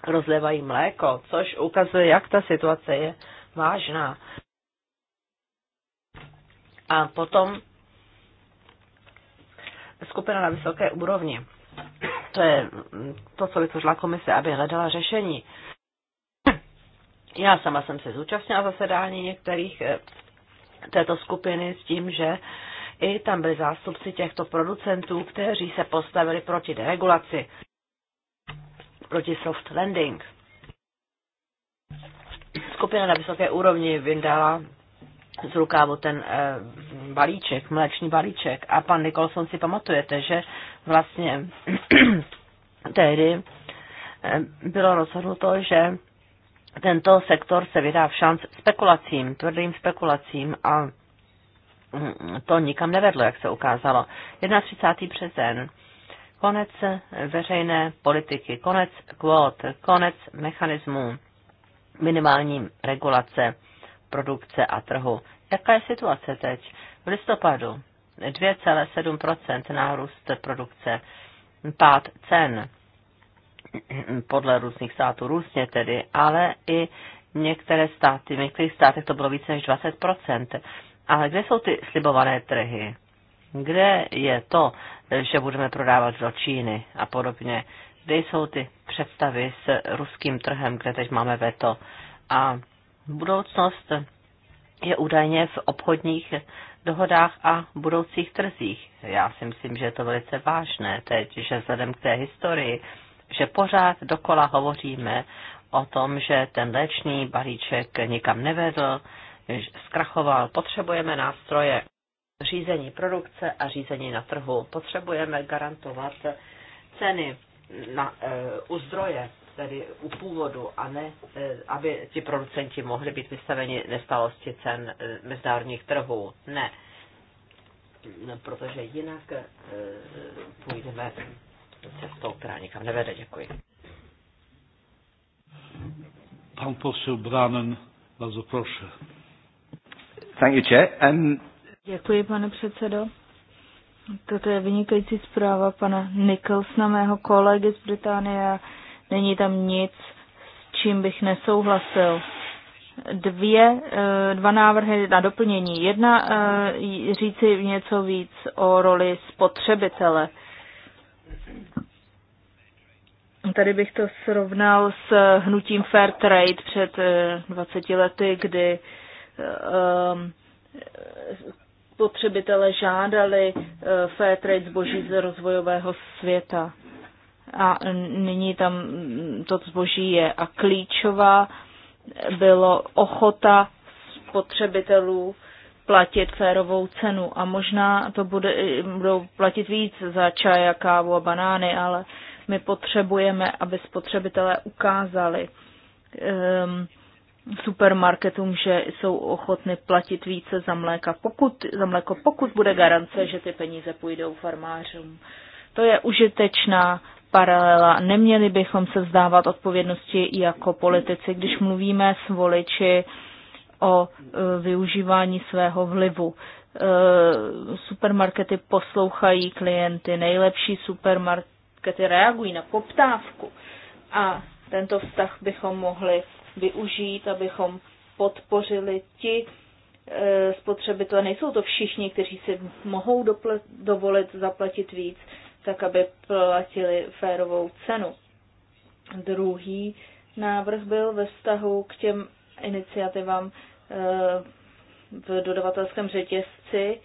rozlevají mléko, což ukazuje, jak ta situace je vážná. A potom skupina na vysoké úrovni. To je to, co vytvořila komise, aby hledala řešení já sama jsem se zúčastnila zasedání některých eh, této skupiny s tím, že i tam byli zástupci těchto producentů, kteří se postavili proti deregulaci, proti soft lending. Skupina na vysoké úrovni vyndala z rukávu ten e, balíček, mléčný balíček. A pan Nikolson si pamatujete, že vlastně (clears throat) tehdy eh, bylo rozhodnuto, že tento sektor se vydá v šanc spekulacím, tvrdým spekulacím a mm, to nikam nevedlo, jak se ukázalo. 31. březen, konec veřejné politiky, konec kvót, konec mechanismů minimální regulace produkce a trhu. Jaká je situace teď? V listopadu 2,7 nárůst produkce, pád cen podle různých států různě tedy, ale i některé státy, v některých státech to bylo více než 20%. Ale kde jsou ty slibované trhy? Kde je to, že budeme prodávat do Číny a podobně? Kde jsou ty představy s ruským trhem, kde teď máme veto? A budoucnost je údajně v obchodních dohodách a budoucích trzích. Já si myslím, že je to velice vážné teď, že vzhledem k té historii že pořád dokola hovoříme o tom, že ten léčný balíček nikam nevedl, zkrachoval. Potřebujeme nástroje řízení produkce a řízení na trhu. Potřebujeme garantovat ceny na, e, u zdroje, tedy u původu, a ne, e, aby ti producenti mohli být vystaveni nestalosti cen e, mezinárodních trhů. Ne, no, protože jinak e, půjdeme cestou, která nikam nevede. Děkuji. Pan posil Branen, bardzo proszę. Thank you, Chair. Um... Děkuji, pane předsedo. Toto je vynikající zpráva pana Nicholsona, mého kolegy z Británie. Není tam nic, s čím bych nesouhlasil. Dvě, eh, dva návrhy na doplnění. Jedna eh, říci něco víc o roli spotřebitele Tady bych to srovnal s hnutím Fair Trade před 20 eh, lety, kdy eh, eh, spotřebitele žádali fair trade zboží z rozvojového světa. A nyní tam to zboží je. A klíčová bylo ochota spotřebitelů platit férovou cenu. A možná to bude, budou platit víc za čaj a kávu a banány, ale my potřebujeme, aby spotřebitelé ukázali um, supermarketům, že jsou ochotny platit více za, mléka, pokud, za mléko, pokud bude garance, že ty peníze půjdou farmářům. To je užitečná paralela. Neměli bychom se vzdávat odpovědnosti jako politici, když mluvíme s voliči o e, využívání svého vlivu. E, supermarkety poslouchají klienty, nejlepší supermarket které reagují na poptávku. A tento vztah bychom mohli využít, abychom podpořili ti e, spotřebitele. Nejsou to všichni, kteří si mohou dovolit zaplatit víc, tak aby platili férovou cenu. Druhý návrh byl ve vztahu k těm iniciativám e, v dodavatelském řetězci,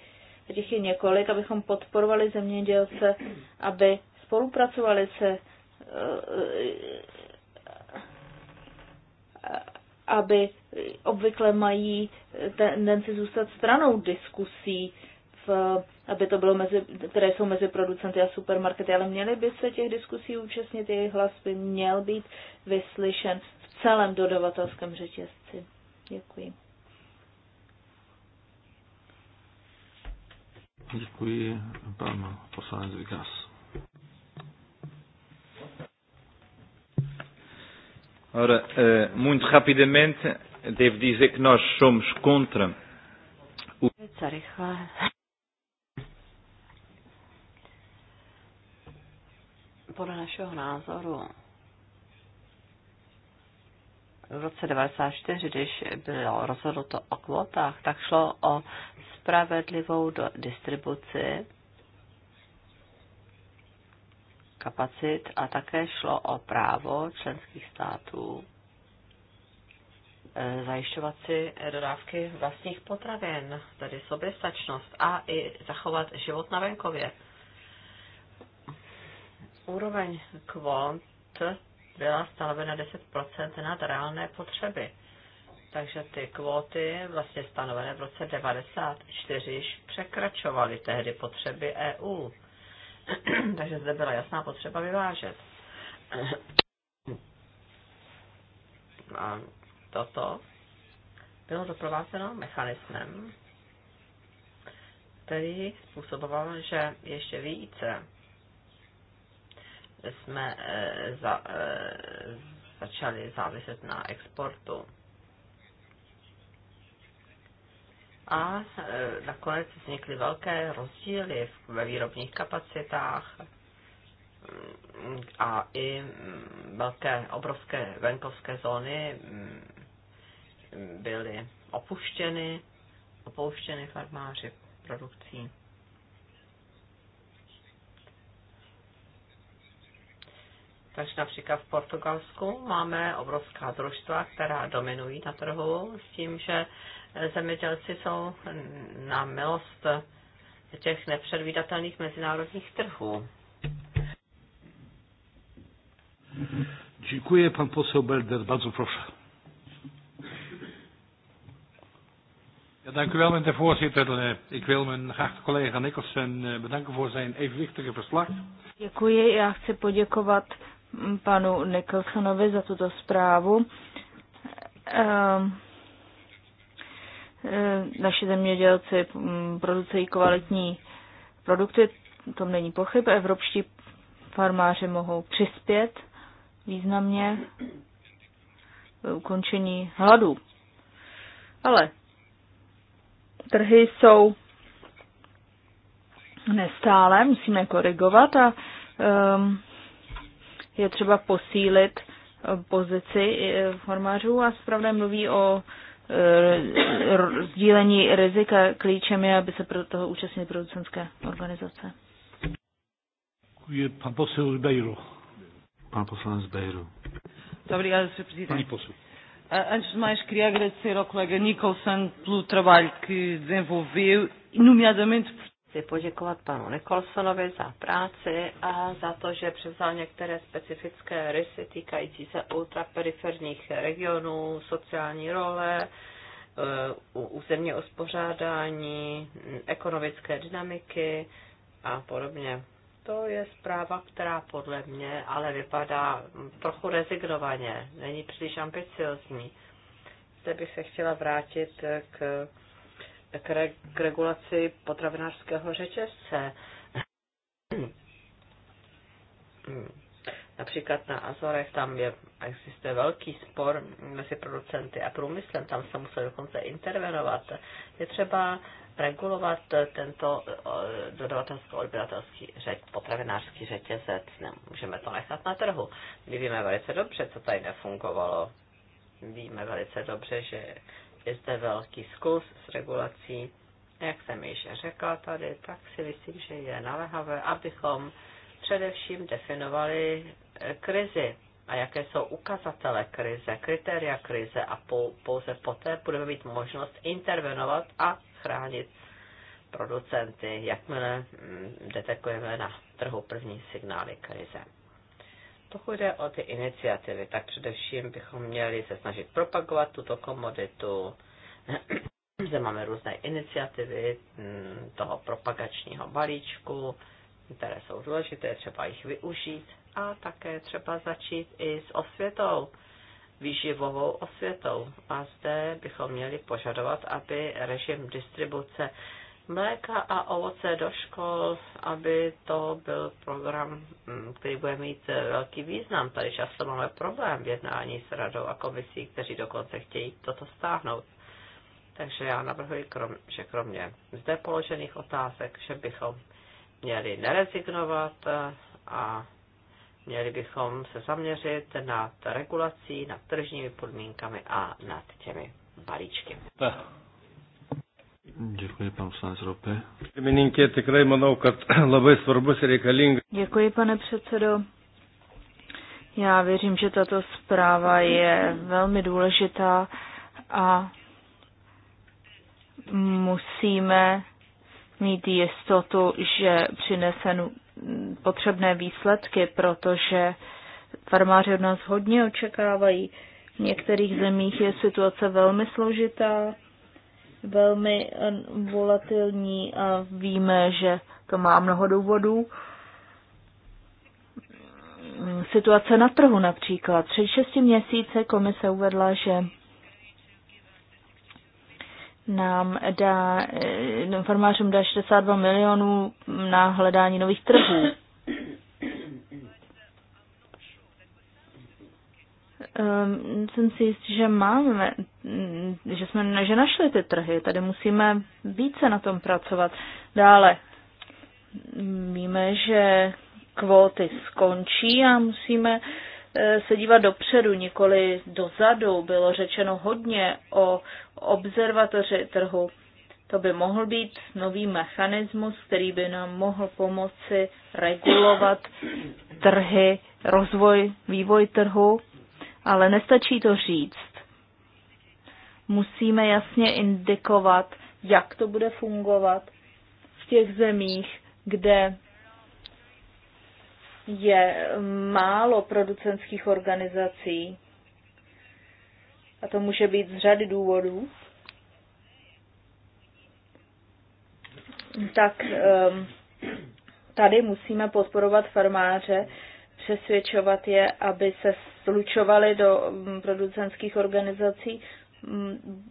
těch je několik, abychom podporovali zemědělce, aby spolupracovali se, eh, aby obvykle mají tendenci zůstat stranou diskusí, v, aby to bylo mezi, které jsou mezi producenty a supermarkety, ale měly by se těch diskusí účastnit, jejich hlas by měl být vyslyšen v celém dodavatelském řetězci. Děkuji. Děkuji, pan poslanec Vigas. Ora, eh, muito rapidamente, devo dizer que nós somos contra o. Podle našeho názoru v roce 1994, když bylo rozhodnuto o kvotách, tak šlo o spravedlivou distribuci kapacit a také šlo o právo členských států eh, zajišťovat si dodávky vlastních potravin, tedy soběstačnost a i zachovat život na venkově. Úroveň kvont byla stanovena 10% nad reálné potřeby. Takže ty kvóty vlastně stanovené v roce 1994 již překračovaly tehdy potřeby EU. (clears throat) Takže zde byla jasná potřeba vyvážet. (clears throat) A toto bylo doprovázeno mechanismem, který způsoboval, že ještě více jsme eh, za, eh, začali záviset na exportu. a e, nakonec vznikly velké rozdíly ve výrobních kapacitách a i mm, velké, obrovské venkovské zóny mm, byly opuštěny, opouštěny farmáři produkcí. Takže například v Portugalsku máme obrovská družstva, která dominují na trhu s tím, že zemědělci jsou na milost těch nepředvídatelných mezinárodních trhů. Děkuji, Pan poseł Belder, bardzo proszę. Ja, dank u wel, meneer de voorzitter. Eh, ik wil mijn geachte collega Nicholson eh, bedanken voor zijn evenwichtige verslag. Děkuji. Já chci poděkovat mm, panu Nicholsonovi za tuto zprávu. Um, Eh, naši zemědělci mm, producují kvalitní produkty, to není pochyb. Evropští farmáři mohou přispět významně ukončení hladu. Ale trhy jsou nestále, musíme korigovat a um, je třeba posílit pozici eh, farmářů a zpravda mluví o Eh, sdílení rizika klíčemi, aby se pro toho účastnili producentské organizace. Děkuji. Pan poslanec Bejru. Pan poslanec Bejru. Obrigada, Sr. Presidente. Pani poseł. Eh, antes de mais, queria agradecer ao colega Nicholson pelo trabalho que desenvolveu, nomeadamente por chci poděkovat panu Nikolsonovi za práci a za to, že převzal některé specifické rysy týkající se ultraperiferních regionů, sociální role, e, územně uspořádání, ekonomické dynamiky a podobně. To je zpráva, která podle mě ale vypadá trochu rezignovaně, není příliš ambiciozní. Zde bych se chtěla vrátit k k, re, k regulaci potravinářského řetězce. Například na Azorech tam je, existuje velký spor mezi producenty a průmyslem, tam se musel dokonce intervenovat. Je třeba regulovat tento eh, dodavatelsko-odběratelský řeť, potravinářský řetězec. Nemůžeme to nechat na trhu. My víme velice dobře, co tady nefungovalo. Víme velice dobře, že je zde velký zkus s regulací. Jak jsem již řekla tady, tak si myslím, že je naléhavé, abychom především definovali eh, krizi a jaké jsou ukazatele krize, kritéria krize a pouze poté budeme mít možnost intervenovat a chránit producenty, jakmile mm, detekujeme na trhu první signály krize. Pokud jde o ty iniciativy, tak především bychom měli se snažit propagovat tuto komoditu. (clears throat) Zde máme různé iniciativy mm, toho propagačního balíčku, které jsou důležité, třeba jich využít a také třeba začít i s osvětou, výživovou osvětou. A zde bychom měli požadovat, aby režim distribuce mléka a ovoce do škol, aby to byl program, mm, který bude mít eh, velký význam. Tady často máme problém v jednání s radou a komisí, kteří dokonce chtějí toto stáhnout. Takže já navrhuji, krom, že kromě zde položených otázek, že bychom měli nerezignovat eh, a měli bychom se zaměřit nad regulací, nad tržními podmínkami a nad těmi balíčky. Děkuji, pan poslanec Rope. Pirmininkė, tikrai manau, kad (clears throat) labai svarbus ir reikalingas. Děkuji, pane předsedo. Já věřím, že tato zpráva je velmi důležitá a musíme mít jistotu, že přinese potřebné výsledky, protože farmáři od nás hodně očekávají. V některých zemích je situace velmi složitá velmi eh, volatilní a víme, že to má mnoho důvodů. Situace na trhu například. Před šesti měsíce komise uvedla, že nám dá, eh, farmářům dá 62 milionů na hledání nových trhů. um, jsem si jist, že máme, že jsme že našli ty trhy. Tady musíme více na tom pracovat. Dále víme, že kvóty skončí a musíme eh, se dívat dopředu, nikoli dozadu. Bylo řečeno hodně o observatoři trhu. To by mohl být nový mechanismus, který by nám mohl pomoci regulovat trhy, rozvoj, vývoj trhu ale nestačí to říct. Musíme jasně indikovat, jak to bude fungovat v těch zemích, kde je málo producentských organizací. A to může být z řady důvodů. Tak ehm, tady musíme podporovat farmáře přesvědčovat je, aby se slučovali do mm, producentských organizací. Mm,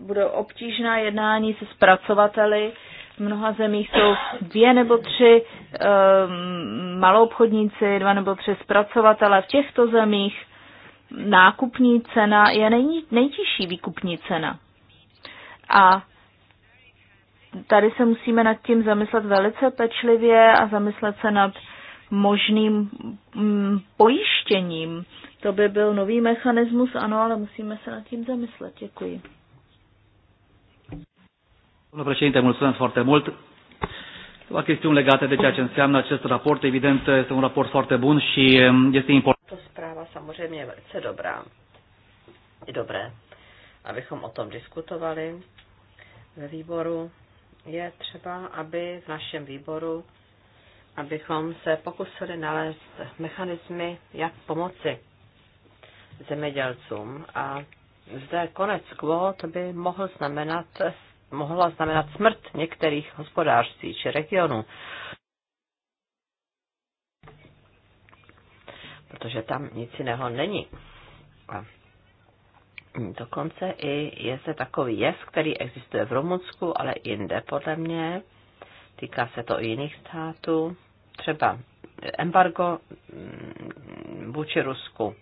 bude obtížná jednání se zpracovateli. V mnoha zemích jsou dvě nebo tři ehm, maloobchodníci, dva nebo tři zpracovatele. V těchto zemích nákupní cena je nejtěžší výkupní cena. A tady se musíme nad tím zamyslet velice pečlivě a zamyslet se nad možným mm, pojištěním. To by byl nový mechanismus, ano, ale musíme se nad tím zamyslet. Děkuji. Domnul președinte, mulțumesc foarte mult. Câteva chestiuni legate de ceea ce înseamnă acest raport. Evident, este un raport foarte bun și mm, este important. To zpráva samozřejmě je velice dobrá. Je dobré, abychom o tom diskutovali ve výboru. Je třeba, aby v našem výboru abychom se pokusili nalézt mechanismy, jak pomoci zemědělcům. A zde konec kvót by mohl znamenat, mohla znamenat smrt některých hospodářství či regionů. Protože tam nic jiného není. A dokonce i je se takový jev, který existuje v Rumunsku, ale jinde podle mě. Týká se to i jiných států třeba embargo mm, vůči Rusku.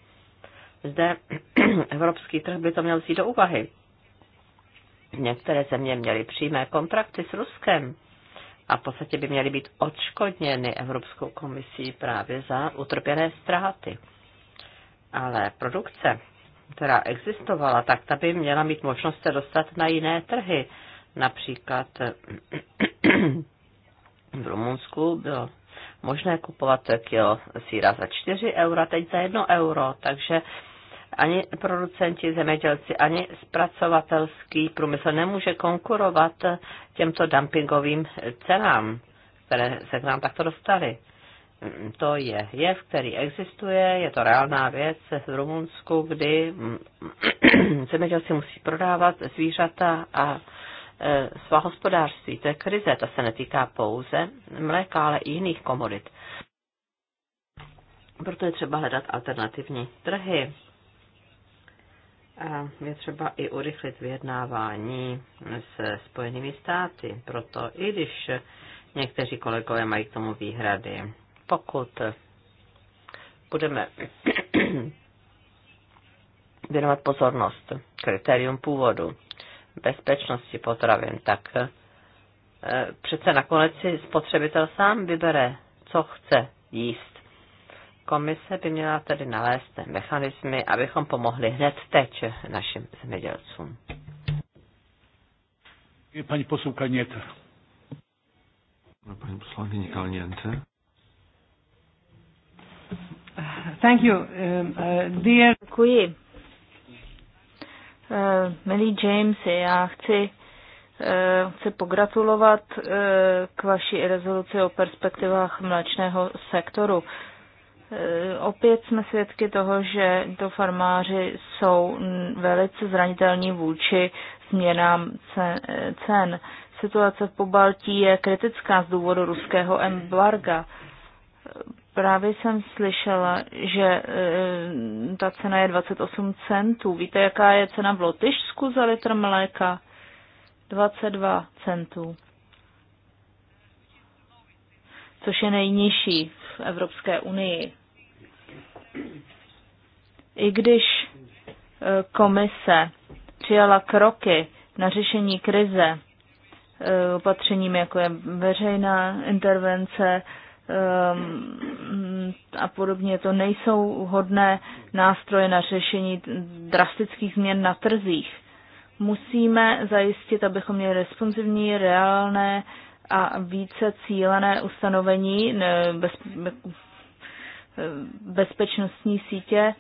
Zde (clears throat) evropský trh by to měl vzít do úvahy. Některé země měly přímé kontrakty s Ruskem a v podstatě by měly být odškodněny Evropskou komisí právě za utrpěné ztráty. Ale produkce, která existovala, tak ta by měla mít možnost se dostat na jiné trhy. Například (clears throat) v Rumunsku bylo možné kupovat kilo síra za 4 eura, teď za 1 euro, takže ani producenti, zemědělci, ani zpracovatelský průmysl nemůže konkurovat těmto dumpingovým cenám, které se k nám takto dostaly. To je jev, který existuje, je to reálná věc v Rumunsku, kdy (clears throat) zemědělci musí prodávat zvířata a E, svá hospodářství. To je krize, ta se netýká pouze mléka, ale i jiných komodit. Proto je třeba hledat alternativní trhy. A je třeba i urychlit vyjednávání se Spojenými státy. Proto i když někteří kolegové mají k tomu výhrady, pokud budeme (clears throat) věnovat pozornost kritérium původu, bezpečnosti potravin, tak eh, přece nakonec si spotřebitel sám vybere, co chce jíst. Komise by měla tedy nalézt mechanismy, abychom pomohli hned teď našim zemědělcům. Je paní posluka Něte. No, paní poslankyně Kalněnce. Thank you. Um, uh, dear... Děkuji Uh, milý James, já chci, uh, chci pogratulovat uh, k vaší rezoluci o perspektivách mléčného sektoru. Uh, opět jsme svědky toho, že to farmáři jsou velice zranitelní vůči změnám cen. Situace v Pobaltí je kritická z důvodu ruského embarga. Právě jsem slyšela, že e, ta cena je 28 centů. Víte, jaká je cena v Lotyšsku za litr mléka? 22 centů. Což je nejnižší v Evropské unii. I když e, komise přijala kroky na řešení krize, e, opatřením jako je veřejná intervence, Ehm, a podobně. To nejsou hodné nástroje na řešení drastických změn na trzích. Musíme zajistit, abychom měli responsivní, reálné a více cílené ustanovení bezpečnostní sítě,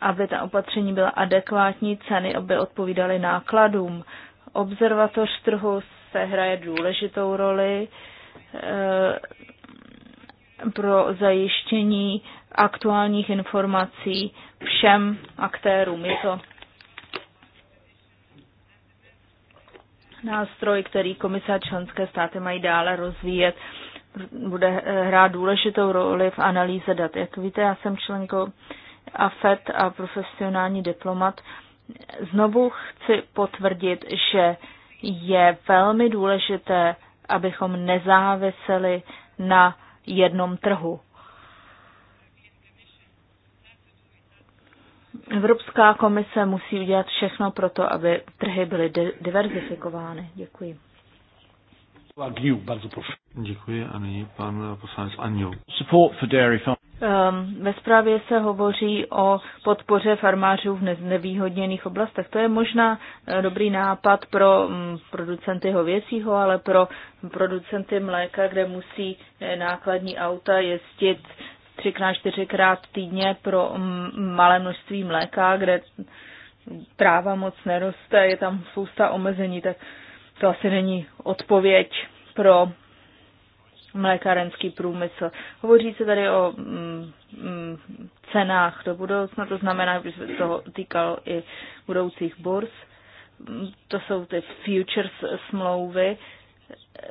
aby ta opatření byla adekvátní, ceny aby odpovídaly nákladům. Observatoř trhu se hraje důležitou roli ehm, pro zajištění aktuálních informací všem aktérům. Je to nástroj, který komise a členské státy mají dále rozvíjet, bude hrát důležitou roli v analýze dat. Jak víte, já jsem členkou AFET a profesionální diplomat. Znovu chci potvrdit, že je velmi důležité, abychom nezáviseli na jednom trhu. Evropská komise musí udělat všechno pro to, aby trhy byly diverzifikovány. Děkuji. Agnew, bardzo proszę. Dziękuję. a nyní pan poslanec Agnew. Support for dairy farm. Um, ve zprávě se hovoří o podpoře farmářů v nevýhodněných oblastech. To je možná eh, dobrý nápad pro mm, producenty hovězího, ale pro producenty mléka, kde musí eh, nákladní auta jezdit třikrát, čtyřikrát týdně pro mm, malé množství mléka, kde tráva moc neroste, je tam spousta omezení, tak to asi není odpověď pro mlékárenský průmysl. Hovoří se tady o mm, mm, cenách do budoucna, to znamená, že se toho týkal i budoucích burz. To jsou ty futures smlouvy.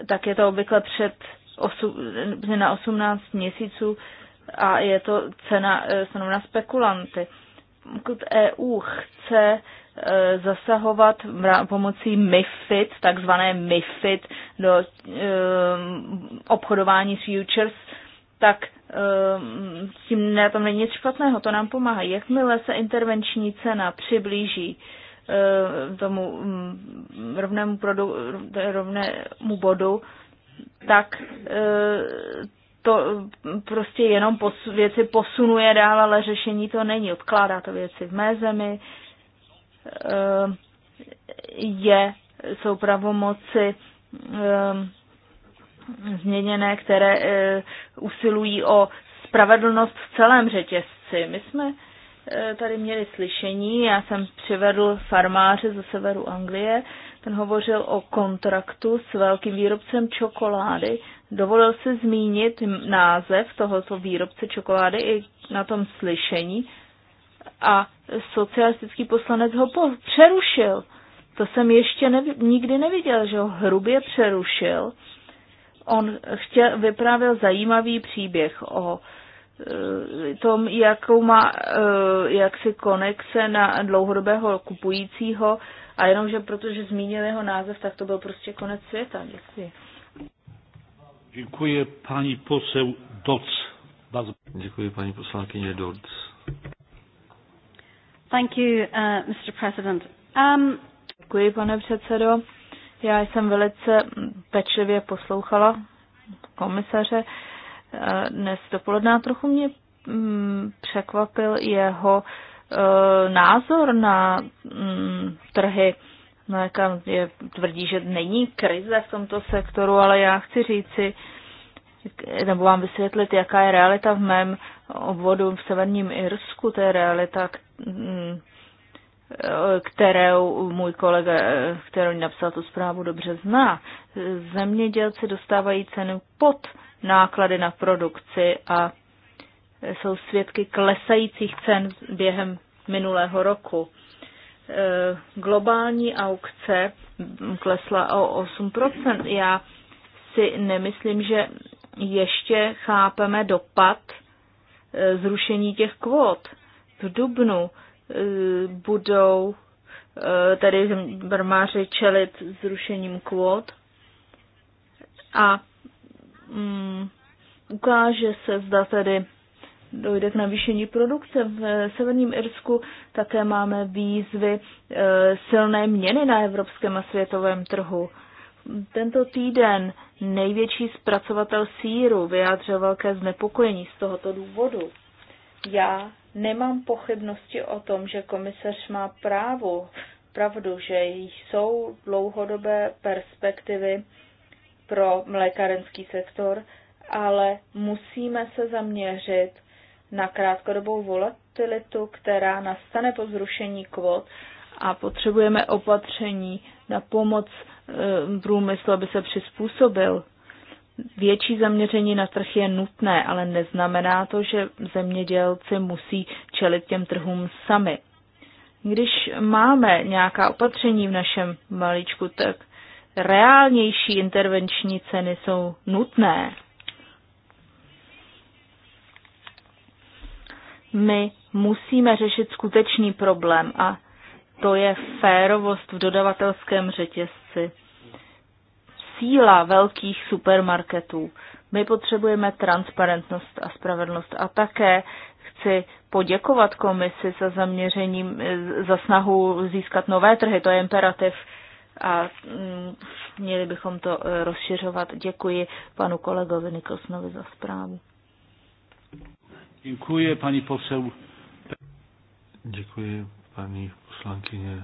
Tak je to obvykle před osu, na 18 měsíců a je to cena eh, stanovena spekulanty. Pokud EU chce Eh, zasahovat pomocí MIFID, takzvané MIFID, do eh, obchodování s futures, tak eh, s tím na tom není nic špatného, to nám pomáhá. Jakmile se intervenční cena přiblíží tomu mm, rovnému, produ, rovnému bodu, tak to prostě jenom věci posunuje dál, ale řešení to není. Odkládá to věci v mé zemi, Eh, je, jsou pravomoci eh, změněné, které eh, usilují o spravedlnost v celém řetězci. My jsme tady měli slyšení, já jsem přivedl farmáře ze severu Anglie, ten hovořil o kontraktu s velkým výrobcem čokolády. Dovolil se zmínit název tohoto výrobce čokolády i na tom slyšení a socialistický poslanec ho přerušil. To jsem ještě nevi, nikdy neviděl, že ho hrubě přerušil. On chtěl, vyprávěl zajímavý příběh o e, tom, jakou má e, jaksi konexe na dlouhodobého kupujícího a jenom, že protože zmínil jeho název, tak to byl prostě konec světa. Děkuji. Děkuji paní posel Doc. Děkuji paní poslankyně Doc. Thank you, uh, Mr. President. Um, Děkuji, pane předsedo. Já jsem velice pečlivě poslouchala komisaře uh, dnes dopoledne. Trochu mě mm, překvapil jeho uh, názor na mm, trhy no, mléka. Je, tvrdí, že není krize v tomto sektoru, ale já chci říci, nebo vám vysvětlit, jaká je realita v mém obvodu v severním Irsku, to je realita, mm, kterou můj kolega, kterou napsal tu zprávu, dobře zná. Zemědělci dostávají cenu pod náklady na produkci a jsou svědky klesajících cen během minulého roku. E, globální aukce klesla o 8%. Já si nemyslím, že ještě chápeme dopad e, zrušení těch kvót. V Dubnu e, budou e, tedy brmáři čelit zrušením kvót a mm, ukáže se, zda tedy dojde k navýšení produkce. V Severním Irsku také máme výzvy silné měny na evropském a světovém trhu. Tento týden největší zpracovatel síru vyjádřil velké znepokojení z tohoto důvodu. Já nemám pochybnosti o tom, že komisař má právo, pravdu, že jsou dlouhodobé perspektivy pro mlékárenský sektor, ale musíme se zaměřit na krátkodobou volatilitu, která nastane po zrušení kvot a potřebujeme opatření na pomoc Eh, průmysl, aby se přizpůsobil. Větší zaměření na trh je nutné, ale neznamená to, že zemědělci musí čelit těm trhům sami. Když máme nějaká opatření v našem maličku, tak reálnější intervenční ceny jsou nutné. My musíme řešit skutečný problém a to je férovost v dodavatelském řetězci síla velkých supermarketů. My potřebujeme transparentnost a spravedlnost a také chci poděkovat komisi za zaměřením, za snahu získat nové trhy, to je imperativ a mm, měli bychom to eh, rozšiřovat. Děkuji panu kolegovi Nikosnovi za zprávu. Děkuji, paní posel. Děkuji, paní poslankyně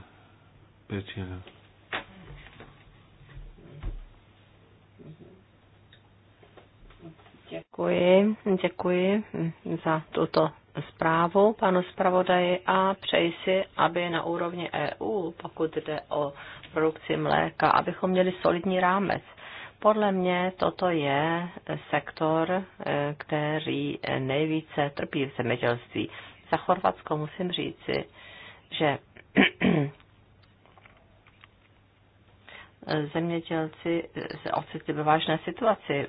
Pětina. Děkuji, děkuji za tuto zprávu panu zpravodaji a přeji si, aby na úrovni EU, pokud jde o produkci mléka, abychom měli solidní rámec. Podle mě toto je sektor, eh, který nejvíce trpí v zemědělství. Za Chorvatsko musím říci, že (clears throat) zemědělci se ocitli ve vážné situaci,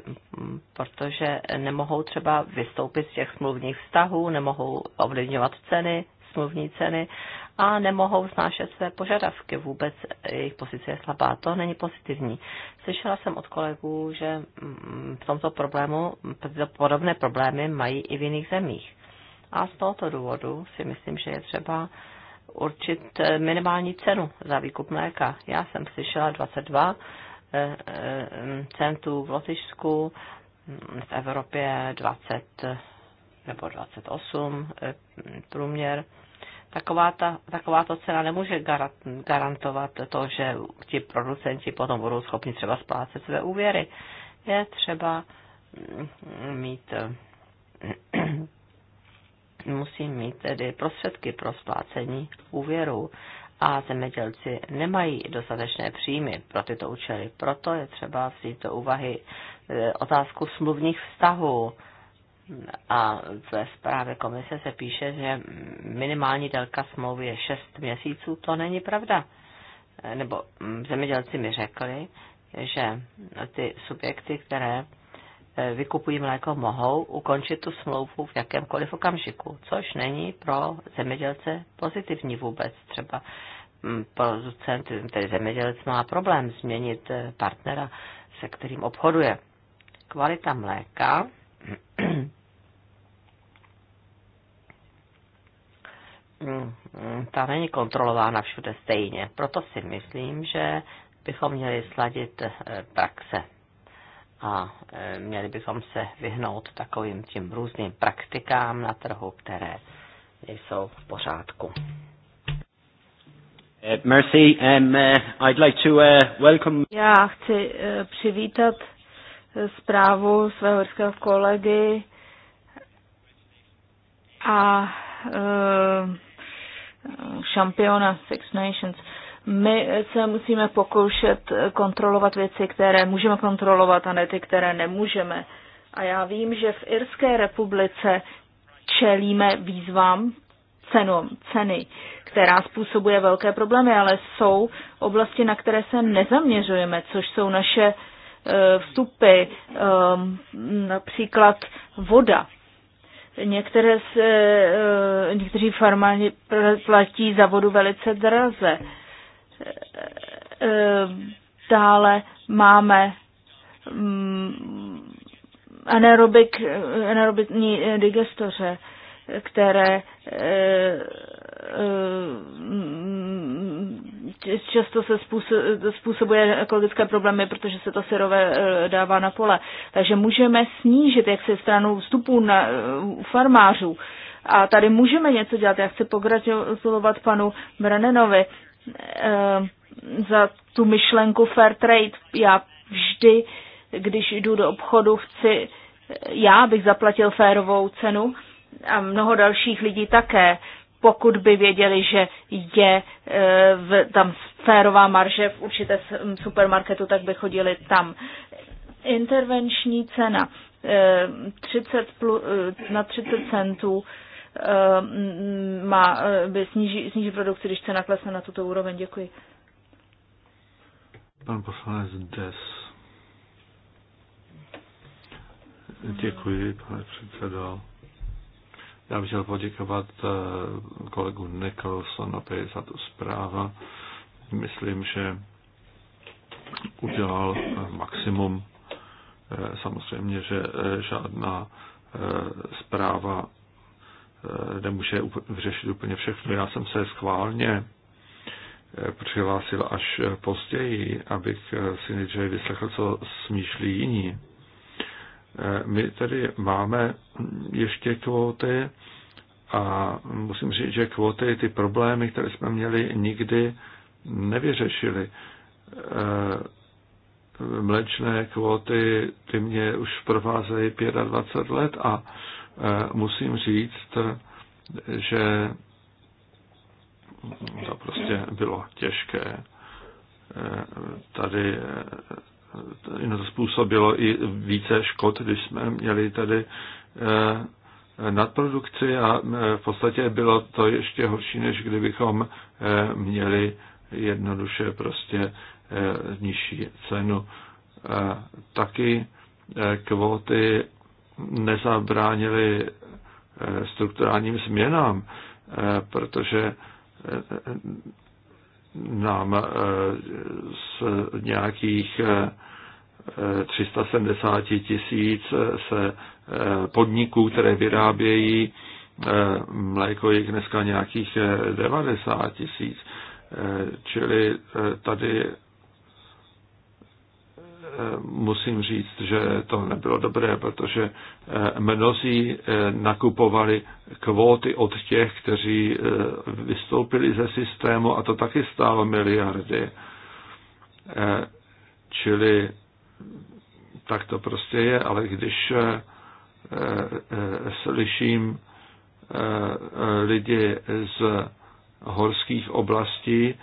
protože nemohou třeba vystoupit z těch smluvních vztahů, nemohou ovlivňovat ceny, smluvní ceny a nemohou znášet své požadavky. Vůbec jejich pozice je slabá. To není pozitivní. Slyšela jsem od kolegů, že mm, v tomto problému podobné problémy mají i v jiných zemích. A z tohoto důvodu si myslím, že je třeba určit eh, minimální cenu za výkup mléka. Já jsem slyšela 22 eh, eh, centů v Lotyšsku, mm, v Evropě 20 nebo 28 průměr. Taková ta, taková to cena nemůže garantovat to, že ti producenti potom budou schopni třeba splácet své úvěry. Je třeba mm, mít musí mít tedy prostředky pro splácení úvěru a zemědělci nemají dostatečné příjmy pro tyto účely. Proto je třeba vzít do úvahy eh, otázku smluvních vztahů. A ve zprávě komise se píše, že minimální délka smlouvy je 6 měsíců. To není pravda. Eh, nebo mm, zemědělci mi řekli, že ty subjekty, které vykupují mléko, mohou ukončit tu smlouvu v jakémkoliv okamžiku, což není pro zemědělce pozitivní vůbec. Třeba mm, producent, tedy zemědělec má problém změnit eh, partnera, se kterým obchoduje. Kvalita mléka (clears throat) mm, ta není kontrolována všude stejně. Proto si myslím, že bychom měli sladit eh, praxe a e, měli bychom se vyhnout takovým tím různým praktikám na trhu, které nejsou v pořádku. Eh, Merci. Um, eh, I'd like to eh, welcome... Já chci přivítat zprávu svého horského kolegy a šampiona Six Nations. My se musíme pokoušet kontrolovat věci, které můžeme kontrolovat a ne ty, které nemůžeme. A já vím, že v Irské republice čelíme výzvám cenom, ceny, která způsobuje velké problémy, ale jsou oblasti, na které se nezaměřujeme, což jsou naše eh, vstupy, ehm, například voda. Některé se, eh, někteří farmáři platí za vodu velice draze. Eh, eh, dále máme mm, anaerobik, eh, anaerobikní digestoře, které často se způsobuje ekologické problémy, protože se to syrové dává na pole. Takže můžeme snížit jak se stranu vstupů na, u farmářů. A tady můžeme něco dělat. Já chci pogratulovat panu Brenenovi Eh, za tu myšlenku fair trade. Já vždy, když jdu do obchodu, chci, eh, já bych zaplatil férovou cenu a mnoho dalších lidí také, pokud by věděli, že je eh, v, tam férová marže v určité supermarketu, tak by chodili tam. Intervenční cena 30 plus, na 30 centů Eh, má, eh, by sníží, sníží produkci, když cena klesne na tuto úroveň. Děkuji. Pan poslanec Des. Děkuji, pane předsedo. Já bych chtěl poděkovat eh, kolegu Nikolsonovi za tu zprávu. Myslím, že udělal maximum. Samozřejmě, že žádná zpráva Eh, nemůže vyřešit úplně všechno. Já jsem se schválně eh, přihlásil až eh, později, abych si nejdříve vyslechl, co smýšlí jiní. My tady máme ještě kvóty a musím říct, že kvóty ty problémy, které jsme měli, nikdy nevyřešili. Mlečné kvóty, ty mě už provázejí 25 let a Eh, musím říct, že to prostě bylo těžké. Eh, tady eh, to způsobilo i více škod, když jsme měli tady nadprodukci a v podstatě bylo to ještě horší, než kdybychom měli jednoduše prostě nižší cenu. Taky kvóty nezabránili eh, strukturálním změnám, eh, protože eh, nám z nějakých 370 tisíc se podniků, které vyrábějí mléko, je dneska nějakých 90 tisíc. Čili tady musím říct, že to nebylo dobré, protože eh, mnozí eh, nakupovali kvóty od těch, kteří eh, vystoupili ze systému a to taky stálo miliardy. Čili tak to prostě je, ale když slyším lidi z horských oblastí,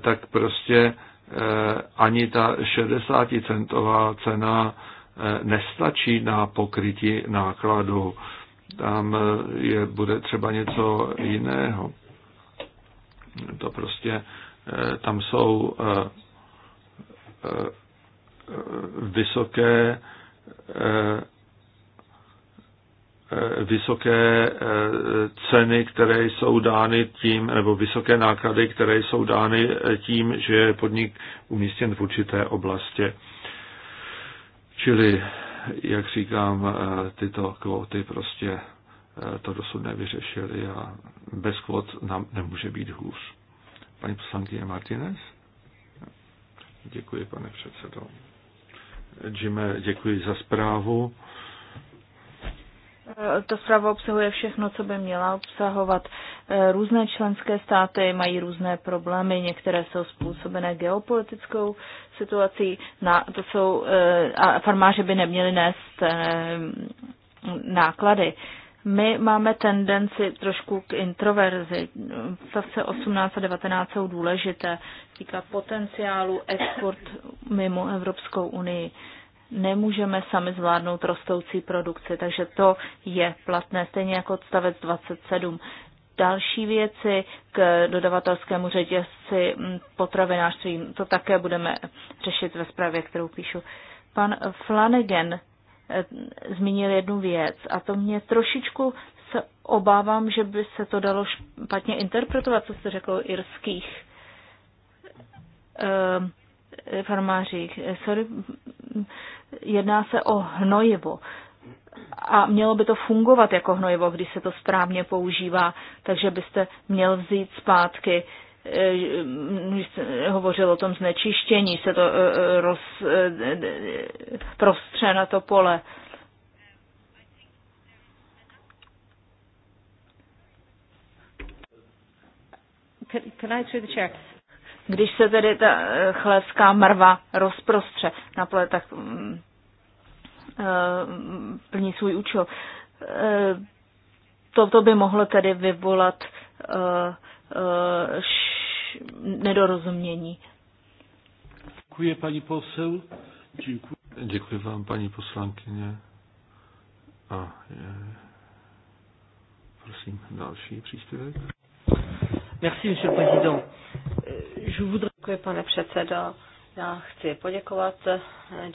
tak prostě Eh, ani ta 60-centová cena eh, nestačí na pokrytí nákladů. Tam eh, je, bude třeba něco jiného. To prostě, tam jsou vysoké Eh, vysoké eh, ceny, které jsou dány tím, nebo vysoké náklady, které jsou dány eh, tím, že je podnik umístěn v určité oblasti. Čili, jak říkám, tyto kvóty prostě to dosud nevyřešili a bez kvót nám nemůže být hůř. Paní poslankyně Martinez? Děkuji, pane předsedo. Jime, děkuji za zprávu. Eh, ta zpráva obsahuje všechno, co by měla obsahovat. Eh, různé členské státy mají různé problémy, některé jsou způsobené geopolitickou situací. Na, to jsou, eh, a farmáři by neměli nést náklady. My máme tendenci trošku k introverzi. Stavce 18 a 19 jsou důležité. Týká potenciálu export mimo Evropskou unii nemůžeme sami zvládnout rostoucí produkci, takže to je platné, stejně jako odstavec 27. Další věci k dodavatelskému řetězci mm, potravinářství, to také budeme řešit ve zprávě, kterou píšu. Pan Flanagan eh, zmínil jednu věc a to mě trošičku se obávám, že by se to dalo špatně interpretovat, co jste řekl irských eh, farmářích. Sorry, jedná se o hnojivo. A mělo by to fungovat jako hnojivo, když se to správně používá, takže byste měl vzít zpátky eh, hovořil o tom znečištění, se to eh, eh, roz, prostře na to pole. Can, can I through the chair? Když se tedy ta eh, chlevská mrva rozprostře na pole, tak mm, eh, plní svůj účel. Eh, toto by mohlo tedy vyvolat nedorozumění. Děkuji, paní posel. Děkuji. Děkuji vám, paní poslankyně. A je, prosím, další příspěvek. Merci, monsieur le président. Děkuji, pane předsedo. Já chci poděkovat eh,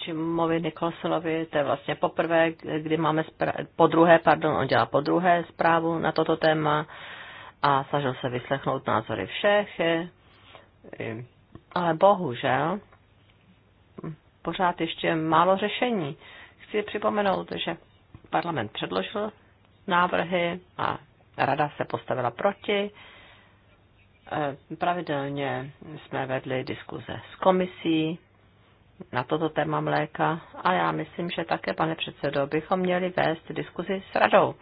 Jimovi Nikolsonovi, to je vlastně poprvé, kdy máme po druhé, pardon, on dělá po druhé zprávu na toto téma a snažil se vyslechnout názory všech, ale bohužel pořád ještě málo řešení. Chci připomenout, že parlament předložil návrhy a rada se postavila proti Eh, pravidelně jsme vedli diskuze s komisí na toto téma mléka a já myslím, že také, pane předsedo, bychom měli vést diskuzi s radou.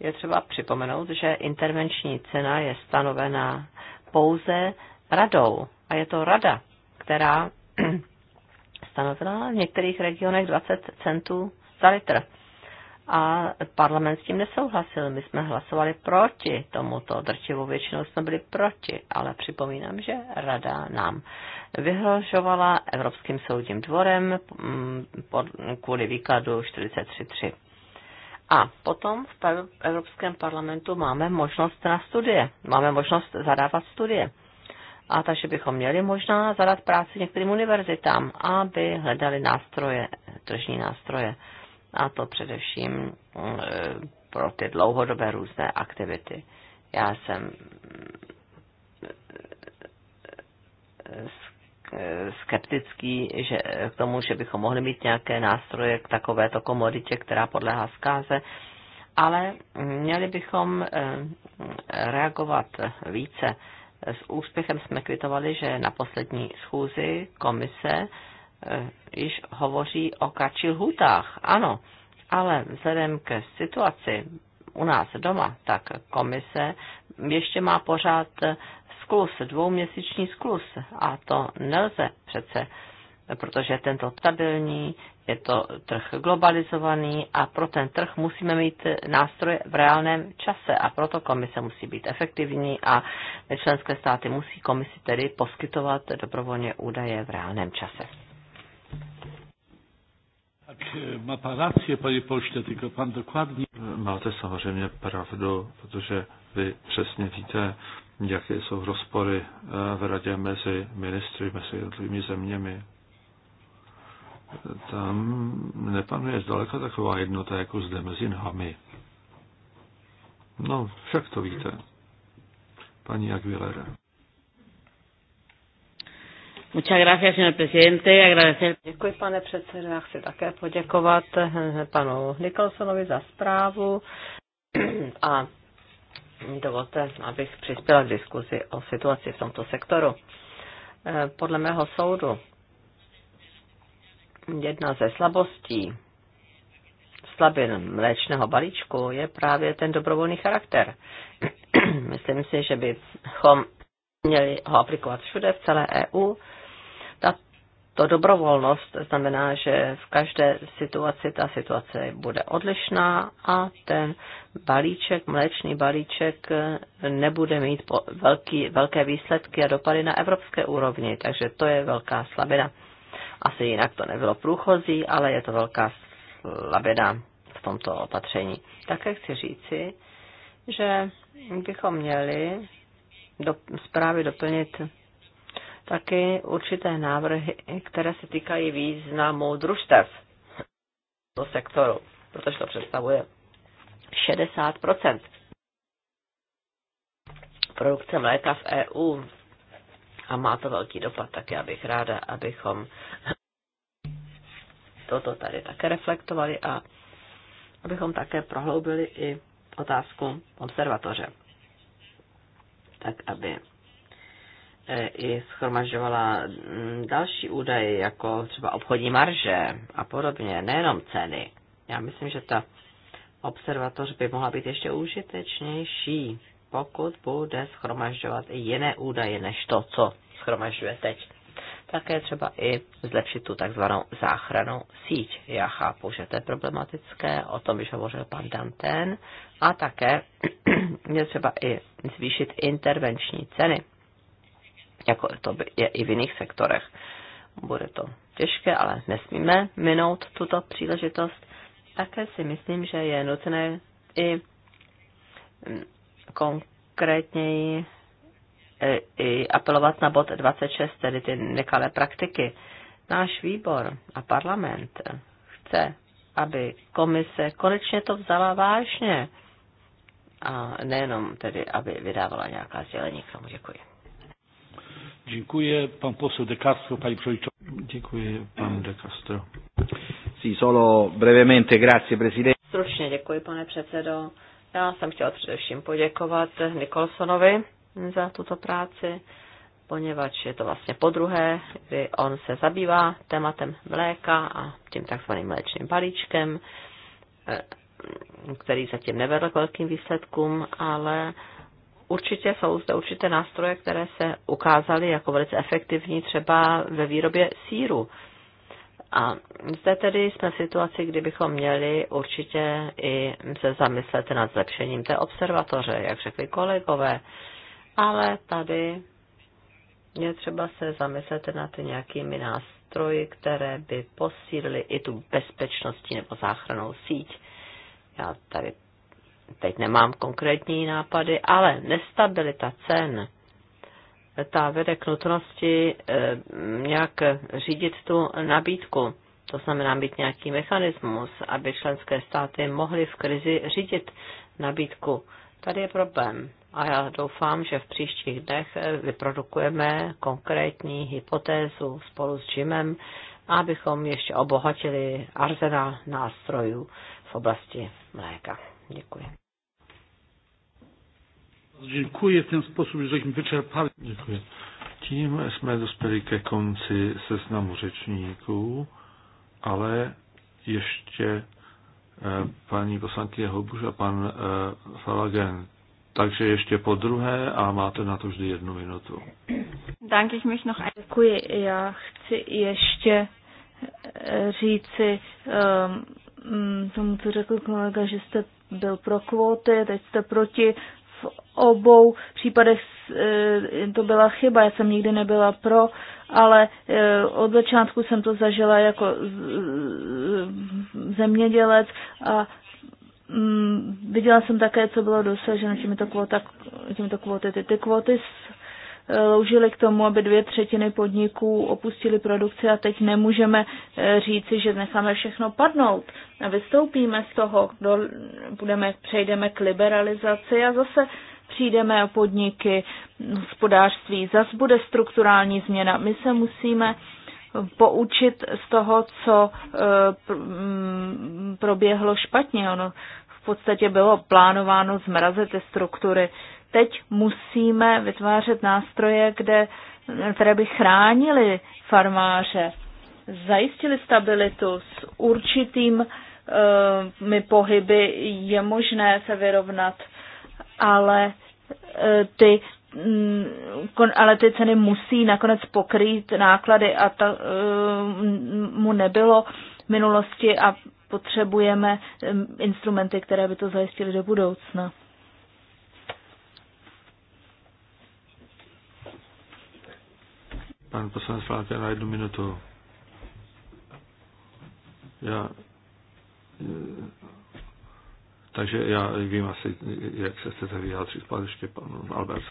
Je třeba připomenout, že intervenční cena je stanovená pouze radou a je to rada, která (clears throat) stanovila v některých regionech 20 centů za litr a parlament s tím nesouhlasil. My jsme hlasovali proti tomuto, drtivou většinou jsme byli proti, ale připomínám, že rada nám vyhrožovala Evropským soudním dvorem mm, kvůli výkladu 43.3. A potom v Evropském parlamentu máme možnost na studie, máme možnost zadávat studie. A takže bychom měli možná zadat práci některým univerzitám, aby hledali nástroje, tržní nástroje a to především mm, e, pro ty dlouhodobé různé aktivity. Já jsem mm, e, e, skeptický že, k tomu, že bychom mohli mít nějaké nástroje k takovéto komoditě, která podléhá zkáze, ale měli bychom reagovat více. S úspěchem jsme kvitovali, že na poslední schůzi komise Eh, již hovoří o kratších lhůtách, ano, ale vzhledem k situaci u nás doma, tak komise ještě má pořád sklus, dvouměsíční sklus a to nelze přece, protože je tento stabilní, je to trh globalizovaný a pro ten trh musíme mít nástroje v reálném čase a proto komise musí být efektivní a členské státy musí komisi tedy poskytovat dobrovolně údaje v reálném čase. Tak eh, má pan rację, panie poště, tylko pan dokładnie. Máte samozřejmě pravdu, protože vy přesně víte, jaké jsou rozpory eh, v radě mezi ministry, mezi jednotlivými zeměmi. Tam nepanuje zdaleka taková jednota, jako zde mezi námi. No, však to víte. Paní Aguilera. Děkuji, pane předsedo. Já chci také poděkovat eh, panu Nicholsonovi za zprávu (clears throat) a dovolte, abych přispěla k diskuzi o situaci v tomto sektoru. Eh, podle mého soudu jedna ze slabostí slabin mléčného balíčku je právě ten dobrovolný charakter. (clears throat) Myslím si, že bychom měli ho aplikovat všude v celé EU to dobrovolnost znamená, že v každé situaci ta situace bude odlišná a ten balíček, mléčný balíček eh, nebude mít velký, velké výsledky a dopady na evropské úrovni, takže to je velká slabina. Asi jinak to nebylo průchozí, ale je to velká slabina v tomto opatření. Také chci říci, že bychom měli do, zprávy doplnit také určité návrhy, které se týkají významu družstev do sektoru, protože to představuje 60 produkce mléka v EU a má to velký dopad, tak já bych ráda, abychom toto tady také reflektovali a abychom také prohloubili i otázku observatoře. Tak, aby E, i schromažďovala mm, další údaje, jako třeba obchodní marže a podobně, nejenom ceny. Já myslím, že ta observatoř by mohla být ještě užitečnější, pokud bude schromažďovat i jiné údaje, než to, co schromažďuje teď. Také třeba i zlepšit tu takzvanou záchranou síť. Já chápu, že to je problematické, o tom již hovořil pan Danten, a také (clears throat) je třeba i zvýšit intervenční ceny jako to je i v jiných sektorech. Bude to těžké, ale nesmíme minout tuto příležitost. Také si myslím, že je nutné i mm, konkrétněji e, i apelovat na bod 26, tedy ty nekalé praktiky. Náš výbor a parlament chce, aby komise konečně to vzala vážně a nejenom tedy, aby vydávala nějaká sdělení k tomu. Děkuji. Dziękuję. pan poseł De Castro, Panie Przewodniczący. Dziękuję Panu De Castro. Sí, solo brevemente, grazie, presidente. Stručně děkuji, pane předsedo. Já jsem chtěl především poděkovat Nikolsonovi za tuto práci, poněvadž je to vlastně po druhé, kdy on se zabývá tématem mléka a tím takzvaným mléčným balíčkem, eh, který zatím nevedl k velkým výsledkům, ale určitě jsou zde určité nástroje, které se ukázaly jako velice efektivní třeba ve výrobě síru. A zde tedy jsme v situaci, kdy bychom měli určitě i se zamyslet nad zlepšením té observatoře, jak řekli kolegové. Ale tady je třeba se zamyslet nad nějakými nástroji, které by posílily i tu bezpečnostní nebo záchranou síť. Já tady teď nemám konkrétní nápady, ale nestabilita cen, ta vede k nutnosti eh, nějak řídit tu nabídku. To znamená mít nějaký mechanismus, aby členské státy mohly v krizi řídit nabídku. Tady je problém. A já doufám, že v příštích dnech eh, vyprodukujeme konkrétní hypotézu spolu s Jimem, abychom ještě obohatili arzenál nástrojů v oblasti mléka. Děkuji. Děkuji, v ten sposób, že jsme vyčerpali. Tím jsme dospěli ke konci seznamu řečníků, ale ještě eh, paní poslankyně Hobuš a pan eh, Falagen. Takže ještě po druhé a máte na to vždy jednu minutu. Danke, ich mich noch Děkuji. Já chci ještě eh, říci um, tomu, co řekl kolega, že jste byl pro kvóty, teď jste proti v obou případech e, to byla chyba, já jsem nikdy nebyla pro, ale e, od začátku jsem to zažila jako zemědělec a mm, viděla jsem také, co bylo dosaženo těmito, kvota, těmito kvoty. Ty, ty kvoty Eh, loužily k tomu, aby dvě třetiny podniků opustili produkci a teď nemůžeme eh, říci, že necháme všechno padnout. A vystoupíme z toho, do, budeme, přejdeme k liberalizaci a zase přijdeme o podniky, hospodářství, Zase bude strukturální změna. My se musíme poučit z toho, co eh, mm, proběhlo špatně. Ono v podstatě bylo plánováno zmrazit ty struktury teď musíme vytvářet nástroje, kde, které by chránili farmáře, zajistili stabilitu s určitým eh, my pohyby je možné se vyrovnat, ale eh, ty, mm, ale ty ceny musí nakonec pokrýt náklady a to eh, mu nebylo v minulosti a potřebujeme instrumenty, které by to zajistily do budoucna. Pan poslanec Fláte na jednu minutu. Já, eh, takže já vím asi, jak se chcete vyjádřit, pan ještě pan Albert.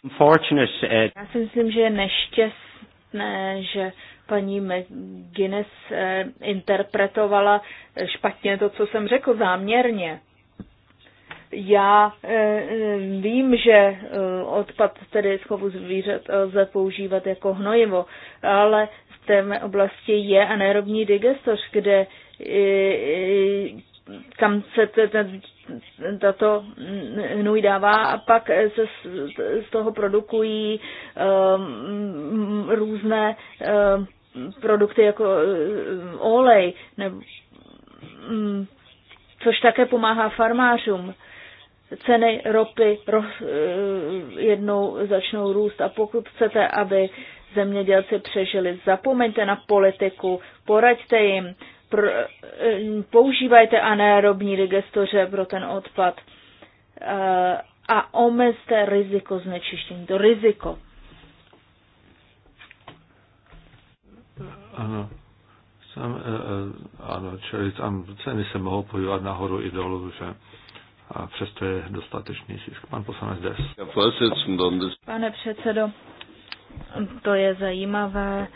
Eh, já si myslím, že je nešťastné, že paní McGuinness eh, interpretovala špatně to, co jsem řekl, záměrně. Já eh, eh, vím, že eh, odpad tedy z chovu zvířat lze používat jako hnojivo, ale v té oblasti je anaerobní digestoř, kde tam se tato hnůj dává a pak se z toho produkují různé produkty jako olej, nebo, mm, což také pomáhá farmářům ceny ropy roz, eh, jednou začnou růst a pokud chcete, aby zemědělci přežili, zapomeňte na politiku, poraďte jim, pro, eh, používajte anaerobní digestoře pro ten odpad eh, a omezte riziko znečištění, to riziko. Ano. Jsem, ano, čili tam ceny se mohou pohybovat nahoru i dolů, že? a přesto je dostatečný zisk. Pan poslanec Des. Pane předsedo, to je zajímavé,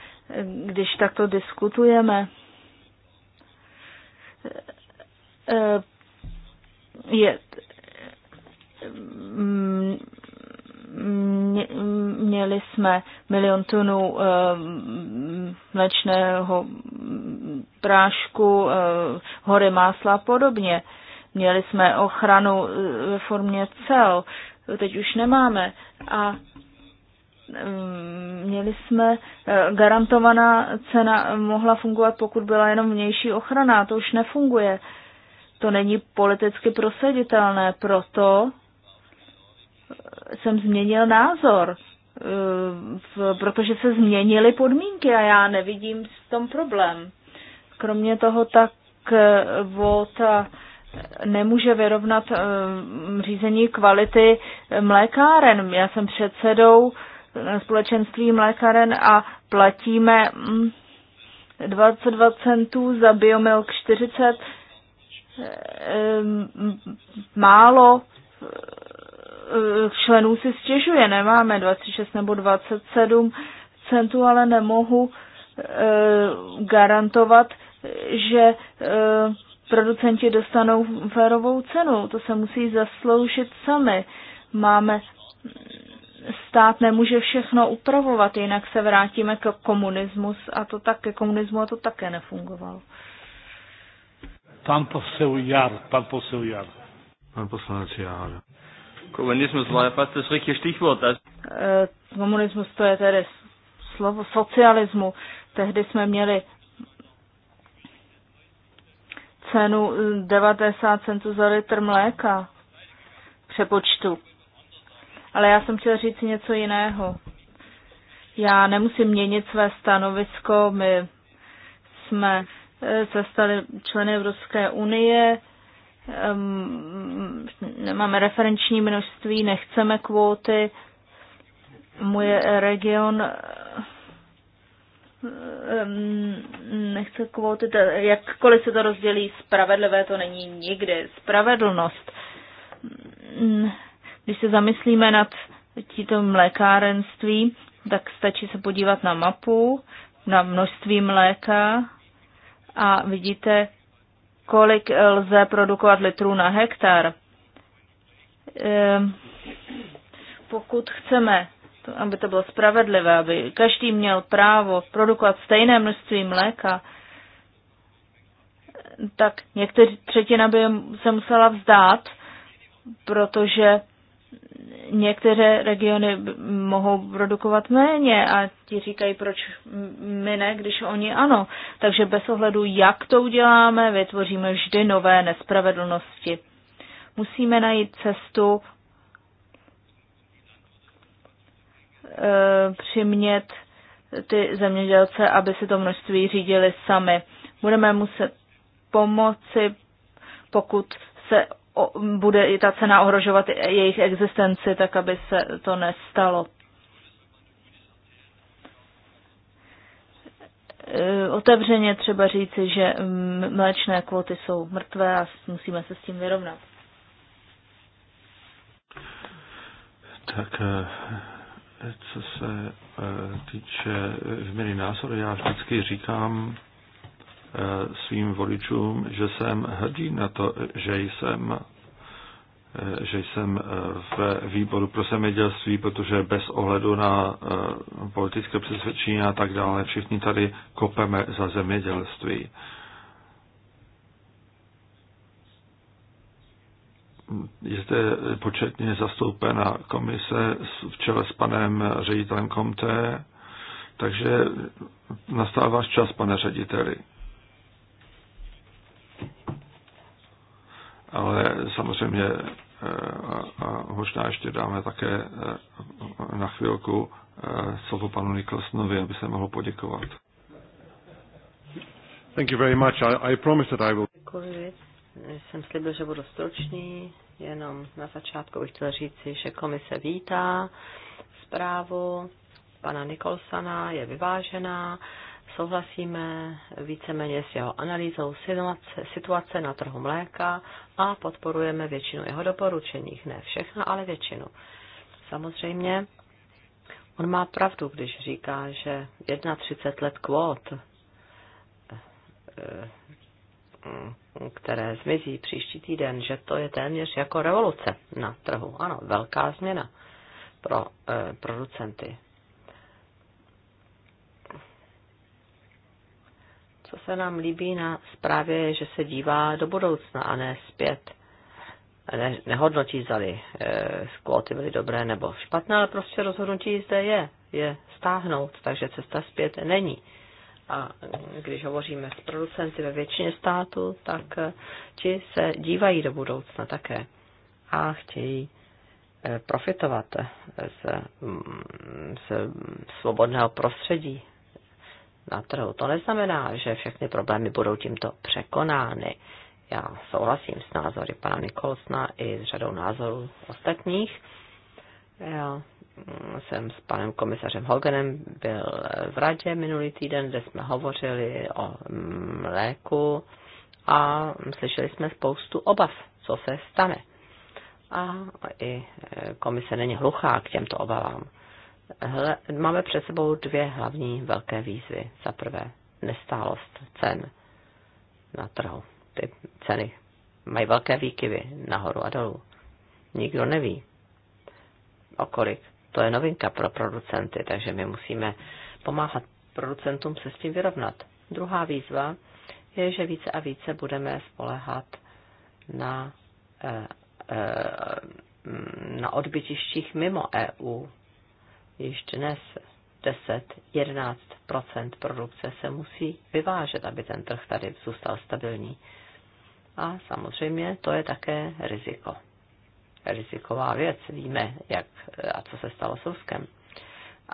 když takto diskutujeme. E, je, mm, měli jsme milion tunů e, mlečného prášku, e, hory másla a podobně. Měli jsme ochranu e, ve formě cel, teď už nemáme. A mm, měli jsme e, garantovaná cena, mohla fungovat, pokud byla jenom vnější ochrana, to už nefunguje. To není politicky proseditelné, proto e, jsem změnil názor, protože se změnily podmínky a já nevidím v tom problém. Kromě toho tak volta nemůže vyrovnat eh, řízení kvality mlékáren. Já jsem předsedou eh, společenství mlékáren a platíme 22 mm, centů za biomilk 40 eh, málo členů si stěžuje. Nemáme 26 nebo 27 centů, ale nemohu garantovat, že producenti dostanou férovou cenu. To se musí zasloužit sami. Máme stát nemůže všechno upravovat, jinak se vrátíme k komunismu a to také komunismu a to také nefungovalo. Pan posel Jar, pan posel Jar. Pan poslanec Jar. Komunismus war fast to richtige Stichwort. Eh, komunismus to je tedy slovo socialismu. Tehdy jsme měli cenu 90 eh, centů za litr mléka přepočtu. Ale já jsem chtěla říct něco jiného. Já nemusím měnit své stanovisko, my jsme eh, se stali členy Evropské unie, ehm, nemáme referenční množství, nechceme kvóty. Můj region Ehm, nechce kvóty, jakkoliv se to rozdělí, spravedlivé to není nikdy. Spravedlnost. Ehm, když se zamyslíme nad tímto mlékárenství, tak stačí se podívat na mapu, na množství mléka a vidíte, kolik lze produkovat litrů na hektar. Ehm, pokud chceme to, aby to bylo spravedlivé, aby každý měl právo produkovat stejné množství mléka, tak někteří třetina by se musela vzdát, protože některé regiony mohou produkovat méně a ti říkají, proč my ne, když oni ano. Takže bez ohledu, jak to uděláme, vytvoříme vždy nové nespravedlnosti. Musíme najít cestu Eh, přimět ty zemědělce, aby si to množství řídili sami. Budeme muset pomoci, pokud se o, bude i ta cena ohrožovat jejich existenci, tak aby se to nestalo. Eh, otevřeně třeba říci, že mléčné kvóty jsou mrtvé a musíme se s tím vyrovnat. Tak eh, co se e, týče e, změny názoru, já vždycky říkám e, svým voličům, že jsem hrdý na to, že jsem že jsem v výboru pro zemědělství, protože bez ohledu na politické přesvědčení a tak dále, všichni tady kopeme za zemědělství. je zde početně zastoupena komise v čele s panem ředitelem Komte, takže nastává čas, pane řediteli. Ale samozřejmě eh, a možná ještě dáme také eh, na chvilku eh, slovo panu Niklasnovi, aby se mohl poděkovat. Děkuji. Jsem slíbil, že budu stručný. Jenom na začátku bych chtěl říci, že komise vítá zprávu pana Nikolsana, je vyvážená, souhlasíme víceméně s jeho analýzou situace na trhu mléka a podporujeme většinu jeho doporučeních, ne všechna, ale většinu. Samozřejmě on má pravdu, když říká, že 31 let kvót eh, eh, které zmizí příští týden, že to je téměř jako revoluce na trhu. Ano, velká změna pro e, producenty. Co se nám líbí na zprávě, je, že se dívá do budoucna a ne zpět. Ne, nehodnotí, zali e, eh, kvóty byly dobré nebo špatné, ale prostě rozhodnutí zde je, je stáhnout, takže cesta zpět není. E, a když hovoříme s producenty ve většině států, tak eh, ti se dívají do budoucna také a chtějí eh, profitovat eh, z, mm, z svobodného prostředí na trhu. To neznamená, že všechny problémy budou tímto překonány. Já souhlasím s názory pana Nikolsna i s řadou názorů ostatních. Já Mm, jsem s panem komisařem Hoganem byl v radě minulý týden, kde jsme hovořili o mm, mléku a slyšeli jsme spoustu obav, co se stane. A i e, komise není hluchá k těmto obavám. Hle, máme před sebou dvě hlavní velké výzvy. Za prvé, nestálost cen na trhu. Ty ceny mají velké výkyvy nahoru a dolů. Nikdo neví, o kolik to je novinka pro producenty, takže my musíme pomáhat producentům se s tím vyrovnat. Druhá výzva je, že více a více budeme spolehat na, eh, eh, na odbytištích mimo EU. Již dnes 10-11 produkce se musí vyvážet, aby ten trh tady zůstal stabilní. A samozřejmě to je také riziko riziková věc. Víme, jak a co se stalo s Ruskem.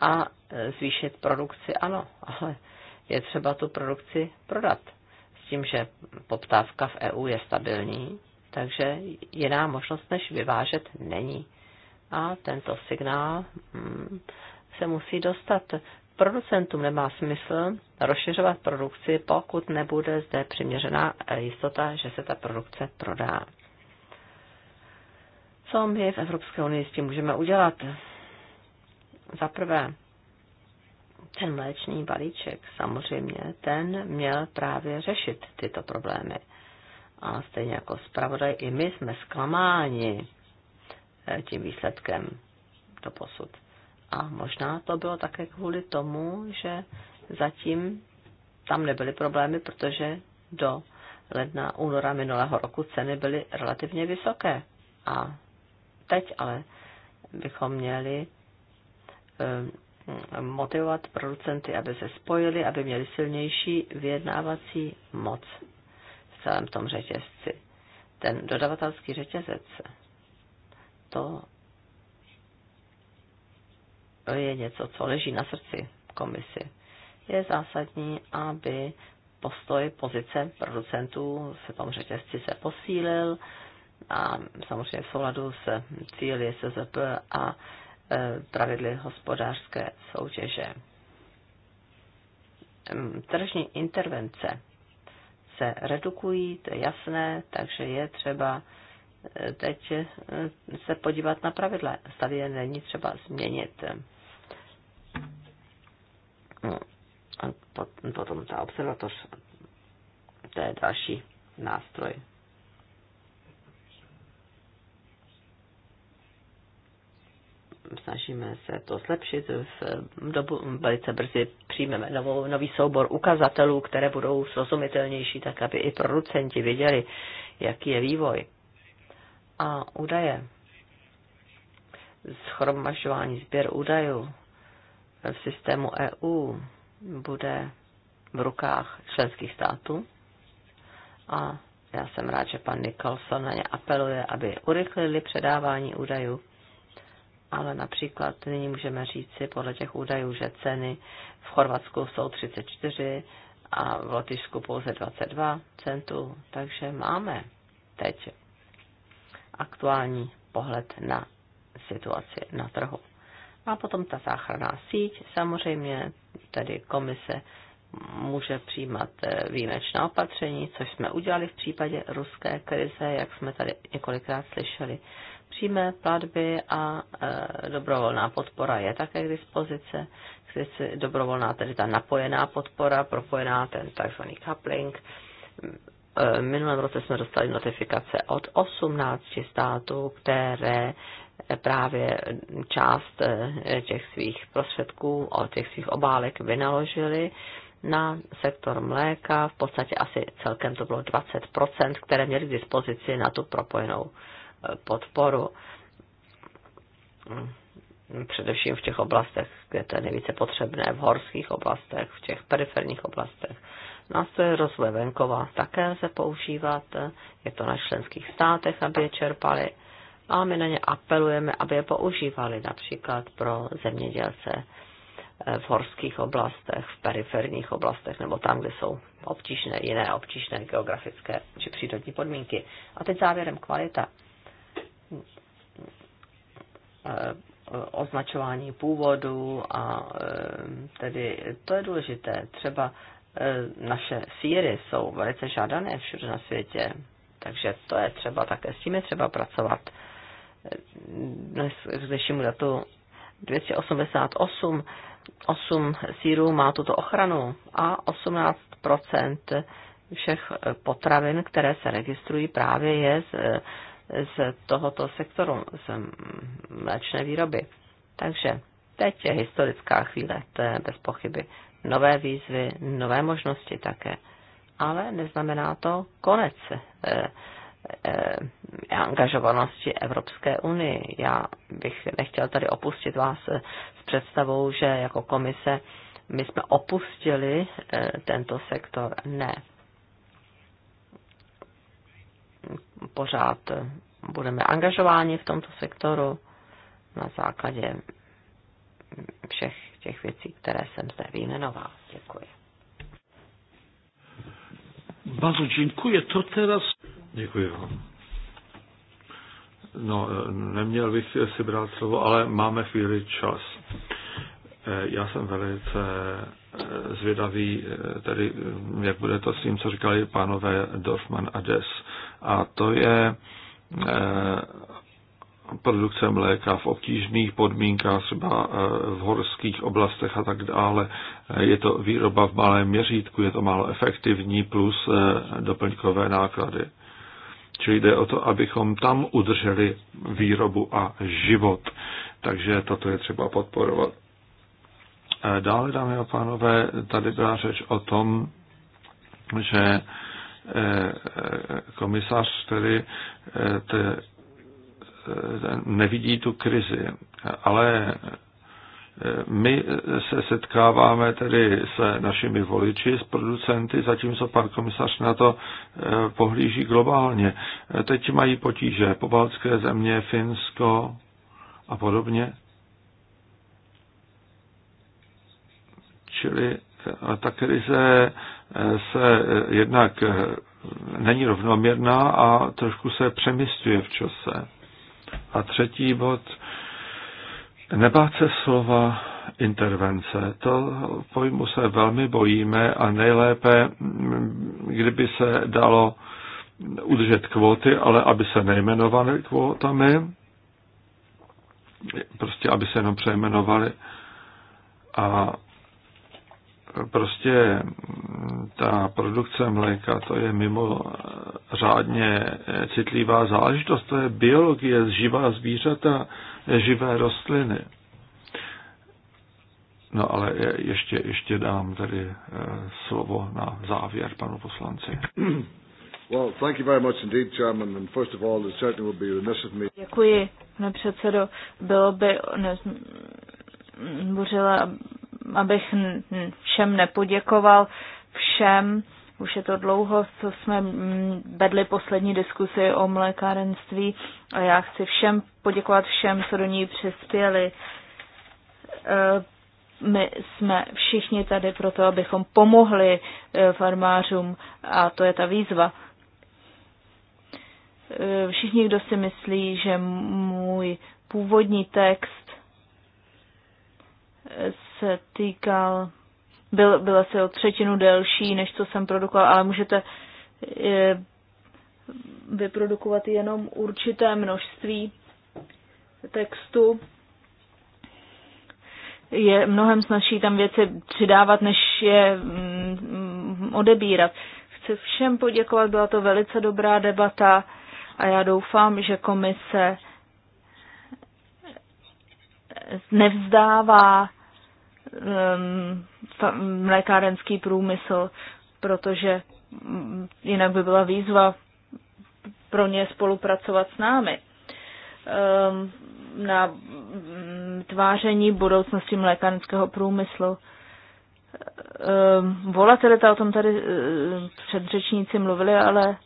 A e, zvýšit produkci, ano, ale je třeba tu produkci prodat. S tím, že poptávka v EU je stabilní, takže jiná možnost než vyvážet není. A tento signál hmm, se musí dostat. Producentům nemá smysl rozšiřovat produkci, pokud nebude zde přiměřená e, jistota, že se ta produkce prodá. Co my v Evropské unii s tím můžeme udělat? Za prvé, ten mléčný balíček samozřejmě, ten měl právě řešit tyto problémy. A stejně jako zpravodaj, i my jsme zklamáni eh, tím výsledkem to posud. A možná to bylo také kvůli tomu, že zatím tam nebyly problémy, protože do ledna, února minulého roku ceny byly relativně vysoké. A teď, ale bychom měli eh, motivovat producenty, aby se spojili, aby měli silnější vyjednávací moc v celém tom řetězci. Ten dodavatelský řetězec, to je něco, co leží na srdci komisi. Je zásadní, aby postoj pozice producentů v tom řetězci se posílil, a samozřejmě v souladu s cíly SZP a e, pravidly hospodářské soutěže. Tržní intervence se redukují, to je jasné, takže je třeba e, teď e, se podívat na pravidla. Tady je není třeba změnit. A potom ta observatoř, to je další nástroj snažíme se to zlepšit. V dobu, velice brzy přijmeme novou, nový soubor ukazatelů, které budou srozumitelnější, tak aby i producenti viděli, jaký je vývoj. A údaje, schromažďování sběr údajů v systému EU bude v rukách členských států a já jsem rád, že pan Nicholson na ně apeluje, aby urychlili předávání údajů ale například nyní můžeme říci podle těch údajů, že ceny v Chorvatsku jsou 34 a v Lotyšsku pouze 22 centů, takže máme teď aktuální pohled na situaci na trhu. A potom ta záchranná síť, samozřejmě tedy komise může přijímat eh, výjimečná opatření, což jsme udělali v případě ruské krize, jak jsme tady několikrát slyšeli přímé platby a e, dobrovolná podpora je také k dispozici. K dobrovolná, tedy ta napojená podpora, propojená ten tzv. coupling. E, minulém roce jsme dostali notifikace od 18 států, které právě část e, těch svých prostředků, od těch svých obálek vynaložili na sektor mléka. V podstatě asi celkem to bylo 20%, které měly k dispozici na tu propojenou podporu především v těch oblastech, kde to je nejvíce potřebné, v horských oblastech, v těch periferních oblastech. Nástroje rozvoje venkova také se používat, je to na členských státech, aby je čerpali a my na ně apelujeme, aby je používali například pro zemědělce eh, v horských oblastech, v periferních oblastech nebo tam, kde jsou obtížné, jiné obtížné geografické či přírodní podmínky. A teď závěrem kvalita. Eh, označování původu a eh, tedy to je důležité. Třeba eh, naše síry jsou velice žádané všude na světě, takže to je třeba také, s tím je třeba pracovat. Dnes k dnešnímu datu 288 8 sírů má tuto ochranu a 18 všech potravin, které se registrují, právě je z z tohoto sektoru, z mm, mléčné výroby. Takže teď je historická chvíle, to je bez pochyby. Nové výzvy, nové možnosti také. Ale neznamená to konec e, e, angažovanosti Evropské unii. Já bych nechtěl tady opustit vás eh, s představou, že jako komise my jsme opustili e, tento sektor. Ne, pořád budeme angažováni v tomto sektoru na základě všech těch věcí, které jsem zde vyjmenoval. Děkuji. Bardzo dziękuję. To teraz... Děkuji vám. No, neměl bych si brát slovo, ale máme chvíli čas. Eh, já jsem velice eh, zvědavý, eh, tedy jak bude to s tím, co říkali pánové Dorfman a Des. A to je produkce mléka v obtížných podmínkách, třeba v horských oblastech a tak dále. Je to výroba v malém měřítku, je to málo efektivní, plus doplňkové náklady. Čili jde o to, abychom tam udrželi výrobu a život. Takže toto je třeba podporovat. Eh, dále, dámy a pánové, tady byla řeč o tom, že eh, eh, komisař tedy nevidí tu krizi, ale my se setkáváme tedy se našimi voliči, s producenty, zatímco pan komisař na to pohlíží globálně. Teď mají potíže pobaltské země, Finsko a podobně. Čili ta krize eh, se eh, jednak eh, není rovnoměrná a trošku se přemysťuje v čase. A třetí bod, nebát se slova intervence. To pojmu se velmi bojíme a nejlépe, mm, kdyby se dalo udržet kvóty, ale aby se nejmenovaly kvótami, prostě aby se jenom přejmenovaly a prostě ta produkce mléka, to je mimo řádně citlivá záležitost, to je biologie, živá zvířata, živé rostliny. No ale ještě, ještě dám tady eh, slovo na závěr panu poslanci. (clears throat) Well, thank you very much indeed, Chairman. And first of all, it certainly be me. Děkuji, pane předsedo. Bylo by nezbořila, abych všem nepoděkoval, všem, už je to dlouho, co jsme vedli poslední diskusi o mlékárenství a já chci všem poděkovat všem, co do ní přispěli. E, my jsme všichni tady proto, abychom pomohli e, farmářům a to je ta výzva. E, všichni, kdo si myslí, že můj původní text se týkal, byl, byl asi o třetinu delší, než co jsem produkoval, ale můžete je, vyprodukovat jenom určité množství textu. Je mnohem snažší tam věci přidávat, než je mm, odebírat. Chci všem poděkovat, byla to velice dobrá debata a já doufám, že komise nevzdává Um, mlékárenský průmysl, protože mm, jinak by byla výzva pro ně spolupracovat s námi um, na mm, tváření budoucnosti mlékárenského průmyslu. Um, volatilita, o tom tady uh, předřečníci mluvili, ale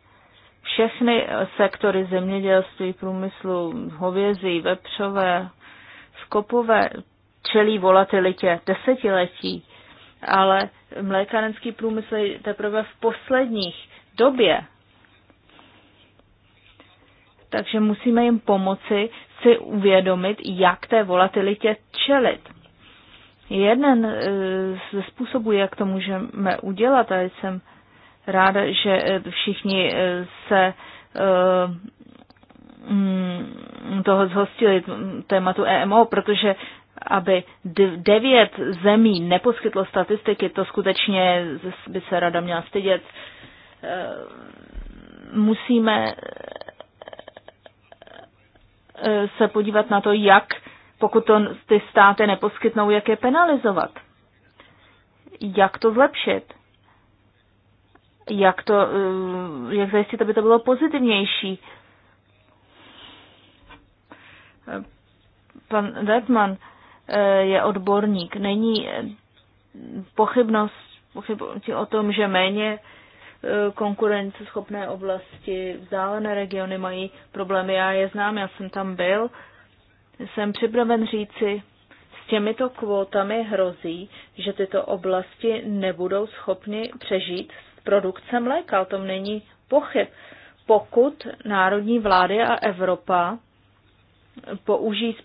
všechny sektory zemědělství, průmyslu, hovězí, vepřové, skopové, čelí volatilitě desetiletí, ale mlékárenský průmysl je teprve v posledních době. Takže musíme jim pomoci si uvědomit, jak té volatilitě čelit. Jeden eh, ze způsobů, jak to můžeme udělat, a jsem ráda, že eh, všichni eh, se mm, toho zhostili mm, tématu EMO, protože aby devět zemí neposkytlo statistiky, to skutečně by se rada měla stydět. Eh, musíme eh, se podívat na to, jak, pokud to ty státy neposkytnou, jak je penalizovat. Jak to zlepšit? Jak, to, eh, jak zajistit, aby to bylo pozitivnější? Pan Redman E, je odborník. Není e, pochybnost pochybnosti o tom, že méně e, konkurenceschopné oblasti, vzdálené regiony mají problémy. Já je znám, já jsem tam byl. Jsem připraven říci, s těmito kvótami hrozí, že tyto oblasti nebudou schopny přežít s produkce mléka. O tom není pochyb. Pokud národní vlády a Evropa použít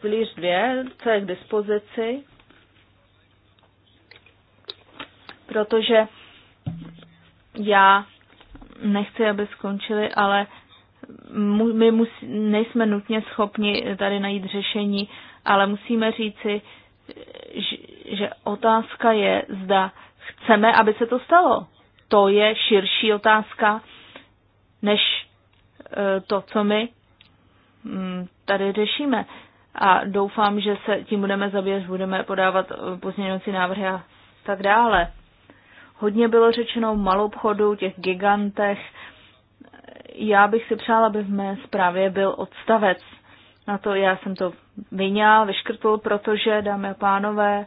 pilíř dvě co je k dispozici, protože já nechci, aby skončili, ale my musí, nejsme nutně schopni tady najít řešení, ale musíme říci, že otázka je, zda chceme, aby se to stalo. To je širší otázka, než e, to, co my Mm, tady řešíme. A doufám, že se tím budeme zabývat, budeme podávat eh, pozměňovací návrhy a tak dále. Hodně bylo řečeno o malou obchodu, těch gigantech. Já bych si přála, aby v mé zprávě byl odstavec. Na to já jsem to vyňal, vyškrtl, protože, dámy a pánové,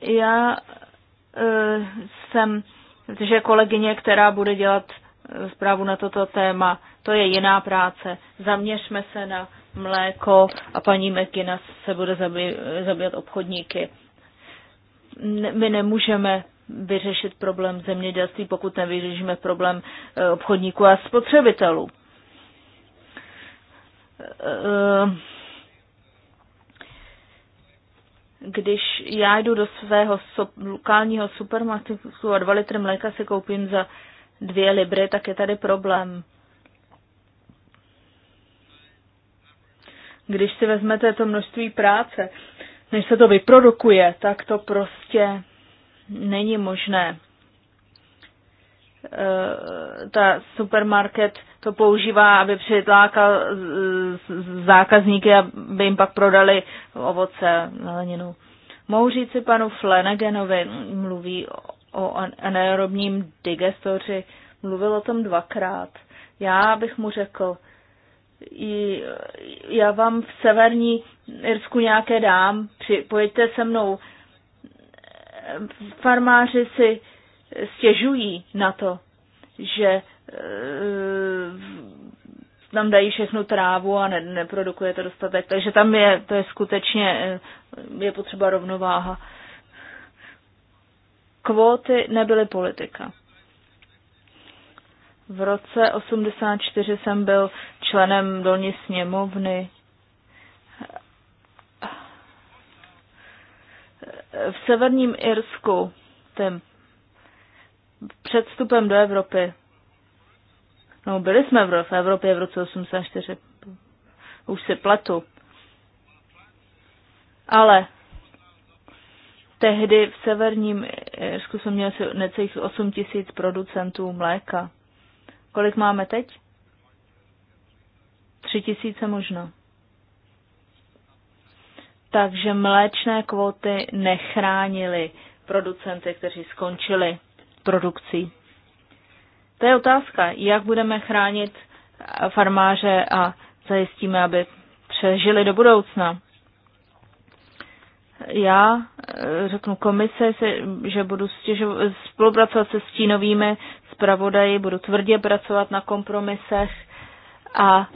já e, jsem, protože kolegyně, která bude dělat eh, zprávu na toto téma, to je jiná práce. Zaměřme se na mléko a paní Mekina se bude zabývat obchodníky. My nemůžeme vyřešit problém zemědělství, pokud nevyřešíme problém e, obchodníků a spotřebitelů. E, když já jdu do svého lokálního supermarketu a dva litry mléka si koupím za dvě libry, tak je tady problém. když si vezmete to množství práce, než se to vyprodukuje, tak to prostě není možné. E, ta supermarket to používá, aby přitlákal zákazníky, aby jim pak prodali ovoce, zeleninu. Mohu říct si panu Flanaganovi, mluví o anaerobním digestoři, mluvil o tom dvakrát. Já bych mu řekl, já vám v severní Irsku nějaké dám, při, pojďte se mnou. Farmáři si stěžují na to, že e, tam dají všechnu trávu a ne, neprodukuje to dostatek. Takže tam je, to je skutečně, eh, je potřeba rovnováha. Kvóty nebyly politika. V roce 84 jsem byl členem dolní sněmovny. V severním Irsku, tím předstupem do Evropy, no byli jsme v Evropě v roce 84, už si pletu, ale tehdy v severním Irsku jsme měli asi necelých 8 tisíc producentů mléka. Kolik máme teď? Tři tisíce možná. Takže mléčné kvóty nechránily producenty, kteří skončili produkcí. To je otázka, jak budeme chránit farmáře a zajistíme, aby přežili do budoucna. Já eh, řeknu komise, že budu stěžovat, spolupracovat se stínovými zpravodaji, budu tvrdě pracovat na kompromisech a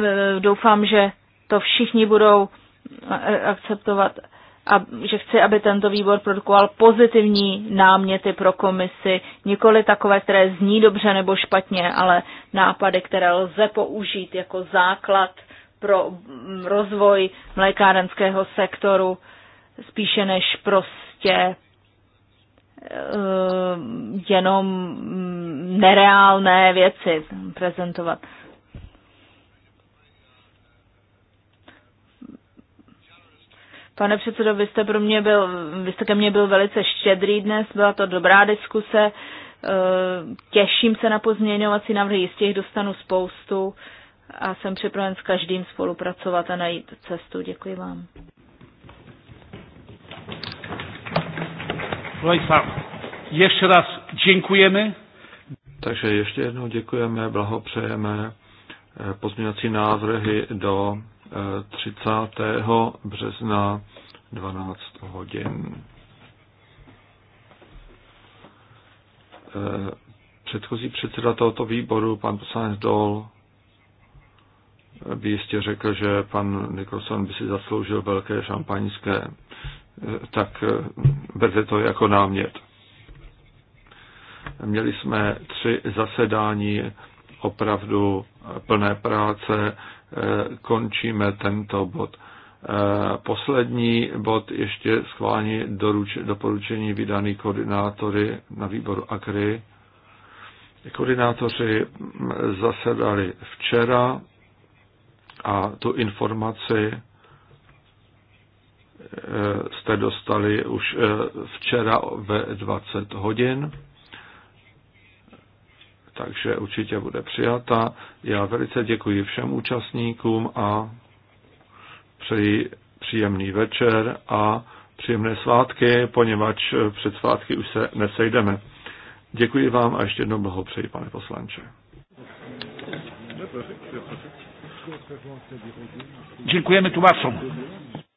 Eh, doufám, že to všichni budou eh, akceptovat a že chci, aby tento výbor produkoval pozitivní náměty pro komisi, nikoli takové, které zní dobře nebo špatně, ale nápady, které lze použít jako základ pro mm, rozvoj mlékárenského sektoru, spíše než prostě eh, jenom mm, nereálné věci prezentovat. Pane předsedo, vy jste, pro mě byl, vy jste ke mně byl velice štědrý dnes, byla to dobrá diskuse, e, těším se na pozměňovací návrhy, jistě jich dostanu spoustu a jsem připraven s každým spolupracovat a najít cestu. Děkuji vám. Lajsa, ještě raz děkujeme. Takže ještě jednou děkujeme, blahopřejeme e, pozměňovací návrhy do 30. března 12 hodin. Eh, předchozí předseda tohoto výboru, pan poslanec Dol, by jistě řekl, že pan Nikolson by si zasloužil velké šampaňské, eh, tak eh, berte to jako námět. Měli jsme tři zasedání opravdu plné práce, Eh, končíme tento bod. Eh, poslední bod ještě schválení doporučení vydaný koordinátory na výboru AKRY. Koordinátoři mm, zasedali včera a tu informaci eh, jste dostali už včera ve 20 hodin takže určitě bude přijata. Já velice děkuji všem účastníkům a přeji příjemný večer a příjemné svátky, poněvadž před svátky už se nesejdeme. Děkuji vám a ještě jednou blahopřeji, pane poslanče. Děkujeme tlumačům.